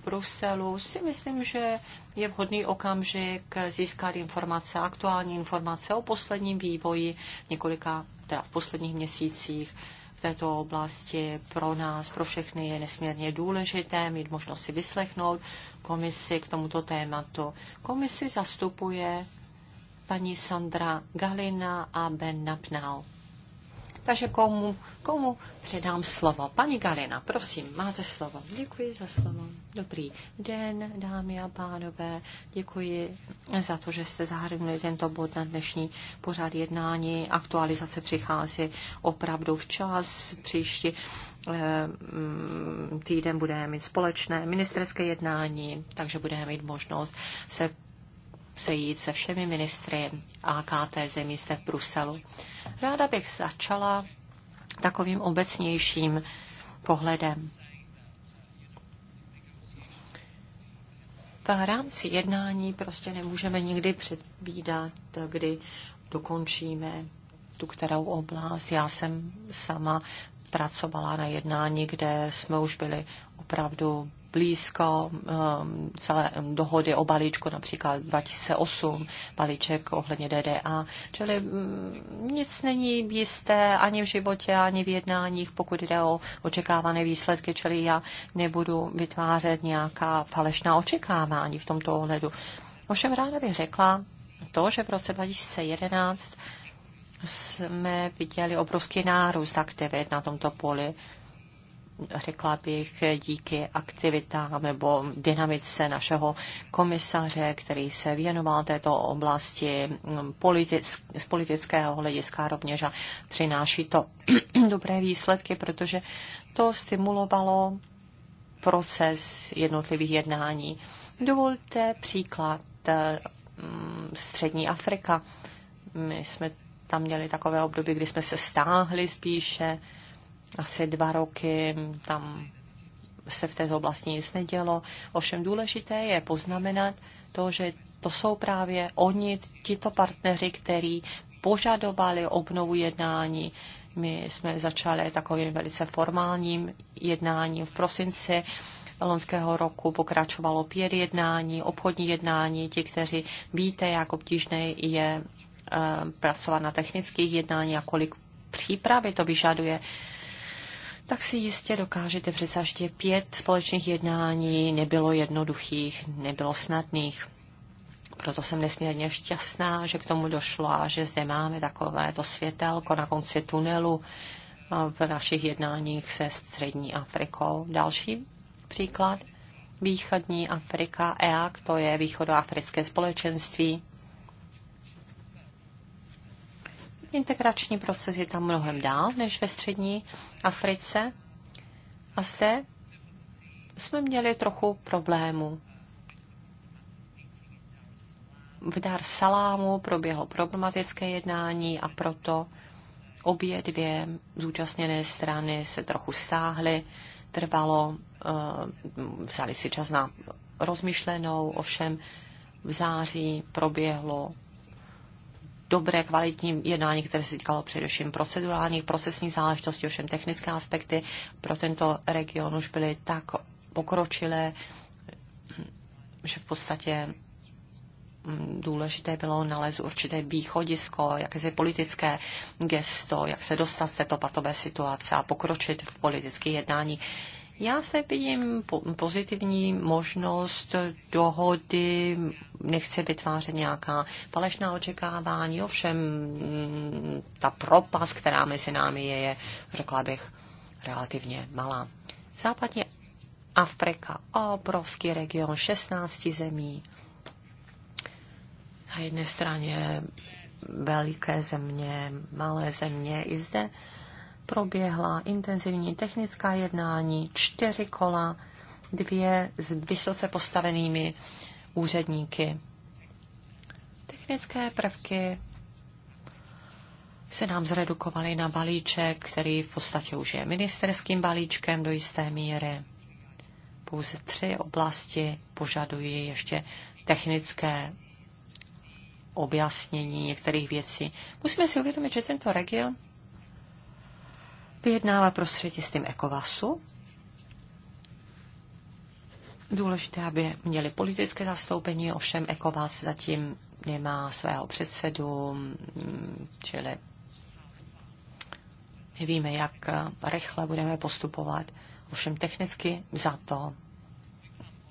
v Bruselu, si myslím, že je vhodný okamžik získat informace, aktuální informace o posledním vývoji několika teda v posledních měsících v této oblasti pro nás, pro všechny je nesmírně důležité mít možnost si vyslechnout komisi k tomuto tématu. Komisi zastupuje paní Sandra Galina a Ben Napnau. Takže komu, komu předám slovo? Paní Galina, prosím, máte slovo. Děkuji za slovo. Dobrý den, dámy a pánové. Děkuji za to, že jste zahrnuli tento bod na dnešní pořád jednání. Aktualizace přichází opravdu včas. Příští eh, mm, týden budeme mít společné ministerské jednání, takže budeme mít možnost se sejít se všemi ministry AKT zemí zde v Bruselu. Ráda bych začala takovým obecnějším pohledem. V rámci jednání prostě nemůžeme nikdy předvídat, kdy dokončíme tu kterou oblast. Já jsem sama pracovala na jednání, kde jsme už byli opravdu blízko um, celé dohody o balíčku, například 2008 balíček ohledně DDA. Čili um, nic není jisté ani v životě, ani v jednáních, pokud jde o očekávané výsledky, čili já nebudu vytvářet nějaká falešná očekávání v tomto ohledu. Ovšem ráda bych řekla to, že v roce 2011 jsme viděli obrovský nárůst aktivit na tomto poli řekla bych, díky aktivitám nebo dynamice našeho komisaře, který se věnoval této oblasti mm, z politického hlediska rovněž a přináší to dobré výsledky, protože to stimulovalo proces jednotlivých jednání. Dovolte příklad eh, mm, Střední Afrika. My jsme tam měli takové období, kdy jsme se stáhli spíše asi dva roky, tam se v této oblasti nic nedělo. Ovšem důležité je poznamenat to, že to jsou právě oni, tito partneři, kteří požadovali obnovu jednání. My jsme začali takovým velice formálním jednáním v prosinci loňského roku pokračovalo pět jednání, obchodní jednání, ti, kteří víte, jak obtížné je eh, pracovat na technických jednání a kolik přípravy to vyžaduje tak si jistě dokážete představit, že pět společných jednání nebylo jednoduchých, nebylo snadných. Proto jsem nesmírně šťastná, že k tomu došlo a že zde máme takové to světelko na konci tunelu v našich jednáních se Střední Afrikou. Další příklad. Východní Afrika, EAC, to je východoafrické společenství. Integrační proces je tam mnohem dál než ve střední Africe. A zde jsme měli trochu problémů. V Dar Salámu proběhlo problematické jednání a proto obě dvě zúčastněné strany se trochu stáhly. Trvalo, eh, vzali si čas na rozmyšlenou, ovšem v září proběhlo dobré, kvalitní jednání, které se týkalo především procedurálních, procesní záležitostí, ovšem technické aspekty pro tento region už byly tak pokročilé, že v podstatě mm, důležité bylo nalézt určité východisko, jakési politické gesto, jak se dostat z této patové situace a pokročit v politických jednání. Já se vidím pozitivní možnost dohody, nechce vytvářet nějaká falešná očekávání, ovšem mm, ta propast, která mezi námi je, je, řekla bych, relativně malá. Západně Afrika, obrovský region, 16 zemí. Na jedné straně veliké země, malé země, i zde proběhla intenzivní technická jednání, čtyři kola, dvě s vysoce postavenými úředníky. Technické prvky se nám zredukovaly na balíček, který v podstatě už je ministerským balíčkem do jisté míry. Pouze tři oblasti požadují ještě technické objasnění některých věcí. Musíme si uvědomit, že tento region vyjednává prostřednictvím ECOVASu. Důležité, aby měli politické zastoupení, ovšem ECOVAS zatím nemá svého předsedu, čili nevíme, jak rychle budeme postupovat. Ovšem technicky za to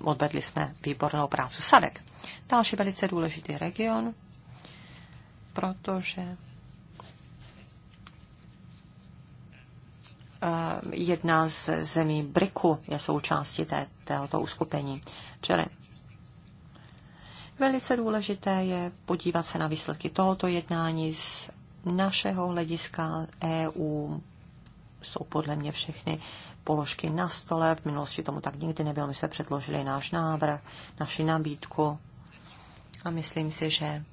odvedli jsme výbornou práci. Sadek. Další velice důležitý region, protože Eh, jedna z zemí BRICu je součástí té, tohoto uskupení. Čili velice důležité je podívat se na výsledky tohoto jednání z našeho hlediska EU. Jsou podle mě všechny položky na stole. V minulosti tomu tak nikdy nebylo. My jsme předložili náš návrh, naši nabídku a myslím si, že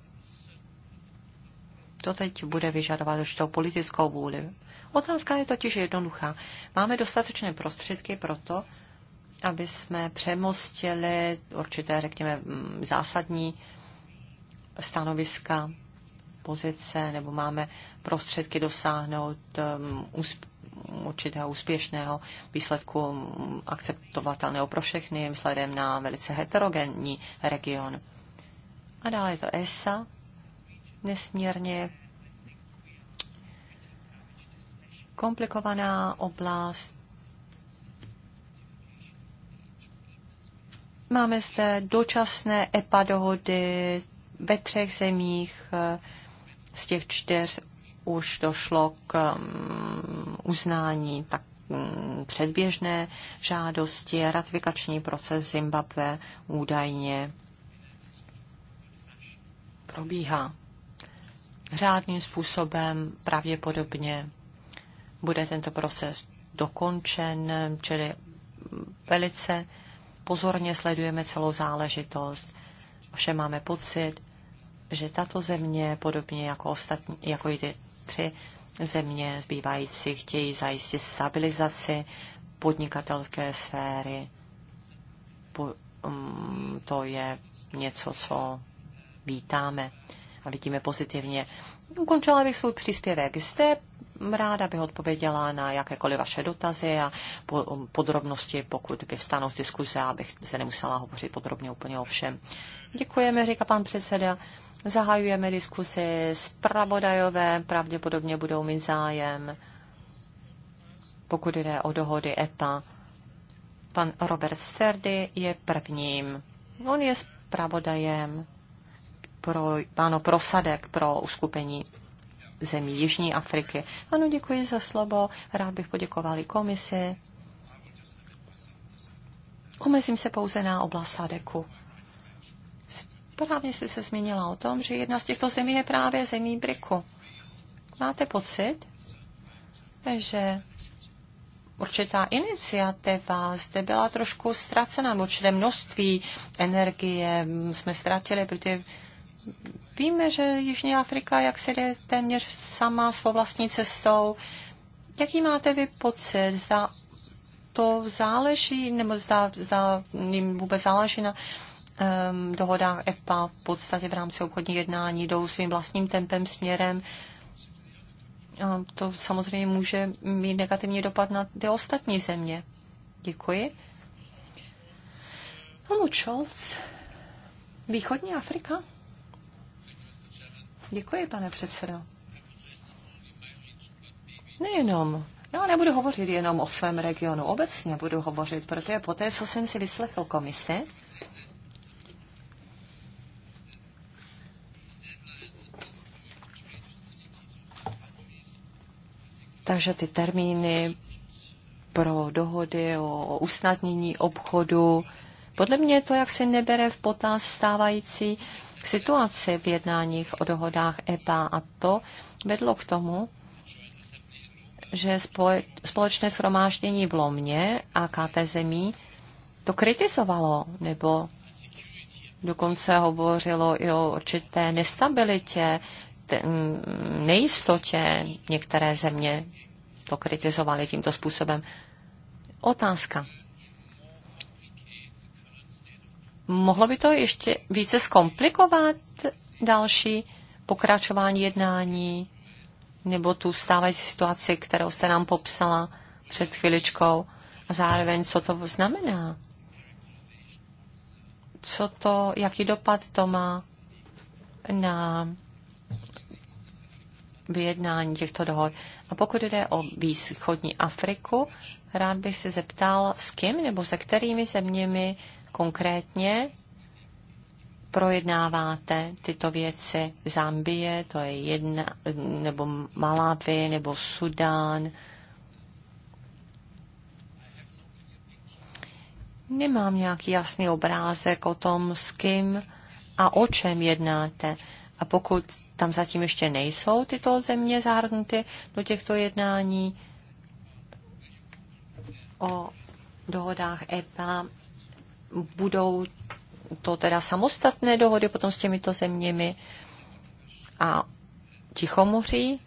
to teď bude vyžadovat určitou politickou vůli Otázka je totiž jednoduchá. Máme dostatečné prostředky pro to, aby jsme přemostili určité, řekněme, mm, zásadní stanoviska, pozice, nebo máme prostředky dosáhnout mm, určitého úspěšného výsledku mm, akceptovatelného pro všechny, vzhledem na velice heterogenní region. A dále je to ESA, nesmírně komplikovaná oblast. Máme zde dočasné EPA dohody ve třech zemích. Z těch čtyř už došlo k mm, uznání tak mm, předběžné žádosti, ratifikační proces Zimbabwe údajně probíhá řádným způsobem, pravděpodobně bude tento proces dokončen, čili velice pozorně sledujeme celou záležitost. Vše máme pocit, že tato země, podobně jako, ostatní, jako i ty tři země zbývající, chtějí zajistit stabilizaci podnikatelské sféry. Mm, to je něco, co vítáme a vidíme pozitivně. Ukončila bych svůj příspěvek. Zde ráda bych odpověděla na jakékoliv vaše dotazy a um, podrobnosti, pokud by vstanou z diskuze, abych se nemusela hovořit podrobně úplně o všem. Děkujeme, říká pan předseda. Zahajujeme diskuzi. pravodajové, pravděpodobně budou mít zájem, pokud jde o dohody EPA. Pan Robert Sterdy je prvním. On je zpravodajem pro, ano, pro sadek, pro uskupení zemí Jižní Afriky. Ano, děkuji za slovo. Rád bych poděkoval i komisi. Omezím se pouze na oblast Sadeku. Právě jste se zmínila o tom, že jedna z těchto zemí je právě zemí Briku. Máte pocit, že určitá iniciativa zde byla trošku ztracena, určité množství energie jsme ztratili, protože Víme, že Jižní Afrika, jak se jde téměř sama svou vlastní cestou. Jaký máte vy pocit? Zda to záleží, nebo zda, zda jim vůbec záleží na um, ehm, dohodách EPA v podstatě v rámci obchodních jednání, jdou svým vlastním tempem směrem. A to samozřejmě může mít negativní dopad na ty ostatní země. Děkuji. Helmut Scholz, Východní Afrika? Děkuji, pane předsedo. Nejenom já no, nebudu hovořit jenom o svém regionu, obecně budu hovořit, protože poté, co jsem si vyslechl komise, takže ty termíny pro dohody o usnadnění obchodu, podle mě to, jak se nebere v potaz stávající situaci v jednáních o dohodách EPA a to vedlo k tomu, že společné shromáždění v Lomě a KT zemí to kritizovalo nebo dokonce hovořilo i o určité nestabilitě, nejistotě. Některé země to kritizovaly tímto způsobem. Otázka mohlo by to ještě více zkomplikovat další pokračování jednání nebo tu stávající situaci, kterou jste nám popsala před chviličkou a zároveň, co to znamená? Co to, jaký dopad to má na vyjednání těchto dohod? A pokud jde o východní Afriku, rád bych se zeptal, s kým nebo se kterými zeměmi konkrétně projednáváte tyto věci? Zambie, to je jedna, nebo Malawi, nebo Sudán? Nemám nějaký jasný obrázek o tom, s kým a o čem jednáte. A pokud tam zatím ještě nejsou tyto země zahrnuty do těchto jednání o dohodách EPA, budou to teda samostatné dohody potom s těmito zeměmi a Tichomoří.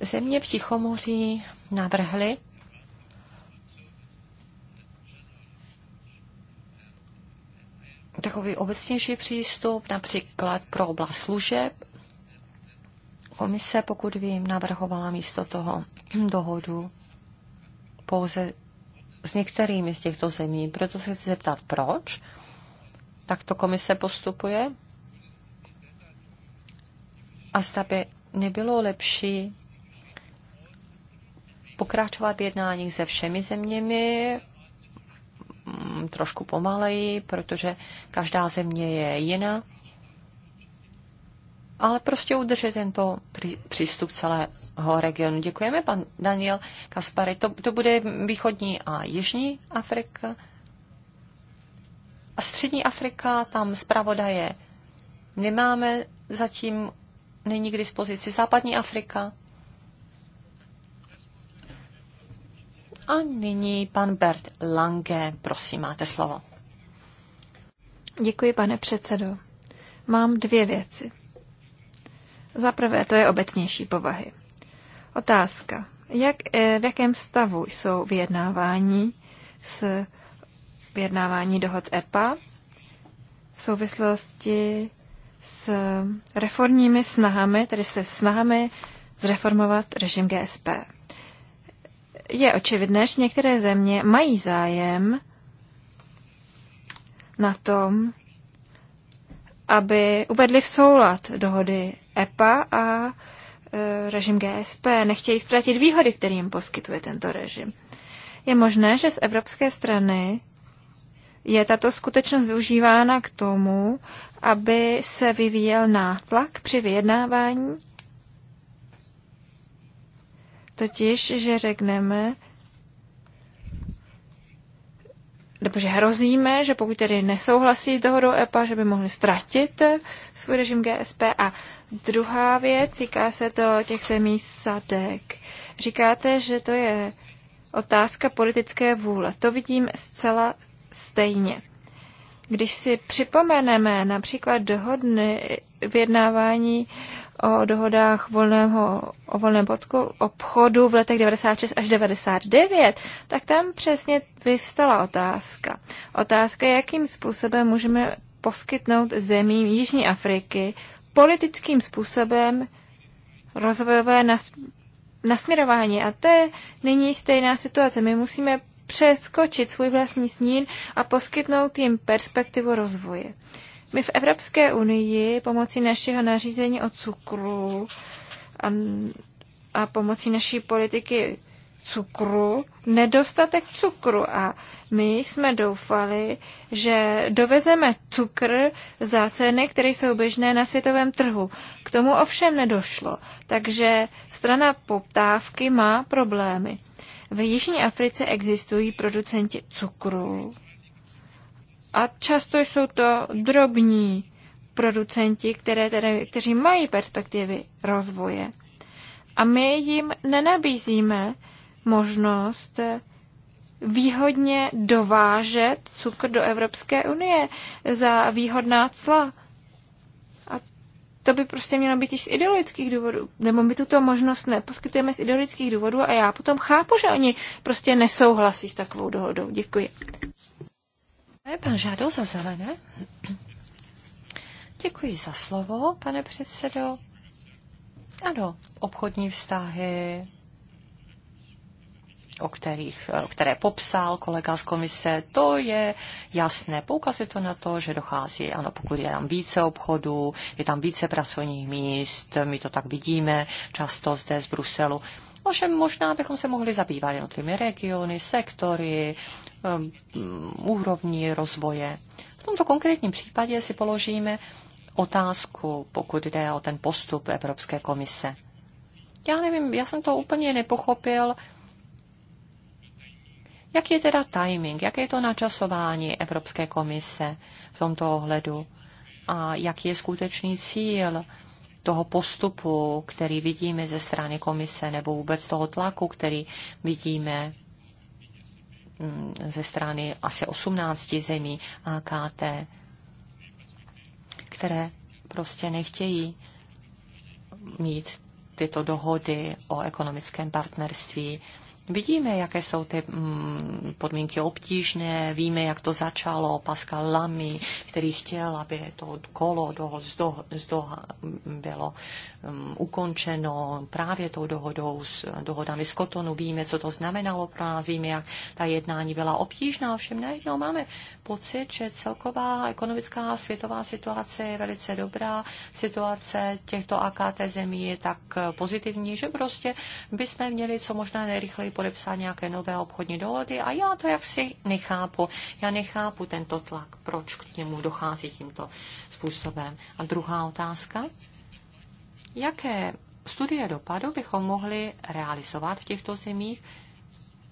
Země v Tichomoří navrhly takový obecnější přístup, například pro oblast služeb. Komise, pokud vím, navrhovala místo toho dohodu pouze s některými z těchto zemí. Proto se chci zeptat, proč tak to komise postupuje a zda by nebylo lepší pokračovat v jednáních se všemi zeměmi, mm, trošku pomaleji, protože každá země je jiná ale prostě udržet tento přístup celého regionu. Děkujeme, pan Daniel Kaspary. To, to bude východní a jižní Afrika. A střední Afrika, tam zpravodaje nemáme zatím, není k dispozici západní Afrika. A nyní pan Bert Lange, prosím, máte slovo. Děkuji, pane předsedo. Mám dvě věci. Za prvé, to je obecnější povahy. Otázka. Jak, eh, v jakém stavu jsou vyjednávání s vyjednávání dohod EPA v souvislosti s reformními snahami, tedy se snahami zreformovat režim GSP? Je očividné, že některé země mají zájem na tom, aby uvedli v soulad dohody EPA a e, režim GSP. Nechtějí ztratit výhody, které jim poskytuje tento režim. Je možné, že z evropské strany je tato skutečnost využívána k tomu, aby se vyvíjel nátlak při vyjednávání? Totiž, že řekneme, nebo že hrozíme, že pokud tedy nesouhlasí s dohodou EPA, že by mohli ztratit svůj režim GSP a Druhá věc, týká se to těch zemí sadek. Říkáte, že to je otázka politické vůle. To vidím zcela stejně. Když si připomeneme například dohodny vyjednávání o dohodách volného, o volném podku, obchodu v letech 96 až 99, tak tam přesně vyvstala otázka. Otázka, jakým způsobem můžeme poskytnout zemím Jižní Afriky politickým způsobem rozvojové nas, nasměrování. A to je nyní stejná situace. My musíme přeskočit svůj vlastní snín a poskytnout jim perspektivu rozvoje. My v Evropské unii pomocí našeho nařízení o cukru a, a pomocí naší politiky cukru, nedostatek cukru a my jsme doufali, že dovezeme cukr za ceny, které jsou běžné na světovém trhu. K tomu ovšem nedošlo, takže strana poptávky má problémy. V Jižní Africe existují producenti cukru a často jsou to drobní producenti, které tedy, kteří mají perspektivy rozvoje. A my jim nenabízíme možnost výhodně dovážet cukr do Evropské unie za výhodná cla. A to by prostě mělo být i z ideologických důvodů. Nebo my tuto možnost neposkytujeme z ideologických důvodů a já potom chápu, že oni prostě nesouhlasí s takovou dohodou. Děkuji. Pan žádal za zelené. Děkuji za slovo, pane předsedo. Ano, obchodní vztahy, o, kterých, které popsal kolega z komise, to je jasné. Poukazuje to na to, že dochází, ano, pokud je tam více obchodů, je tam více pracovních míst, my to tak vidíme často zde z Bruselu. Ovšem možná bychom se mohli zabývat jednotlivými regiony, sektory, um, úrovní rozvoje. V tomto konkrétním případě si položíme otázku, pokud jde o ten postup Evropské komise. Já nevím, já jsem to úplně nepochopil, jak je teda timing, jak je to načasování Evropské komise v tomto ohledu a jaký je skutečný cíl toho postupu, který vidíme ze strany komise, nebo vůbec toho tlaku, který vidíme mm, ze strany asi 18 zemí AKT, které prostě nechtějí mít tyto dohody o ekonomickém partnerství Vidíme, jaké jsou ty mm, podmínky obtížné, víme, jak to začalo. Pascal Lamy, který chtěl, aby to kolo doho, z, do, mm, bylo um, ukončeno právě tou dohodou s dohodami z Kotonu. Víme, co to znamenalo pro nás, víme, jak ta jednání byla obtížná. ovšem najednou máme pocit, že celková ekonomická světová situace je velice dobrá. Situace těchto AKT zemí je tak eh, pozitivní, že prostě bychom měli co možná nejrychleji chtěli podepsat nějaké nové obchodní dohody a já to jaksi nechápu. Já nechápu tento tlak, proč k němu dochází tímto způsobem. A druhá otázka, jaké studie dopadu bychom mohli realizovat v těchto zemích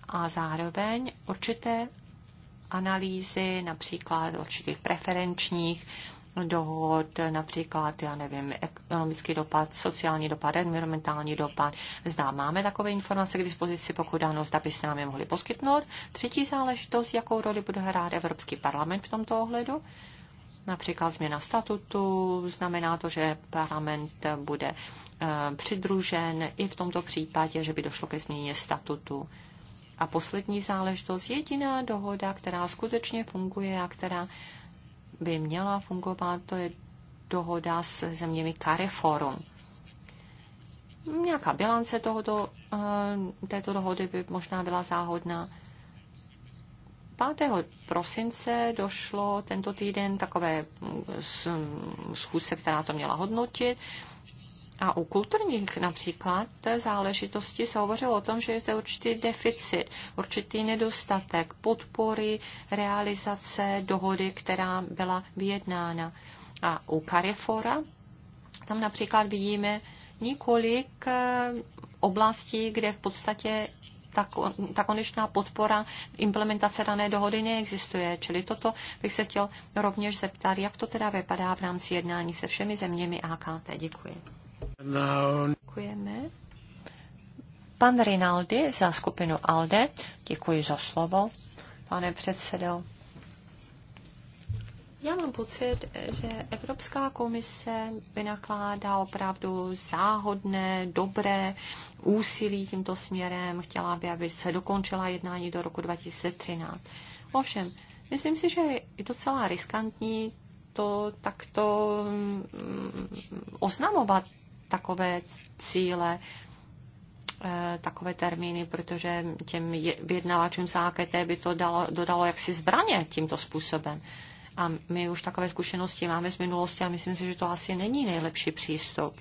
a zároveň určité analýzy, například určitých preferenčních dohod, například, já nevím, ekonomický dopad, sociální dopad, environmentální dopad. Zda máme takové informace k dispozici, pokud ano, zda byste nám je mohli poskytnout. Třetí záležitost, jakou roli bude hrát Evropský parlament v tomto ohledu. Například změna statutu znamená to, že parlament bude eh, přidružen i v tomto případě, že by došlo ke změně statutu. A poslední záležitost, jediná dohoda, která skutečně funguje a která by měla fungovat, to je dohoda s zeměmi Careforum. Nějaká bilance tohoto, eh, této dohody by možná byla záhodná. 5. prosince došlo tento týden takové mm, schůzce, která to měla hodnotit. A u kulturních například záležitosti se hovořilo o tom, že je to určitý deficit, určitý nedostatek podpory realizace dohody, která byla vyjednána. A u Carrefoura tam například vidíme několik eh, oblastí, kde v podstatě ta, ta konečná podpora implementace dané dohody neexistuje. Čili toto bych se chtěl rovněž zeptat, jak to teda vypadá v rámci jednání se všemi zeměmi AKT. Děkuji. Děkujeme. Pan Rinaldi za skupinu ALDE. Děkuji za slovo, pane předsedo. Já mám pocit, že Evropská komise vynakládá opravdu záhodné, dobré úsilí tímto směrem. Chtěla by, aby se dokončila jednání do roku 2013. Ovšem, myslím si, že je docela riskantní to takto mm, oznamovat takové cíle, eh, takové termíny, protože těm vyjednavačům z AKT by to dalo, dodalo jaksi zbraně tímto způsobem. A my už takové zkušenosti máme z minulosti a myslím si, že to asi není nejlepší přístup.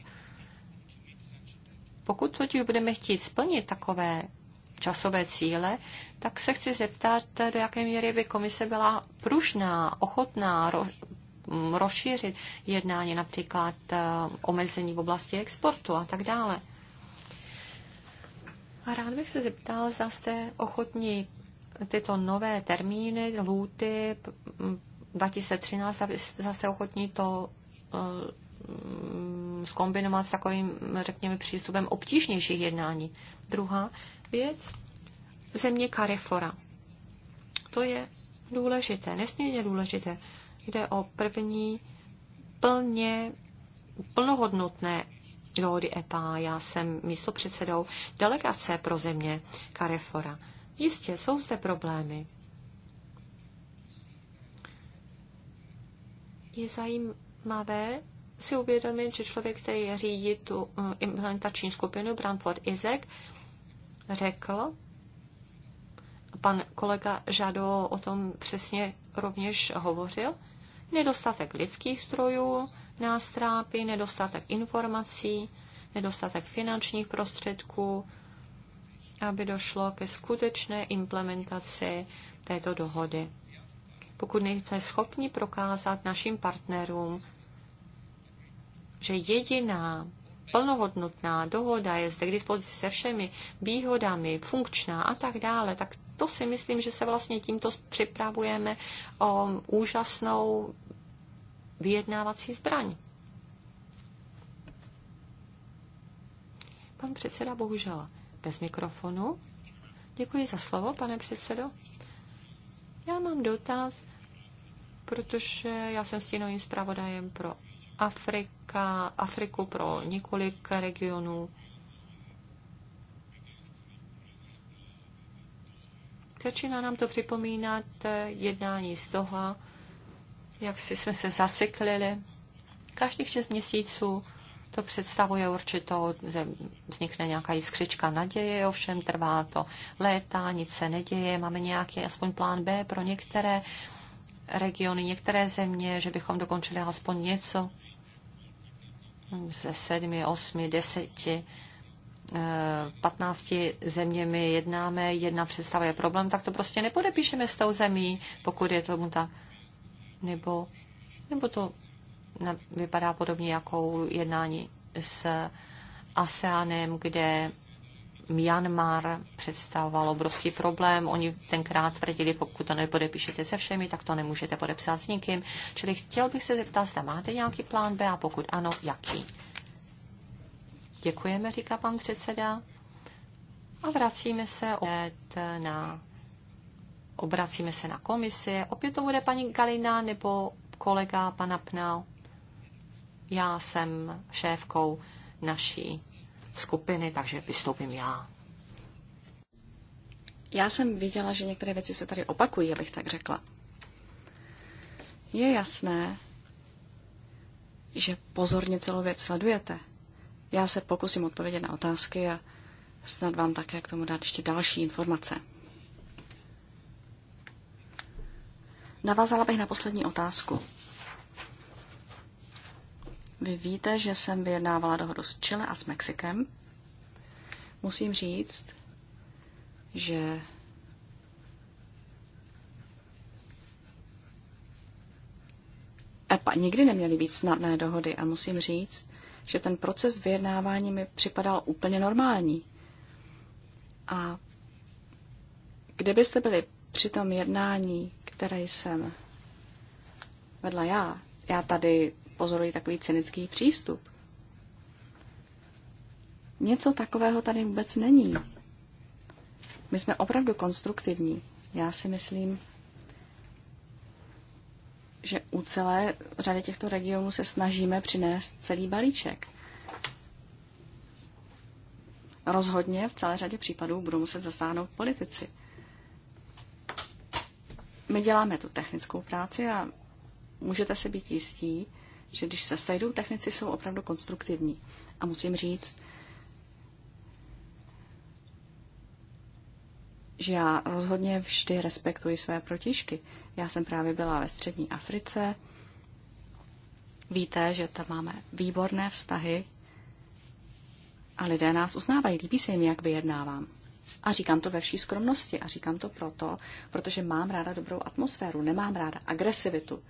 Pokud totiž budeme chtít splnit takové časové cíle, tak se chci zeptat, do jaké míry by komise byla pružná, ochotná Mm, rozšířit jednání, například eh, omezení v oblasti exportu a tak dále. A rád bych se zeptal, zda jste ochotní tyto nové termíny, lhůty mm, 2013, zda jste ochotní to eh, mm, zkombinovat s takovým, řekněme, přístupem obtížnějších jednání. Druhá věc, země Karifora. To je důležité, nesmírně důležité jde o první plně plnohodnotné dohody EPA. Já jsem místo předsedou delegace pro země Karefora. Jistě jsou zde problémy. Je zajímavé si uvědomit, že člověk, který řídí tu mm, implementační skupinu Brantford Izek, řekl, pan kolega Žado o tom přesně rovněž hovořil, Nedostatek lidských zdrojů nás trápí, nedostatek informací, nedostatek finančních prostředků, aby došlo ke skutečné implementaci této dohody. Pokud nejsme schopni prokázat našim partnerům, že jediná plnohodnotná dohoda je zde k dispozici se všemi výhodami, funkčná a tak dále, tak to si myslím, že se vlastně tímto připravujeme o úžasnou vyjednávací zbraň. Pan předseda bohužel bez mikrofonu. Děkuji za slovo, pane předsedo. Já mám dotaz, protože já jsem stínovým zpravodajem pro Afrika, Afriku pro několik regionů Začíná nám to připomínat eh, jednání z toho, jak si jsme se zasyklili. Každých šest měsíců to představuje určitou, že vznikne nějaká jiskřička naděje, ovšem trvá to léta, nic se neděje, máme nějaký aspoň plán B pro některé regiony, některé země, že bychom dokončili aspoň něco ze sedmi, osmi, deseti 15 zeměmi jednáme, jedna představuje problém, tak to prostě nepodepíšeme s tou zemí, pokud je tomu tak. Nebo, nebo to vypadá podobně jako jednání s ASEANem, kde Myanmar představoval obrovský problém. Oni tenkrát tvrdili, pokud to nepodepíšete se všemi, tak to nemůžete podepsat s nikým. Čili chtěl bych se zeptat, zda máte nějaký plán B a pokud ano, jaký? Děkujeme, říká pan předseda. A vracíme se opět na obracíme se na komisi. Opět to bude paní Galina nebo kolega pana Pnal. Já jsem šéfkou naší skupiny, takže vystoupím já. Já jsem viděla, že některé věci se tady opakují, abych tak řekla. Je jasné, že pozorně celou věc sledujete. Já se pokusím odpovědět na otázky a snad vám také k tomu dát ještě další informace. Navázala bych na poslední otázku. Vy víte, že jsem vyjednávala dohodu s Chile a s Mexikem. Musím říct, že EPA nikdy neměly být snadné dohody a musím říct, že ten proces vyjednávání mi připadal úplně normální. A kdybyste byli při tom jednání, které jsem vedla já, já tady pozoruji takový cynický přístup. Něco takového tady vůbec není. My jsme opravdu konstruktivní. Já si myslím, že u celé řady těchto regionů se snažíme přinést celý balíček. Rozhodně v celé řadě případů budou muset zasáhnout politici. My děláme tu technickou práci a můžete se být jistí, že když se sejdou, technici jsou opravdu konstruktivní. A musím říct, že já rozhodně vždy respektuji své protižky. Já jsem právě byla ve střední Africe. Víte, že tam máme výborné vztahy a lidé nás uznávají, líbí se jim, jak vyjednávám. A říkám to ve vší skromnosti a říkám to proto, protože mám ráda dobrou atmosféru, nemám ráda agresivitu.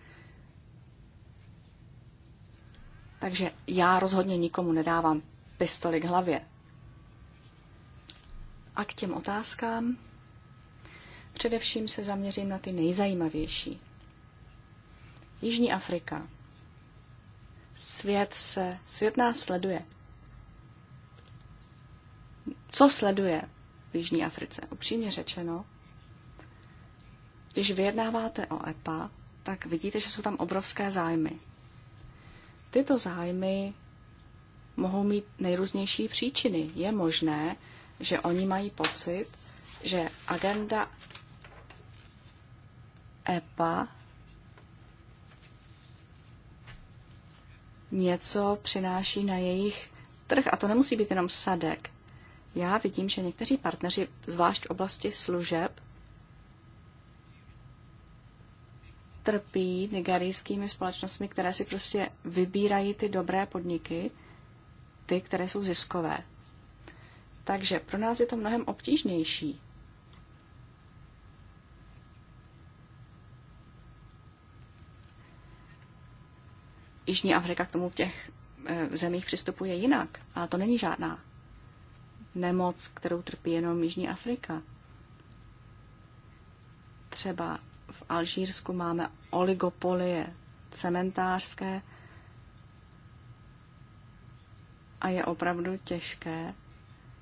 Takže já rozhodně nikomu nedávám pistoli k hlavě. A k těm otázkám. Především se zaměřím na ty nejzajímavější. Jižní Afrika. Svět se, svět nás sleduje. Co sleduje v Jižní Africe? Upřímně řečeno, když vyjednáváte o EPA, tak vidíte, že jsou tam obrovské zájmy. Tyto zájmy mohou mít nejrůznější příčiny. Je možné, že oni mají pocit, že agenda EPA něco přináší na jejich trh. A to nemusí být jenom sadek. Já vidím, že někteří partneři, zvlášť v oblasti služeb, trpí nigerijskými společnostmi, které si prostě vybírají ty dobré podniky, ty, které jsou ziskové. Takže pro nás je to mnohem obtížnější Jižní Afrika k tomu v těch eh, zemích přistupuje jinak. Ale to není žádná nemoc, kterou trpí jenom Jižní Afrika. Třeba v Alžírsku máme oligopolie cementářské a je opravdu těžké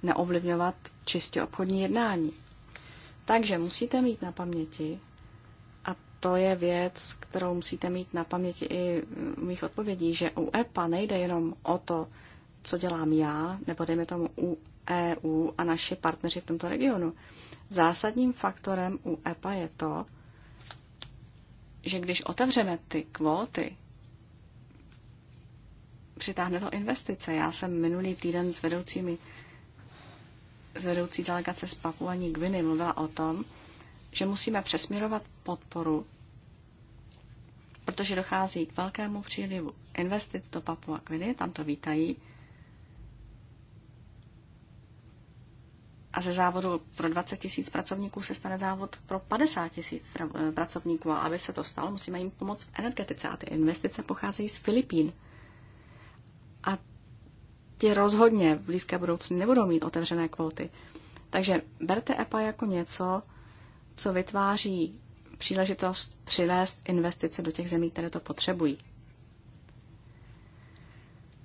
neovlivňovat čistě obchodní jednání. Takže musíte mít na paměti, to je věc, kterou musíte mít na paměti i mých odpovědí, že u EPA nejde jenom o to, co dělám já, nebo dejme tomu u EU a naši partneři v tomto regionu. Zásadním faktorem u EPA je to, že když otevřeme ty kvóty, přitáhne to investice. Já jsem minulý týden s vedoucími s vedoucí delegace z Papuaní Gviny mluvila o tom, že musíme přesměrovat podporu protože dochází k velkému přílivu investic do Papua Gviny, tam to vítají. A ze závodu pro 20 tisíc pracovníků se stane závod pro 50 tisíc eh, pracovníků. A aby se to stalo, musíme jim pomoct v energetice. A ty investice pocházejí z Filipín. A ti rozhodně v blízké budoucnu nebudou mít otevřené kvóty. Takže berte EPA jako něco, co vytváří příležitost přivést investice do těch zemí, které to potřebují.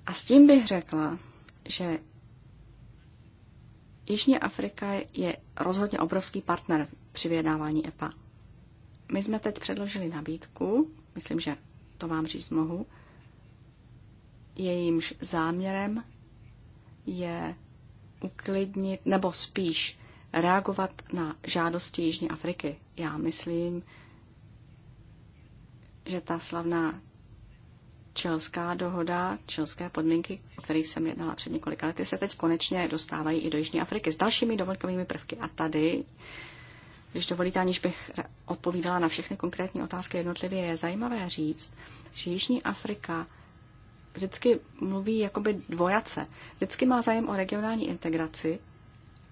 A s tím bych řekla, že Jižní Afrika je rozhodně obrovský partner při vyjednávání EPA. My jsme teď předložili nabídku, myslím, že to vám říct mohu, jejímž záměrem je uklidnit, nebo spíš reagovat na žádosti Jižní Afriky. Já myslím, že ta slavná čelská dohoda, čelské podmínky, o kterých jsem jednala před několika lety, se teď konečně dostávají i do Jižní Afriky s dalšími dovolkovými prvky. A tady, když dovolíte, aniž bych odpovídala na všechny konkrétní otázky jednotlivě, je zajímavé říct, že Jižní Afrika vždycky mluví jakoby dvojace. Vždycky má zájem o regionální integraci,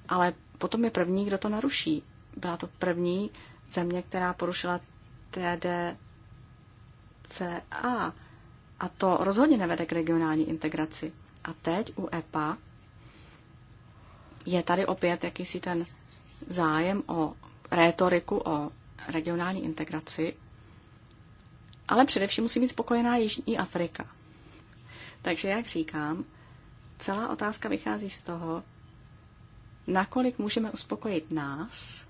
ale potom je první, kdo to naruší. Byla to první, země, která porušila TDCA. A to rozhodně nevede k regionální integraci. A teď u EPA je tady opět jakýsi ten zájem o rétoriku, o regionální integraci, ale především musí být spokojená Jižní Afrika. Takže, jak říkám, celá otázka vychází z toho, nakolik můžeme uspokojit nás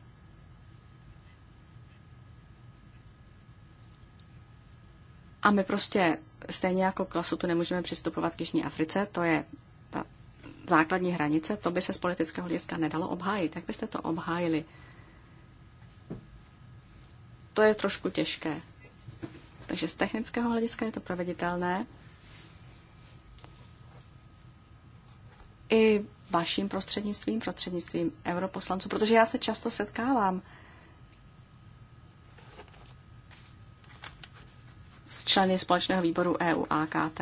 A my prostě stejně jako k tu nemůžeme přistupovat k Jižní Africe, to je ta základní hranice, to by se z politického hlediska nedalo obhájit. Jak byste to obhájili? To je trošku těžké. Takže z technického hlediska je to proveditelné. I vaším prostřednictvím, prostřednictvím europoslanců, protože já se často setkávám členy společného výboru EU AKT.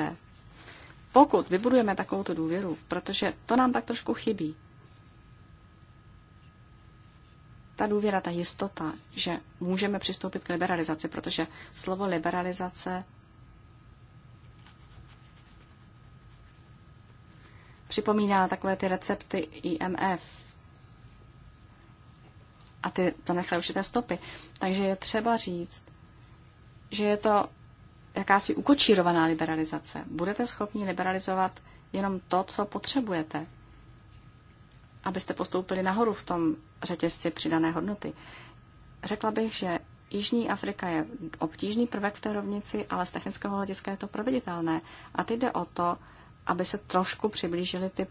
Pokud vybudujeme takovouto důvěru, protože to nám tak trošku chybí, ta důvěra, ta jistota, že můžeme přistoupit k liberalizaci, protože slovo liberalizace připomíná takové ty recepty IMF. A ty to nechaly určité stopy. Takže je třeba říct, že je to jakási ukočírovaná liberalizace. Budete schopni liberalizovat jenom to, co potřebujete, abyste postoupili nahoru v tom řetězci přidané hodnoty. Řekla bych, že Jižní Afrika je obtížný prvek v té rovnici, ale z technického hlediska je to proveditelné. A teď jde o to, aby se trošku přiblížily ty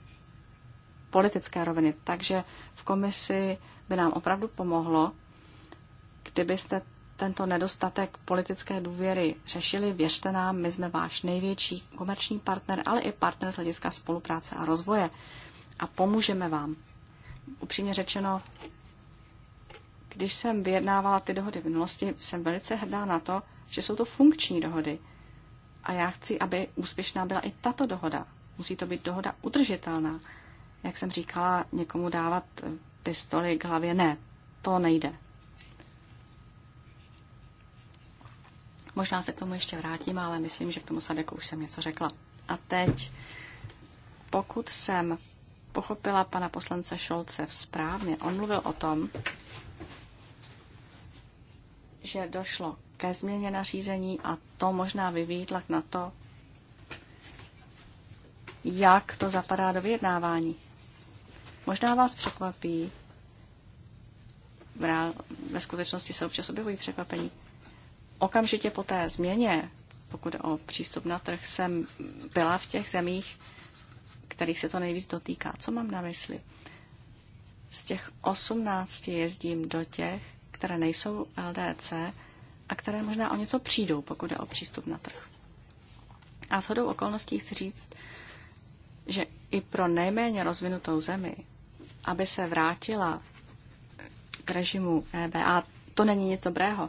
politické roviny. Takže v komisi by nám opravdu pomohlo, kdybyste tento nedostatek politické důvěry řešili. Věřte nám, my jsme váš největší komerční partner, ale i partner z hlediska spolupráce a rozvoje. A pomůžeme vám. Upřímně řečeno, když jsem vyjednávala ty dohody v minulosti, jsem velice hrdá na to, že jsou to funkční dohody. A já chci, aby úspěšná byla i tato dohoda. Musí to být dohoda udržitelná. Jak jsem říkala, někomu dávat pistoli k hlavě ne, to nejde. Možná se k tomu ještě vrátím, ale myslím, že k tomu Sadeku už jsem něco řekla. A teď, pokud jsem pochopila pana poslance Šolce správně, on mluvil o tom, že došlo ke změně nařízení a to možná vyvíjí tlak na to, jak to zapadá do vyjednávání. Možná vás překvapí, ve skutečnosti se občas objevují překvapení, okamžitě po té změně, pokud o přístup na trh, jsem byla v těch zemích, kterých se to nejvíc dotýká. Co mám na mysli? Z těch 18 jezdím do těch, které nejsou LDC a které možná o něco přijdou, pokud je o přístup na trh. A shodou okolností chci říct, že i pro nejméně rozvinutou zemi, aby se vrátila k režimu EBA, to není nic dobrého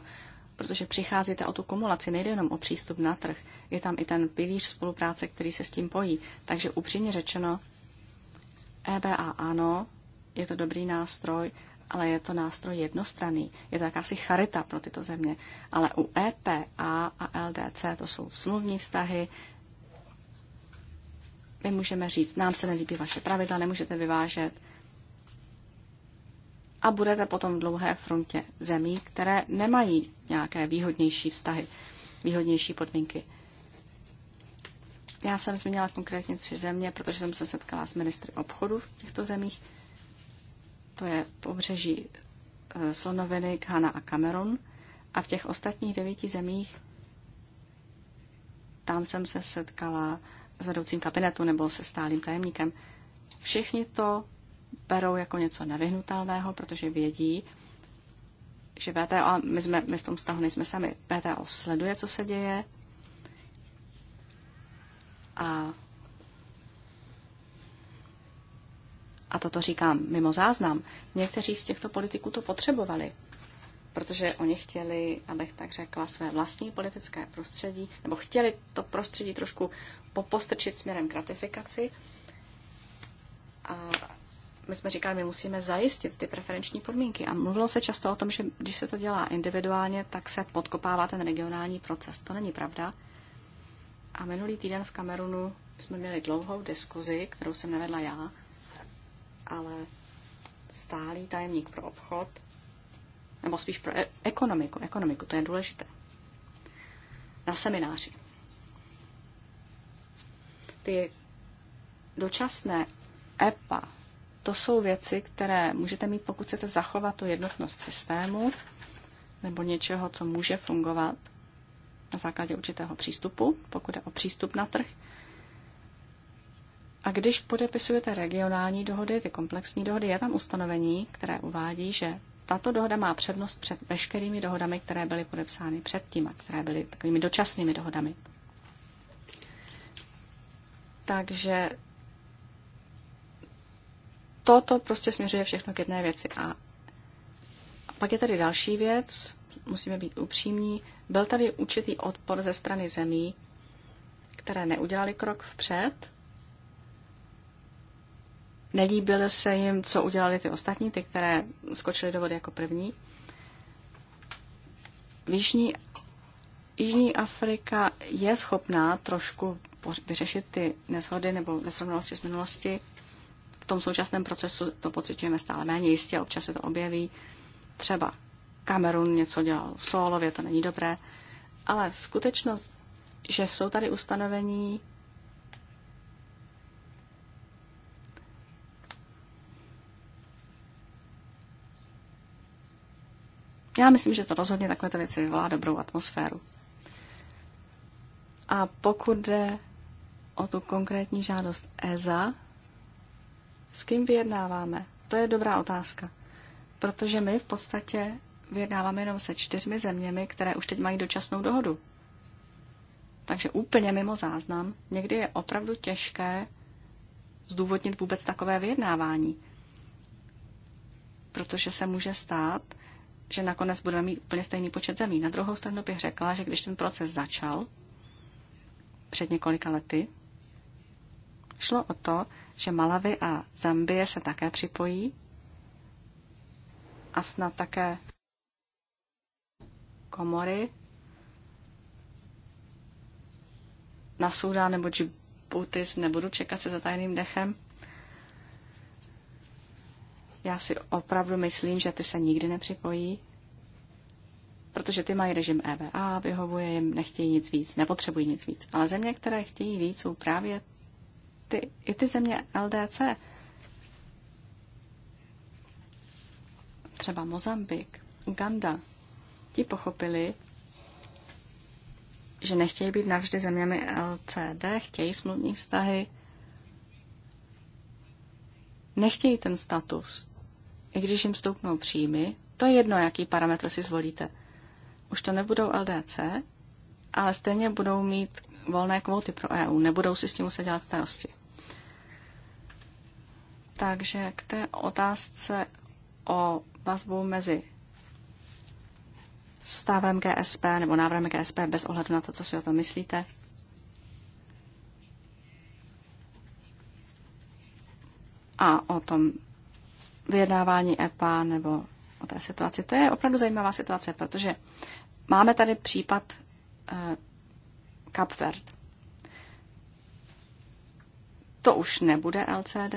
protože přicházíte o tu kumulaci, nejde jenom o přístup na trh, je tam i ten pilíř spolupráce, který se s tím pojí. Takže upřímně řečeno, EBA ano, je to dobrý nástroj, ale je to nástroj jednostranný. Je to jakási charita pro tyto země. Ale u EPA a LDC to jsou smluvní vztahy. My můžeme říct, nám se nelíbí vaše pravidla, nemůžete vyvážet, a budete potom v dlouhé frontě zemí, které nemají nějaké výhodnější vztahy, výhodnější podmínky. Já jsem zmínila konkrétně tři země, protože jsem se setkala s ministry obchodu v těchto zemích. To je pobřeží eh, Slonoviny, Ghana a Kamerun. A v těch ostatních devíti zemích tam jsem se setkala s vedoucím kabinetu nebo se stálým tajemníkem. Všichni to berou jako něco nevyhnutelného, protože vědí, že VTO, a my, jsme, my v tom vztahu nejsme sami, VTO sleduje, co se děje a a toto říkám mimo záznam, někteří z těchto politiků to potřebovali, protože oni chtěli, abych tak řekla, své vlastní politické prostředí, nebo chtěli to prostředí trošku popostrčit směrem gratifikaci. A my jsme říkali, my musíme zajistit ty preferenční podmínky. A mluvilo se často o tom, že když se to dělá individuálně, tak se podkopává ten regionální proces. To není pravda. A minulý týden v Kamerunu jsme měli dlouhou diskuzi, kterou jsem nevedla já, ale stálý tajemník pro obchod, nebo spíš pro e- ekonomiku, ekonomiku, to je důležité, na semináři. Ty dočasné EPA to jsou věci, které můžete mít, pokud chcete zachovat tu jednotnost systému nebo něčeho, co může fungovat na základě určitého přístupu, pokud je o přístup na trh. A když podepisujete regionální dohody, ty komplexní dohody, je tam ustanovení, které uvádí, že tato dohoda má přednost před veškerými dohodami, které byly podepsány předtím a které byly takovými dočasnými dohodami. Takže toto prostě směřuje všechno k jedné věci. A pak je tady další věc, musíme být upřímní. Byl tady určitý odpor ze strany zemí, které neudělali krok vpřed. Nelíbilo se jim, co udělali ty ostatní, ty, které skočily do vody jako první. V Jižní, Jižní Afrika je schopná trošku vyřešit ty neshody nebo nesrovnalosti z minulosti tom současném procesu to pocitujeme stále méně, jistě občas se to objeví. Třeba Kamerun něco dělal solově, to není dobré, ale skutečnost, že jsou tady ustanovení, Já myslím, že to rozhodně takovéto věci vyvolá dobrou atmosféru. A pokud jde o tu konkrétní žádost EZA, s kým vyjednáváme? To je dobrá otázka. Protože my v podstatě vyjednáváme jenom se čtyřmi zeměmi, které už teď mají dočasnou dohodu. Takže úplně mimo záznam, někdy je opravdu těžké zdůvodnit vůbec takové vyjednávání. Protože se může stát, že nakonec budeme mít úplně stejný počet zemí. Na druhou stranu bych řekla, že když ten proces začal před několika lety, Šlo o to, že Malavy a Zambie se také připojí a snad také komory na Súdán nebo Džibutis nebudu čekat se za tajným dechem. Já si opravdu myslím, že ty se nikdy nepřipojí, protože ty mají režim EBA, vyhovuje jim, nechtějí nic víc, nepotřebují nic víc. Ale země, které chtějí víc, jsou právě ty, i ty země LDC, třeba Mozambik, Uganda, ti pochopili, že nechtějí být navždy zeměmi LCD, chtějí smluvní vztahy, nechtějí ten status. I když jim stoupnou příjmy, to je jedno, jaký parametr si zvolíte. Už to nebudou LDC, ale stejně budou mít volné kvóty pro EU, nebudou si s tím muset dělat starosti. Takže k té otázce o vazbu mezi stavem GSP nebo návrhem GSP bez ohledu na to, co si o tom myslíte. A o tom vyjednávání EPA nebo o té situaci. To je opravdu zajímavá situace, protože máme tady případ eh, Kapverd to už nebude LCD,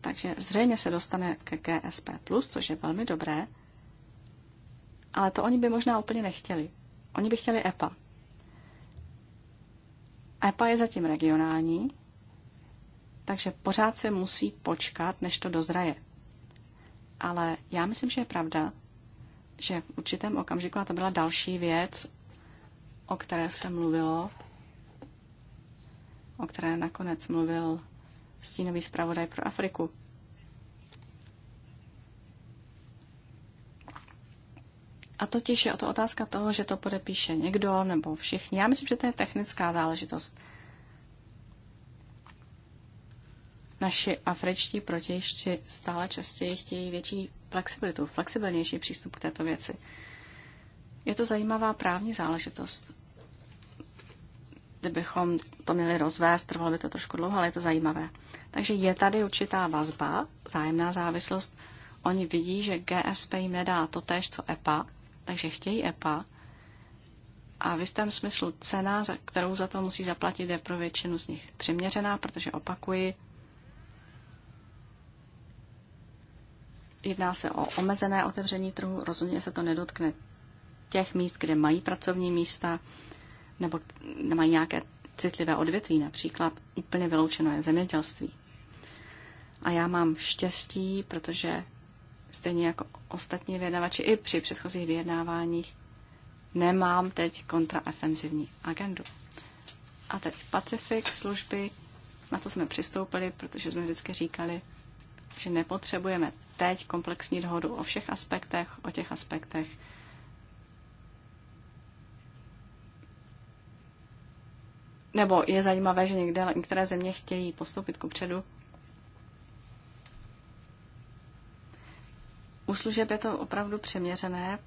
takže zřejmě se dostane ke GSP+, což je velmi dobré, ale to oni by možná úplně nechtěli. Oni by chtěli EPA. EPA je zatím regionální, takže pořád se musí počkat, než to dozraje. Ale já myslím, že je pravda, že v určitém okamžiku, a to byla další věc, o které se mluvilo, o které nakonec mluvil stínový zpravodaj pro Afriku. A totiž je o to otázka toho, že to podepíše někdo nebo všichni. Já myslím, že to je technická záležitost. Naši afričtí protějšti stále častěji chtějí větší flexibilitu, flexibilnější přístup k této věci. Je to zajímavá právní záležitost kdybychom to měli rozvést, trvalo by to trošku dlouho, ale je to zajímavé. Takže je tady určitá vazba, zájemná závislost. Oni vidí, že GSP jim nedá to též, co EPA, takže chtějí EPA. A v jistém smyslu cena, za kterou za to musí zaplatit, je pro většinu z nich přiměřená, protože opakuji, jedná se o omezené otevření trhu, rozhodně se to nedotkne těch míst, kde mají pracovní místa, nebo nemají nějaké citlivé odvětví, například úplně vyloučeno je zemědělství. A já mám štěstí, protože stejně jako ostatní vyjednavači i při předchozích vyjednáváních nemám teď kontraefenzivní agendu. A teď Pacifik služby, na to jsme přistoupili, protože jsme vždycky říkali, že nepotřebujeme teď komplexní dohodu o všech aspektech, o těch aspektech, nebo je zajímavé, že někde některé země chtějí postoupit ku předu. U služeb je to opravdu přeměřené,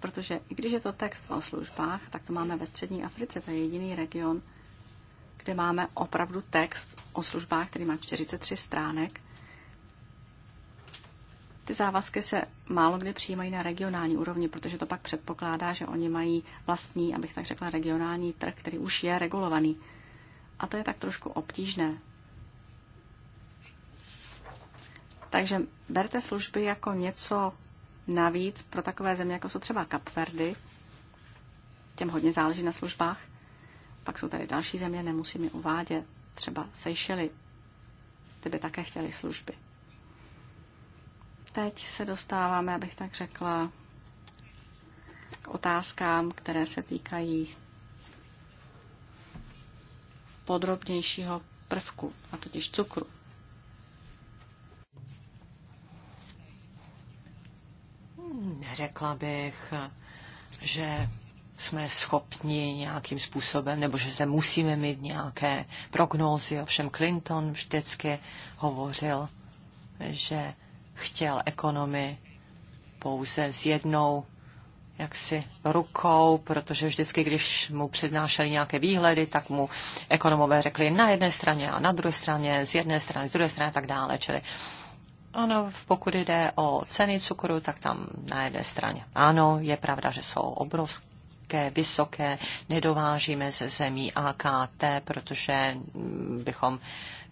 protože i když je to text o službách, tak to máme ve střední Africe, to je jediný region, kde máme opravdu text o službách, který má 43 stránek ty závazky se málo kdy přijímají na regionální úrovni, protože to pak předpokládá, že oni mají vlastní, abych tak řekla, regionální trh, který už je regulovaný. A to je tak trošku obtížné. Takže berte služby jako něco navíc pro takové země, jako jsou třeba Kapverdy. Těm hodně záleží na službách. Pak jsou tady další země, nemusím je uvádět. Třeba Seychely, ty by také chtěly služby. Teď se dostáváme, abych tak řekla, k otázkám, které se týkají podrobnějšího prvku, a totiž cukru. Neřekla bych, že jsme schopni nějakým způsobem, nebo že zde musíme mít nějaké prognózy. Ovšem Clinton vždycky hovořil, že chtěl ekonomy pouze s jednou jaksi rukou, protože vždycky, když mu přednášeli nějaké výhledy, tak mu ekonomové řekli na jedné straně a na druhé straně, z jedné strany, z druhé strany a tak dále. Čili ano, pokud jde o ceny cukru, tak tam na jedné straně. Ano, je pravda, že jsou obrovské nízké, vysoké, nedovážíme ze zemí AKT, protože bychom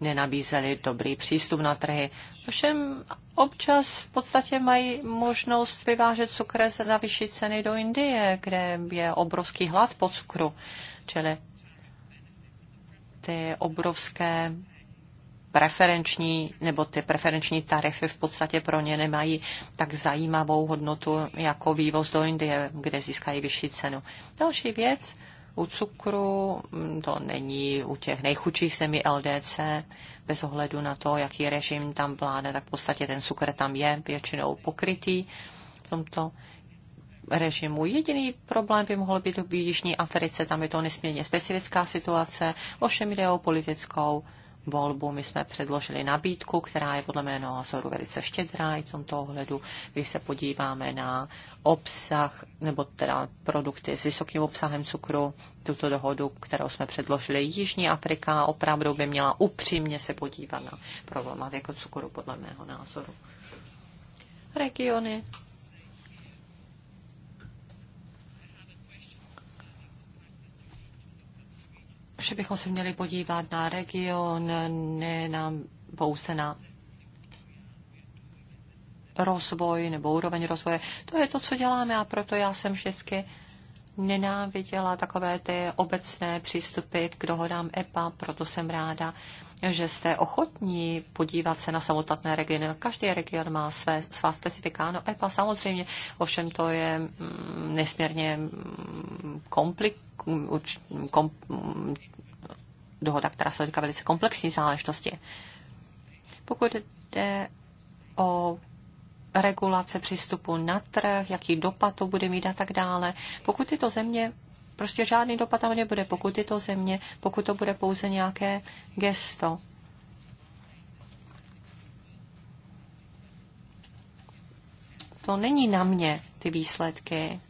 nenabízeli dobrý přístup na trhy. Všem občas v podstatě mají možnost vyvážet cukr za vyšší ceny do Indie, kde je obrovský hlad po cukru. Čili ty obrovské preferenční nebo ty preferenční tarify v podstatě pro ně nemají tak zajímavou hodnotu jako vývoz do Indie, kde získají vyšší cenu. Další věc, u cukru mm, to není u těch nejchučích semi LDC, bez ohledu na to, jaký režim tam vládne, tak v podstatě ten cukr tam je většinou pokrytý v tomto režimu. Jediný problém by mohl být v Jižní Africe, tam je to nesmírně specifická situace, ovšem jde o politickou volbu. My jsme předložili nabídku, která je podle mého názoru velice štědrá i v tomto ohledu, když se podíváme na obsah, nebo teda produkty s vysokým obsahem cukru, tuto dohodu, kterou jsme předložili. Jižní Afrika opravdu by měla upřímně se podívat na problematiku cukru podle mého názoru. Regiony že bychom se měli podívat na region, ne na pouze na rozvoj nebo úroveň rozvoje. To je to, co děláme a proto já jsem vždycky nenáviděla takové ty obecné přístupy k dohodám EPA, proto jsem ráda, že jste ochotní podívat se na samotné regiony. Každý region má své, svá specifika. No EPA samozřejmě, ovšem to je mm, nesmírně mm, komplik, kom, mm, dohoda, která se týká velice komplexní záležitosti. Pokud jde o regulace přístupu na trh, jaký dopad to bude mít a tak dále. Pokud tyto země Prostě žádný dopad tam nebude, pokud to země, pokud to bude pouze nějaké gesto. To není na mě, ty výsledky.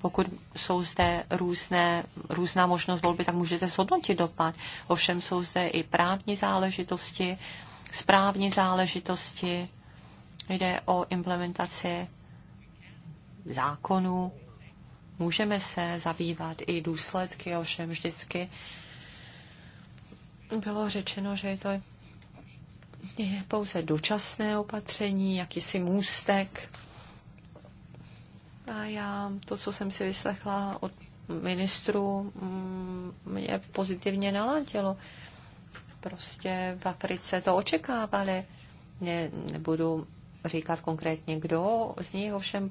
Pokud jsou zde různé, různá možnost volby, tak můžete zhodnotit dopad. Ovšem jsou zde i právní záležitosti, správní záležitosti, jde o implementaci zákonů, Můžeme se zabývat i důsledky, ovšem vždycky bylo řečeno, že je to je pouze dočasné opatření, jakýsi můstek. A já to, co jsem si vyslechla od ministru, mm, mě pozitivně naladilo. Prostě v Africe to očekávali. Mě nebudu říkat konkrétně, kdo z nich ovšem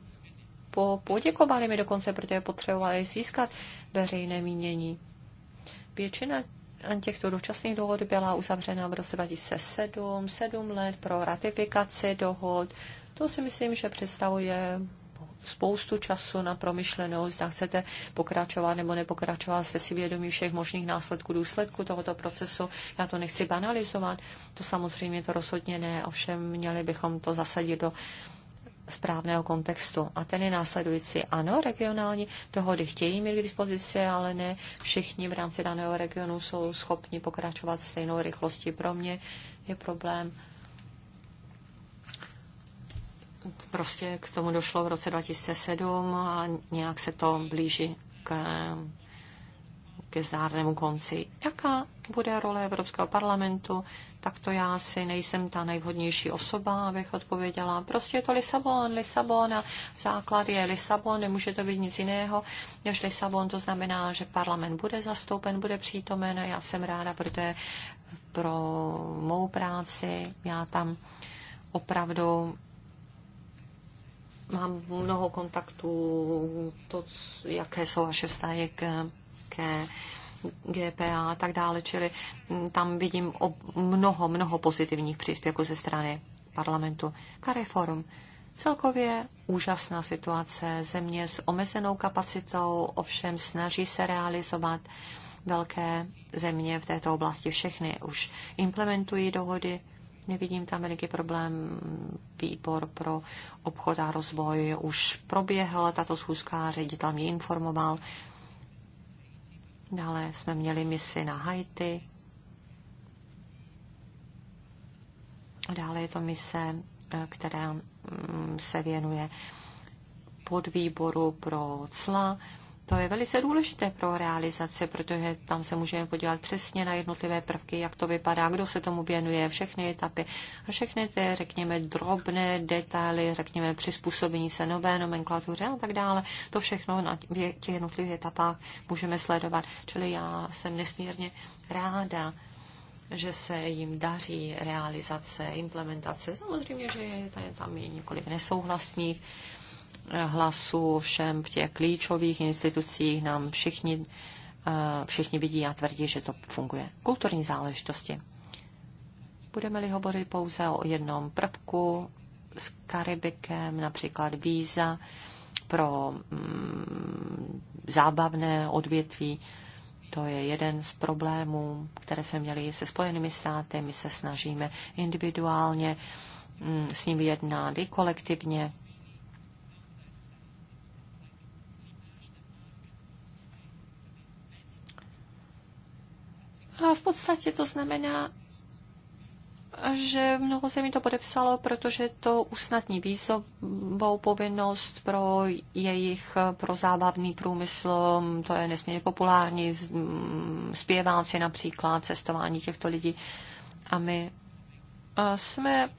po, poděkovali mi dokonce, protože potřebovali získat veřejné mínění. Většina těchto dočasných dohod byla uzavřena v roce 2007, 7 let pro ratifikaci dohod. To si myslím, že představuje spoustu času na promyšlenou, zda chcete pokračovat nebo nepokračovat, jste si vědomí všech možných následků, důsledků tohoto procesu. Já to nechci banalizovat, to samozřejmě to rozhodně ne, ovšem měli bychom to zasadit do správného kontextu. A ten je následující. Ano, regionální dohody chtějí mít k dispozici, ale ne všichni v rámci daného regionu jsou schopni pokračovat stejnou rychlostí. Pro mě je problém prostě k tomu došlo v roce 2007 a nějak se to blíží k, ke zdárnému konci. Jaká bude role Evropského parlamentu? tak to já si nejsem ta nejvhodnější osoba, abych odpověděla. Prostě je to Lisabon, Lisabon a základ je Lisabon, nemůže to být nic jiného než Lisabon. To znamená, že parlament bude zastoupen, bude přítomen a já jsem ráda, protože pro mou práci já tam opravdu mám mnoho kontaktů, to, jaké jsou vaše vztahy k, ke GPA a tak dále, čili mm, tam vidím mnoho, mnoho pozitivních příspěvků ze strany parlamentu. Kareforum. Celkově úžasná situace. Země s omezenou kapacitou ovšem snaží se realizovat velké země v této oblasti. Všechny už implementují dohody. Nevidím tam veliký problém. Výbor pro obchod a rozvoj už proběhl tato schůzka, ředitel mě informoval Dále jsme měli misi na Haiti. Dále je to mise, eh, která mm, se věnuje podvýboru pro cla to je velice důležité pro realizaci, protože tam se můžeme podívat přesně na jednotlivé prvky, jak to vypadá, kdo se tomu věnuje, všechny etapy a všechny ty, řekněme, drobné detaily, řekněme, přizpůsobení se nové nomenklatuře a tak dále. To všechno na těch jednotlivých etapách můžeme sledovat. Čili já jsem nesmírně ráda, že se jim daří realizace, implementace. Samozřejmě, že je tam je několik nesouhlasných hlasu všem v těch klíčových institucích nám všichni, eh, všichni vidí a tvrdí, že to funguje. Kulturní záležitosti. Budeme-li hovořit pouze o jednom prvku s Karibikem, například víza pro mm, zábavné odvětví, to je jeden z problémů, které jsme měli se Spojenými státy. My se snažíme individuálně mm, s ním jednat i kolektivně podstatě to znamená, že mnoho zemí to podepsalo, protože to usnadní výzovou povinnost pro jejich pro zábavný průmysl. To je nesmírně populární, mm, zpěváci například, cestování těchto lidí. A my jsme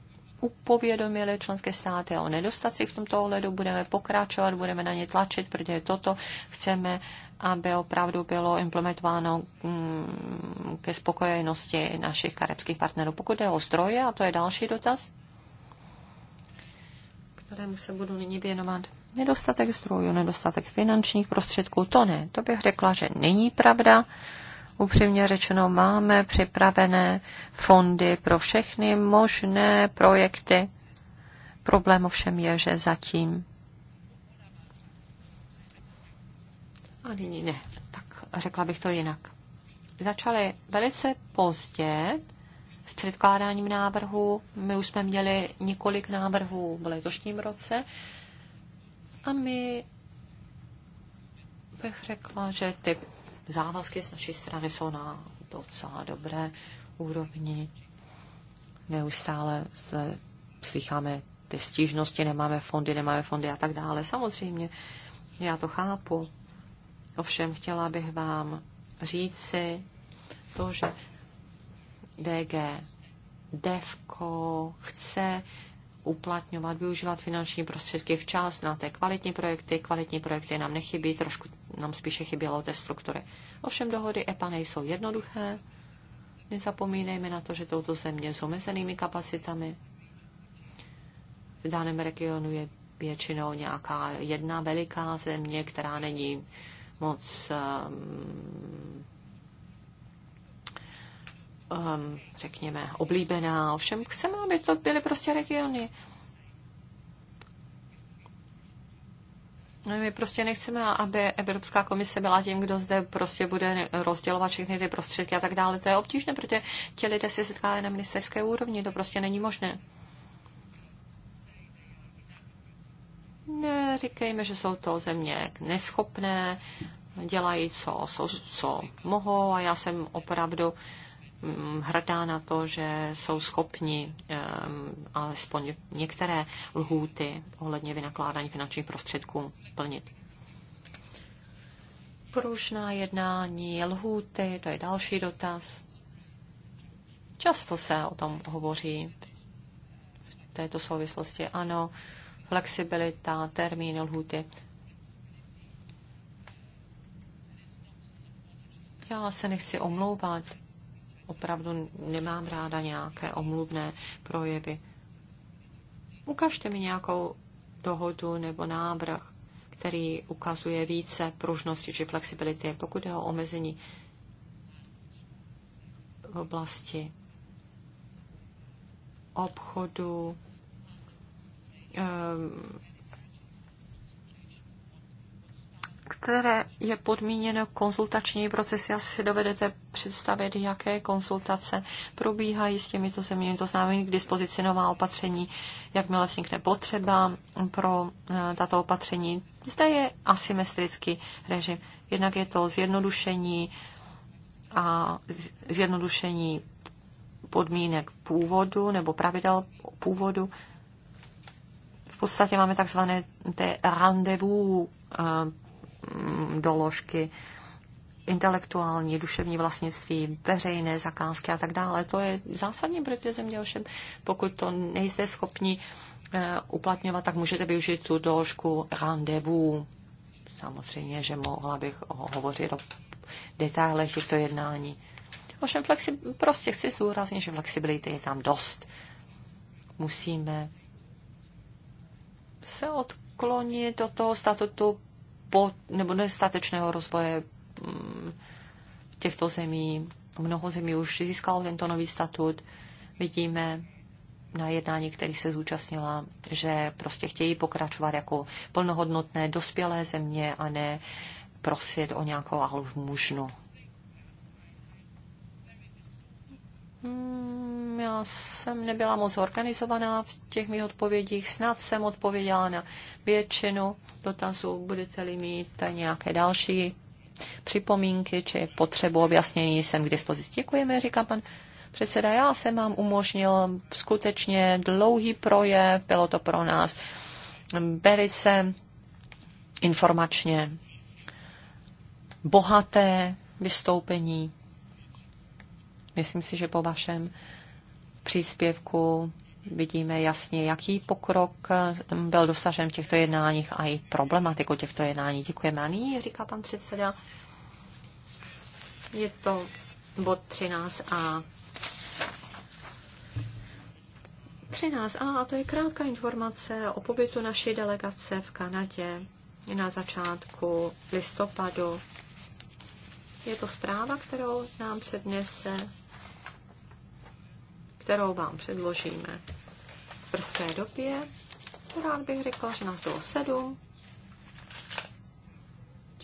upovědomili členské státy o nedostacích v tomto ohledu, budeme pokračovat, budeme na ně tlačit, protože toto chceme aby opravdu bylo implementováno mm, ke spokojenosti našich karibských partnerů. Pokud je o zdroje, a to je další dotaz, kterému se budu nyní věnovat. Nedostatek zdrojů, nedostatek finančních prostředků, to ne. To bych řekla, že není pravda. Upřímně řečeno, máme připravené fondy pro všechny možné projekty. Problém ovšem je, že zatím A nyní ne, tak řekla bych to jinak. Začali velice pozdě s předkládáním návrhu. My už jsme měli několik návrhů v letošním roce a my bych řekla, že ty závazky z naší strany jsou na docela dobré úrovni. Neustále slycháme ty stížnosti, nemáme fondy, nemáme fondy a tak dále. Samozřejmě, já to chápu. Ovšem chtěla bych vám si to, že DG DEVKO chce uplatňovat, využívat finanční prostředky včas na té kvalitní projekty. Kvalitní projekty nám nechybí, trošku nám spíše chybělo té struktury. Ovšem dohody EPA nejsou jednoduché. Nezapomínejme na to, že touto země s omezenými kapacitami v daném regionu je většinou nějaká jedna veliká země, která není moc um, um, řekněme, oblíbená. Ovšem chceme, aby to byly prostě regiony. No, My prostě nechceme, aby Evropská komise byla tím, kdo zde prostě bude rozdělovat všechny ty prostředky a tak dále. To je obtížné, protože ti lidé se setkávají na ministerské úrovni, to prostě není možné. Neříkejme, že jsou to země neschopné, dělají, co, co, co mohou a já jsem opravdu mm, hrdá na to, že jsou schopni um, alespoň některé lhůty ohledně vynakládání finančních prostředků plnit. Průžná jednání, lhůty, to je další dotaz. Často se o tom hovoří v této souvislosti. Ano, uh, flexibilita, termín, lhuty. Já se nechci omlouvat. Opravdu nemám ráda nějaké omluvné projevy. Ukažte mi nějakou dohodu nebo návrh, který ukazuje více pružnosti či flexibility, pokud je o omezení v oblasti obchodu, Ehm, které je podmíněno konzultační procesy. Asi si dovedete představit, jaké konzultace probíhají s těmito zeměmi. To znamená k dispozici nová opatření, jakmile vznikne potřeba pro eh, tato opatření. Zde je asymetrický režim. Jednak je to zjednodušení a zjednodušení podmínek původu nebo pravidel původu v podstatě máme takzvané té randevu eh, mm, doložky, intelektuální, duševní vlastnictví, veřejné zakázky a tak dále. To je zásadní proti země, ovšem pokud to nejste schopni eh, uplatňovat, tak můžete využít tu doložku randevu. Samozřejmě, že mohla bych hovořit o detailech těchto jednání. Ovšem prostě chci zúraznit, že flexibility je tam dost. Musíme se odklonit od toho statutu po, nebo nestatečného rozvoje mm, těchto zemí. Mnoho zemí už získalo tento nový statut. Vidíme na jednání, který se zúčastnila, že prostě chtějí pokračovat jako plnohodnotné dospělé země a ne prosit o nějakou mužnu. Hmm já jsem nebyla moc organizovaná v těch mých odpovědích. Snad jsem odpověděla na většinu dotazů. Budete-li mít nějaké další připomínky či potřebu objasnění, jsem k dispozici. Děkujeme, říká pan předseda. Já jsem vám umožnil skutečně dlouhý projev. Bylo to pro nás velice informačně bohaté vystoupení. Myslím si, že po vašem příspěvku vidíme jasně, jaký pokrok byl dosažen v těchto jednáních a i problematiku těchto jednání. Děkujeme. A nyní říká pan předseda, je to bod 13a. 13a, a to je krátká informace o pobytu naší delegace v Kanadě na začátku listopadu. Je to zpráva, kterou nám přednese kterou vám předložíme v prsté době. Rád bych řekla, že nás bylo sedm.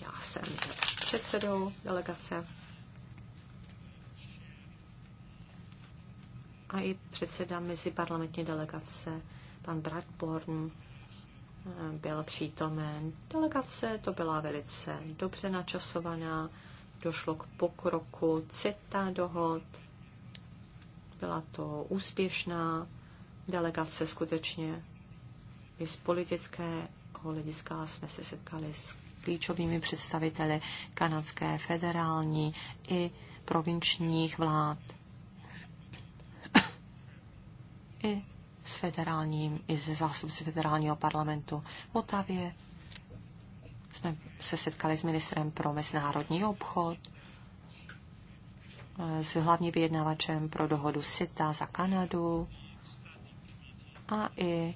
Já jsem předsedou delegace a i předseda meziparlamentní delegace, pan Bradborn, eh, byl přítomen. Delegace to byla velice dobře načasovaná, došlo k pokroku CETA dohod, byla to úspěšná delegace skutečně. I z politického hlediska jsme se setkali s klíčovými představiteli kanadské federální i provinčních vlád. I s federálním, i ze zástupci federálního parlamentu v Otavě. Jsme se setkali s ministrem pro mezinárodní obchod, s hlavním vyjednavačem pro dohodu SITA za Kanadu a i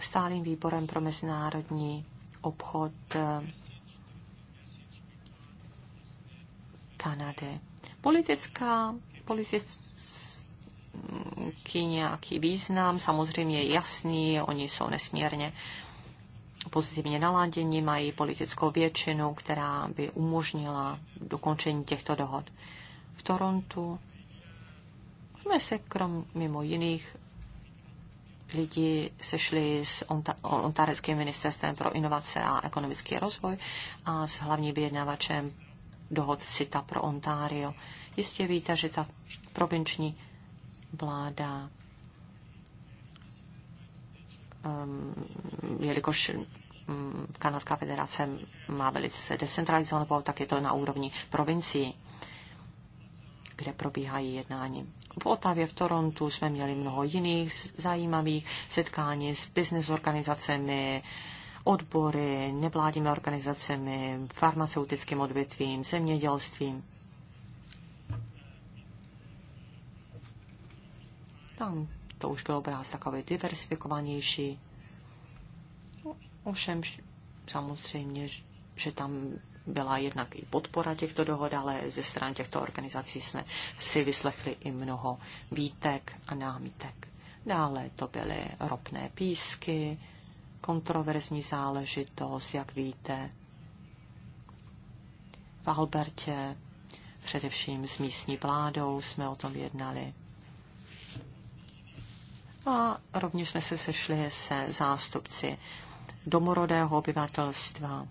stálým výborem pro mezinárodní obchod eh, Kanady. Politická, politický nějaký význam samozřejmě je jasný, oni jsou nesmírně pozitivně naladění, mají politickou většinu, která by umožnila dokončení těchto dohod. V Torontu jsme se krom mimo jiných lidí sešli s ontářským ministerstvem pro inovace a ekonomický rozvoj a s hlavním vyjednavačem dohod CITA pro Ontário. Jistě víte, že ta provinční vláda um, jelikož Kanadská federace má velice decentralizovanou, nebo tak je to na úrovni provincií, kde probíhají jednání. V Otavě, v Torontu jsme měli mnoho jiných zajímavých setkání s business organizacemi, odbory, nevládními organizacemi, farmaceutickým odvětvím, zemědělstvím. Tam to už bylo pro nás takové diversifikovanější Ovšem, samozřejmě, že tam byla jednak i podpora těchto dohod, ale ze strany těchto organizací jsme si vyslechli i mnoho výtek a námítek. Dále to byly ropné písky, kontroverzní záležitost, jak víte, v Albertě, především s místní vládou jsme o tom jednali. A rovněž jsme se sešli se zástupci domorodého obyvatelstva.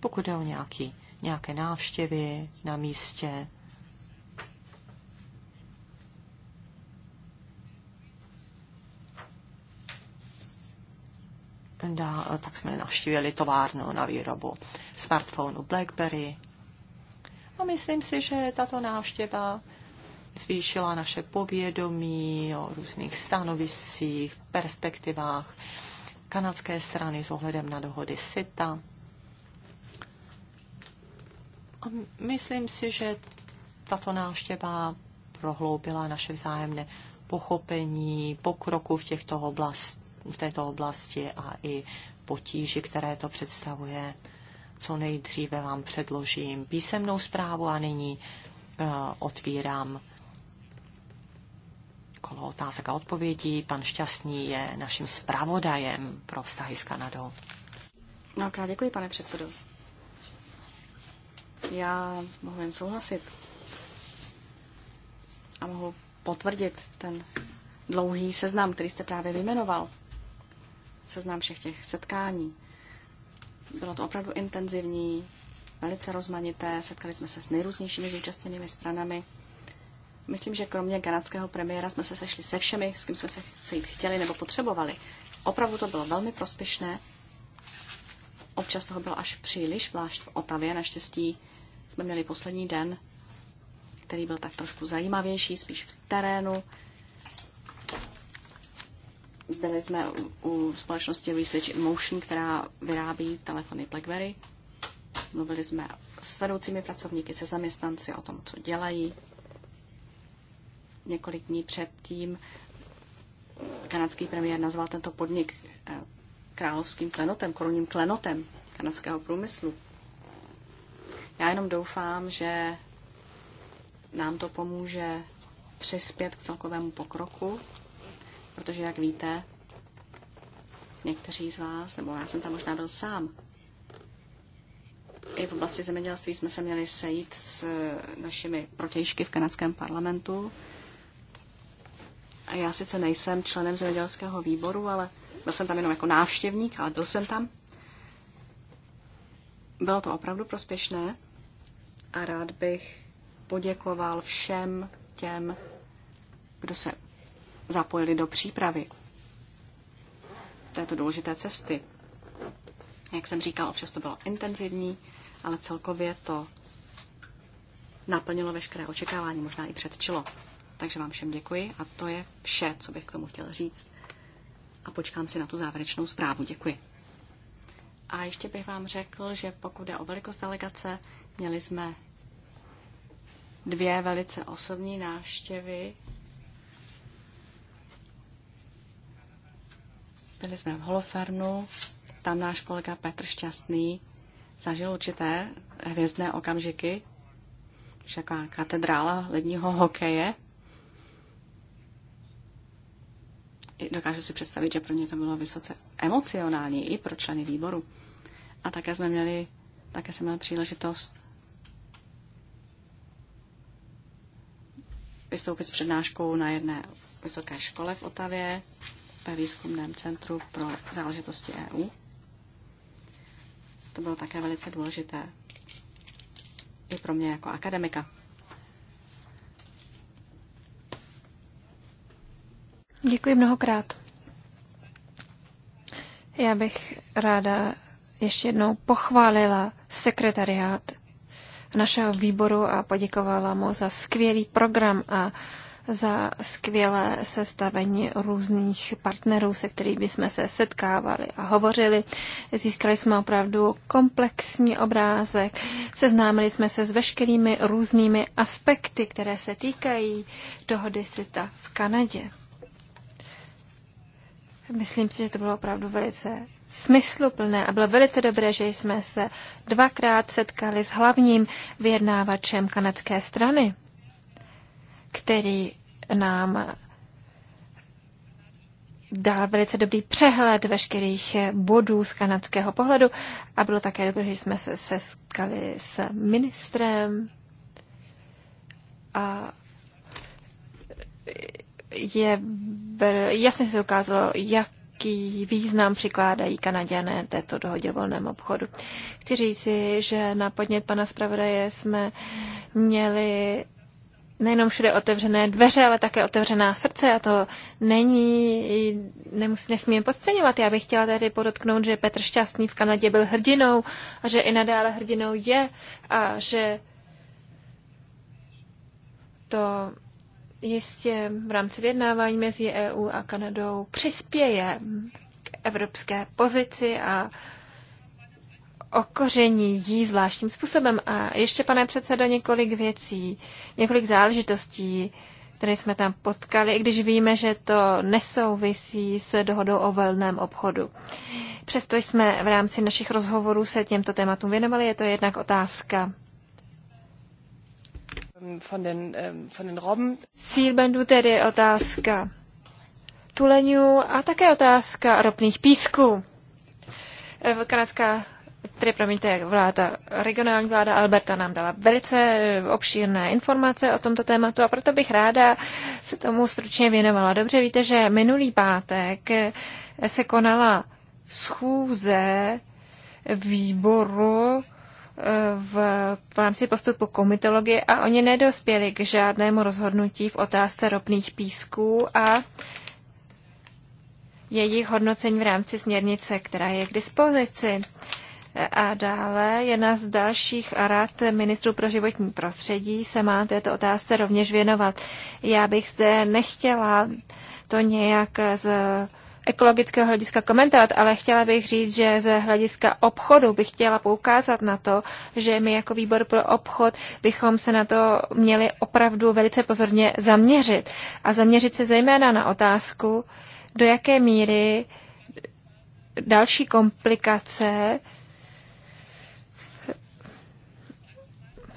Pokud jde o nějaký, nějaké návštěvy na místě, Da, tak jsme navštívili továrnu na výrobu smartphonu BlackBerry. A myslím si, že tato návštěva zvýšila naše povědomí o různých stanovisích, perspektivách kanadské strany s ohledem na dohody SITA. A myslím si, že tato návštěva prohloubila naše vzájemné pochopení pokroku v, těchto oblast, v této oblasti a i potíži, které to představuje. Co nejdříve vám předložím písemnou zprávu a nyní uh, otvírám kolo otázek a odpovědí. Pan Šťastný je naším zpravodajem pro vztahy s Kanadou. Mnohokrát děkuji, pane předsedo. Já mohu jen souhlasit a mohu potvrdit ten dlouhý seznam, který jste právě vyjmenoval. Seznam všech těch setkání. Bylo to opravdu intenzivní, velice rozmanité, setkali jsme se s nejrůznějšími zúčastněnými stranami. Myslím, že kromě kanadského premiéra jsme se sešli se všemi, s kým jsme se sejít chtěli nebo potřebovali. Opravdu to bylo velmi prospěšné. Občas toho bylo až příliš, zvlášť v Otavě. Naštěstí jsme měli poslední den, který byl tak trošku zajímavější, spíš v terénu. Byli jsme u, u společnosti Research in Motion, která vyrábí telefony BlackBerry. Mluvili jsme s vedoucími pracovníky, se zaměstnanci o tom, co dělají, Několik dní předtím kanadský premiér nazval tento podnik eh, královským klenotem, korunním klenotem kanadského průmyslu. Já jenom doufám, že nám to pomůže přispět k celkovému pokroku, protože, jak víte, někteří z vás, nebo já jsem tam možná byl sám, i v oblasti zemědělství jsme se měli sejít s našimi protějšky v kanadském parlamentu já sice nejsem členem zemědělského výboru, ale byl jsem tam jenom jako návštěvník, ale byl jsem tam. Bylo to opravdu prospěšné a rád bych poděkoval všem těm, kdo se zapojili do přípravy této důležité cesty. Jak jsem říkal, občas to bylo intenzivní, ale celkově to naplnilo veškeré očekávání, možná i předčilo. Takže vám všem děkuji a to je vše, co bych k tomu chtěl říct. A počkám si na tu závěrečnou zprávu. Děkuji. A ještě bych vám řekl, že pokud je o velikost delegace, měli jsme dvě velice osobní návštěvy. Byli jsme v Holofernu, tam náš kolega Petr Šťastný zažil určité hvězdné okamžiky, taková katedrála ledního hokeje. dokážu si představit, že pro ně to bylo vysoce emocionální i pro členy výboru. A také jsme měli, také jsem měla příležitost vystoupit s přednáškou na jedné vysoké škole v Otavě ve výzkumném centru pro záležitosti EU. To bylo také velice důležité i pro mě jako akademika. Děkuji mnohokrát. Já bych ráda ještě jednou pochválila sekretariát našeho výboru a poděkovala mu za skvělý program a za skvělé sestavení různých partnerů, se kterými jsme se setkávali a hovořili. Získali jsme opravdu komplexní obrázek, seznámili jsme se s veškerými různými aspekty, které se týkají dohody světa v Kanadě. Myslím si, že to bylo opravdu velice smysluplné a bylo velice dobré, že jsme se dvakrát setkali s hlavním vyjednávačem kanadské strany, který nám dal velice dobrý přehled veškerých bodů z kanadského pohledu a bylo také dobré, že jsme se setkali s ministrem a je, jasně se ukázalo, jak jaký význam přikládají Kanaděné této dohodě o volném obchodu. Chci říci, že na podnět pana zpravodaje jsme měli nejenom všude otevřené dveře, ale také otevřená srdce a to není, nemusí, nesmím podceňovat. Já bych chtěla tady podotknout, že Petr Šťastný v Kanadě byl hrdinou a že i nadále hrdinou je a že to jistě v rámci vyjednávání mezi EU a Kanadou přispěje k evropské pozici a okoření jí zvláštním způsobem. A ještě, pane předsedo, několik věcí, několik záležitostí, které jsme tam potkali, i když víme, že to nesouvisí s dohodou o velném obchodu. Přesto jsme v rámci našich rozhovorů se těmto tématům věnovali. Je to jednak otázka von den, ähm, von den Robben. Sílbendu tedy otázka tuleňů a také otázka ropných písků. Eh, kanadská, tedy promiňte, vláda, regionální vláda Alberta nám dala velice eh, obšírné informace o tomto tématu a proto bych ráda se tomu stručně věnovala. Dobře víte, že minulý pátek eh, se konala schůze výboru v, v rámci postupu komitologie a oni nedospěli k žádnému rozhodnutí v otázce ropných písků a jejich hodnocení v rámci směrnice, která je k dispozici. A dále jedna z dalších rad ministrů pro životní prostředí se má této otázce rovněž věnovat. Já bych zde nechtěla to nějak z ekologického hlediska komentovat, ale chtěla bych říct, že ze hlediska obchodu bych chtěla poukázat na to, že my jako výbor pro obchod bychom se na to měli opravdu velice pozorně zaměřit. A zaměřit se zejména na otázku, do jaké míry další komplikace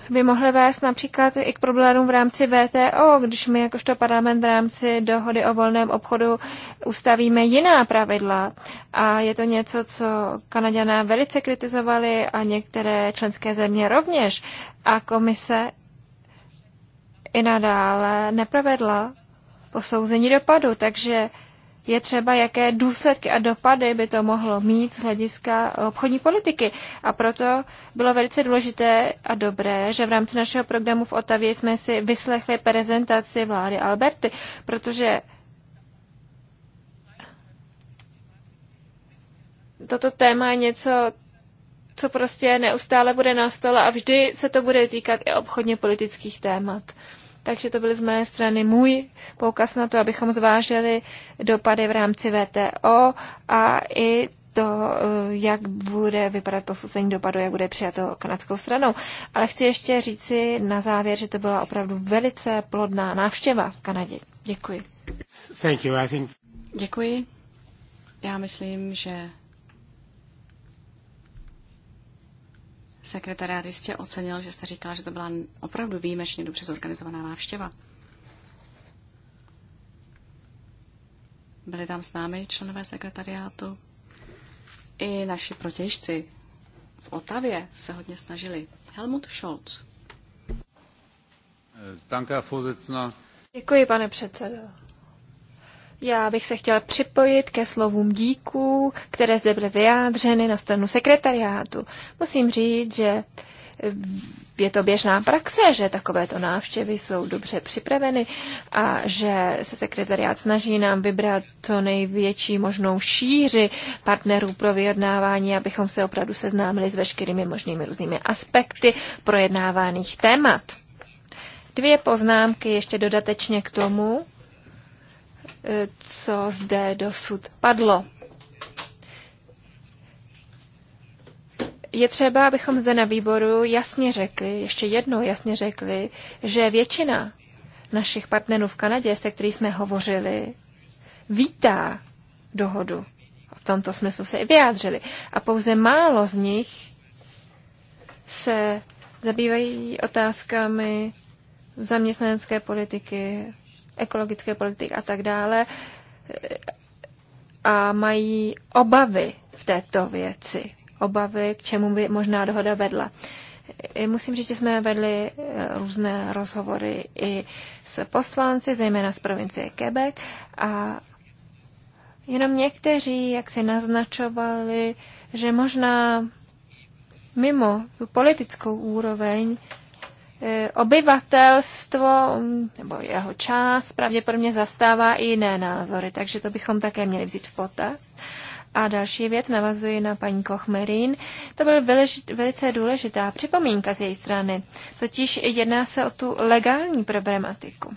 by mohly vést například i k problémům v rámci VTO, když my jakožto parlament v rámci dohody o volném obchodu ustavíme jiná pravidla. A je to něco, co Kanaděná velice kritizovali a některé členské země rovněž. A komise i nadále neprovedla posouzení dopadu, takže je třeba, jaké důsledky a dopady by to mohlo mít z hlediska obchodní politiky. A proto bylo velice důležité a dobré, že v rámci našeho programu v Otavě jsme si vyslechli prezentaci vlády Alberty, protože toto téma je něco, co prostě neustále bude na stole a vždy se to bude týkat i obchodně politických témat. Takže to byl z mé strany můj poukaz na to, abychom zvážili dopady v rámci VTO a i to, eh, jak bude vypadat posouzení dopadu, jak bude přijato kanadskou stranou. Ale chci ještě říci na závěr, že to byla opravdu velice plodná návštěva v Kanadě. Děkuji. Thank you, I think... Děkuji. Já myslím, že Sekretariát jistě ocenil, že jste říkala, že to byla opravdu výjimečně dobře zorganizovaná návštěva. Byli tam s námi členové sekretariátu. I naši protěžci v Otavě se hodně snažili. Helmut Scholz. Děkuji, pane předsedo. Já bych se chtěla připojit ke slovům díků, které zde byly vyjádřeny na stranu sekretariátu. Musím říct, že je to běžná praxe, že takovéto návštěvy jsou dobře připraveny a že se sekretariát snaží nám vybrat co největší možnou šíři partnerů pro vyjednávání, abychom se opravdu seznámili s veškerými možnými různými aspekty projednávaných témat. Dvě poznámky ještě dodatečně k tomu, Eh, co zde dosud padlo. Je třeba, abychom zde na výboru jasně řekli, ještě jednou jasně řekli, že většina našich partnerů v Kanadě, se kterými jsme hovořili, vítá dohodu. V tomto smyslu se i vyjádřili. A pouze málo z nich se zabývají otázkami zaměstnanecké politiky ekologické politiky a tak dále a mají obavy v této věci. Obavy, k čemu by možná dohoda vedla. Musím říct, že jsme vedli eh, různé rozhovory i s poslanci, zejména z provincie Quebec a jenom někteří, jak si naznačovali, že možná mimo tu politickou úroveň Eh, obyvatelstvo nebo jeho část pravděpodobně zastává i jiné názory, takže to bychom také měli vzít v potaz. A další věc navazuji na paní Kochmerin. To byla velice důležitá připomínka z její strany, totiž jedná se o tu legální problematiku.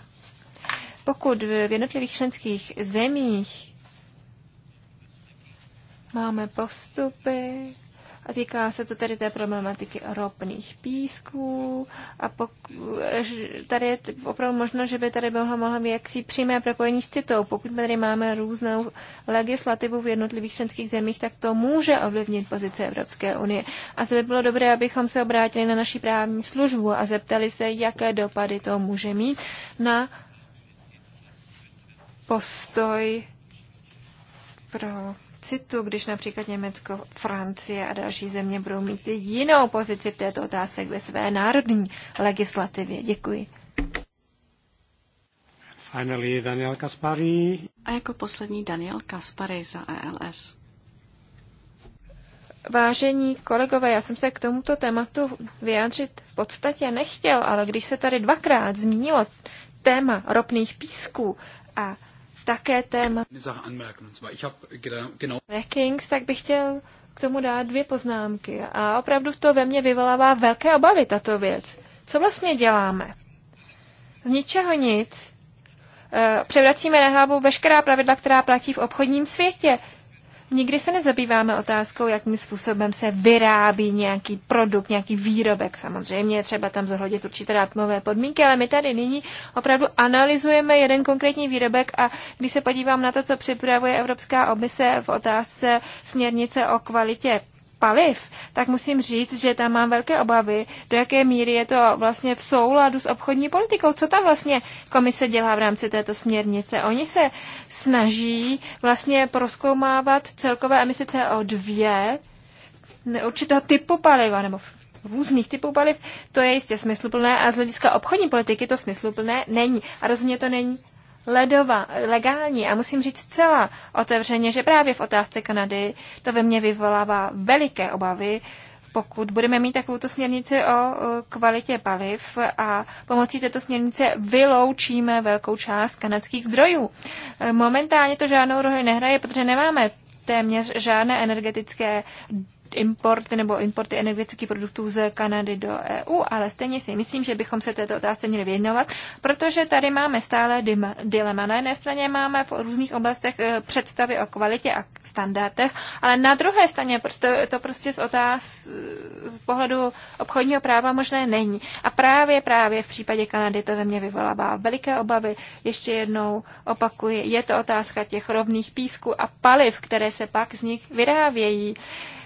Pokud v jednotlivých členských zemích máme postupy, a týká se to tady té problematiky ropných písků. A pok- tady je opravdu možno, že by tady mohlo, mohlo být jaksi přímé propojení s citou. Pokud tady máme různou legislativu v jednotlivých členských zemích, tak to může ovlivnit pozici Evropské unie. A se by bylo dobré, abychom se obrátili na naší právní službu a zeptali se, jaké dopady to může mít na postoj pro citu, když například Německo, Francie a další země budou mít jinou pozici v této otázce ve své národní legislativě. Děkuji. Finally Daniel Kaspari. A jako poslední Daniel Kaspari za ELS. Vážení kolegové, já jsem se k tomuto tématu vyjádřit v podstatě nechtěl, ale když se tady dvakrát zmínilo téma ropných písků a také téma Rackings, tak bych chtěl k tomu dát dvě poznámky. A opravdu to ve mně vyvolává velké obavy, tato věc. Co vlastně děláme? Z ničeho nic. Eh, převracíme na hlavu veškerá pravidla, která platí v obchodním světě. Nikdy se nezabýváme otázkou, jakým způsobem se vyrábí nějaký produkt, nějaký výrobek. Samozřejmě třeba tam zohledit určité dátmové podmínky, ale my tady nyní opravdu analyzujeme jeden konkrétní výrobek a když se podívám na to, co připravuje Evropská obise v otázce směrnice o kvalitě paliv, tak musím říct, že tam mám velké obavy, do jaké míry je to vlastně v souladu s obchodní politikou. Co tam vlastně komise dělá v rámci této směrnice? Oni se snaží vlastně proskoumávat celkové emise CO2 určitého typu paliva nebo různých typů paliv, to je jistě smysluplné a z hlediska obchodní politiky to smysluplné není. A rozhodně to není ledova, legální. A musím říct celá otevřeně, že právě v otázce Kanady to ve mně vyvolává veliké obavy, pokud budeme mít takovouto směrnici o kvalitě paliv a pomocí této směrnice vyloučíme velkou část kanadských zdrojů. Momentálně to žádnou roli nehraje, protože nemáme téměř žádné energetické import nebo importy energetických produktů z Kanady do EU, ale stejně si myslím, že bychom se této otázce měli věnovat, protože tady máme stále dilema. Na jedné straně máme v různých oblastech eh, představy o kvalitě a standardech, ale na druhé straně to prostě z otáz eh, z pohledu obchodního práva možné není. A právě právě v případě Kanady to ve mně vyvolává veliké obavy. Ještě jednou opakuji, je to otázka těch rovných písků a paliv, které se pak z nich vyrábějí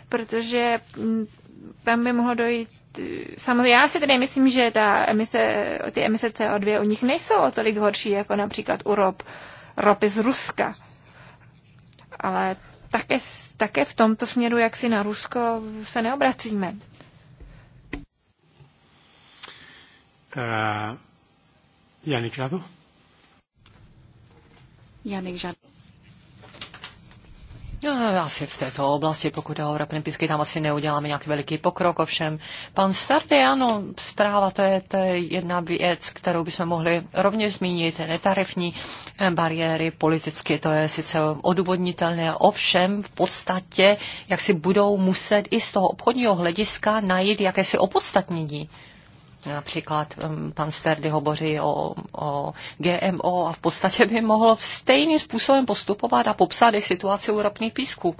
protože mm, tam by mohlo dojít samozřejmě, já si tedy myslím, že ta emise, ty emise CO2 u nich nejsou o tolik horší, jako například u rop, ropy z Ruska. Ale také, také v tomto směru, jak si na Rusko se neobracíme. Uh, Janik Žadu? Janik Žadu. No, asi v této oblasti, pokud je o rapnepísky, tam asi neuděláme nějaký veliký pokrok, ovšem pan Starty, ano, zpráva, to je, to je jedna věc, kterou bychom mohli rovněž zmínit, netarifní eh, bariéry politicky, to je sice odůvodnitelné, ovšem v podstatě, jak si budou muset i z toho obchodního hlediska najít jakési opodstatnění. Například pan Sterdy hovoří o, o GMO a v podstatě by mohl v stejným způsobem postupovat a popsat i situaci u ropných písků.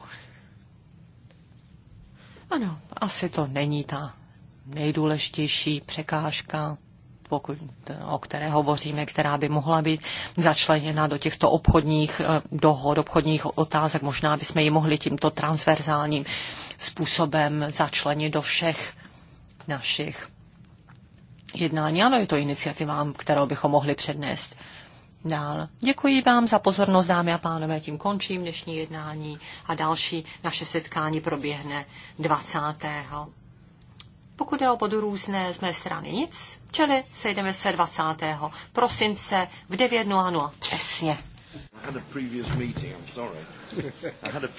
Ano, asi to není ta nejdůležitější překážka, pokud, o které hovoříme, která by mohla být začleněna do těchto obchodních eh, dohod, obchodních otázek. Možná bychom ji mohli tímto transverzálním způsobem začlenit do všech našich jednání. Ano, je to iniciativa, kterou bychom mohli přednést dál. Děkuji vám za pozornost, dámy a pánové, tím končím dnešní jednání a další naše setkání proběhne 20. Pokud je o bodu různé z mé strany nic, čili sejdeme se 20. prosince v 9.00 přesně.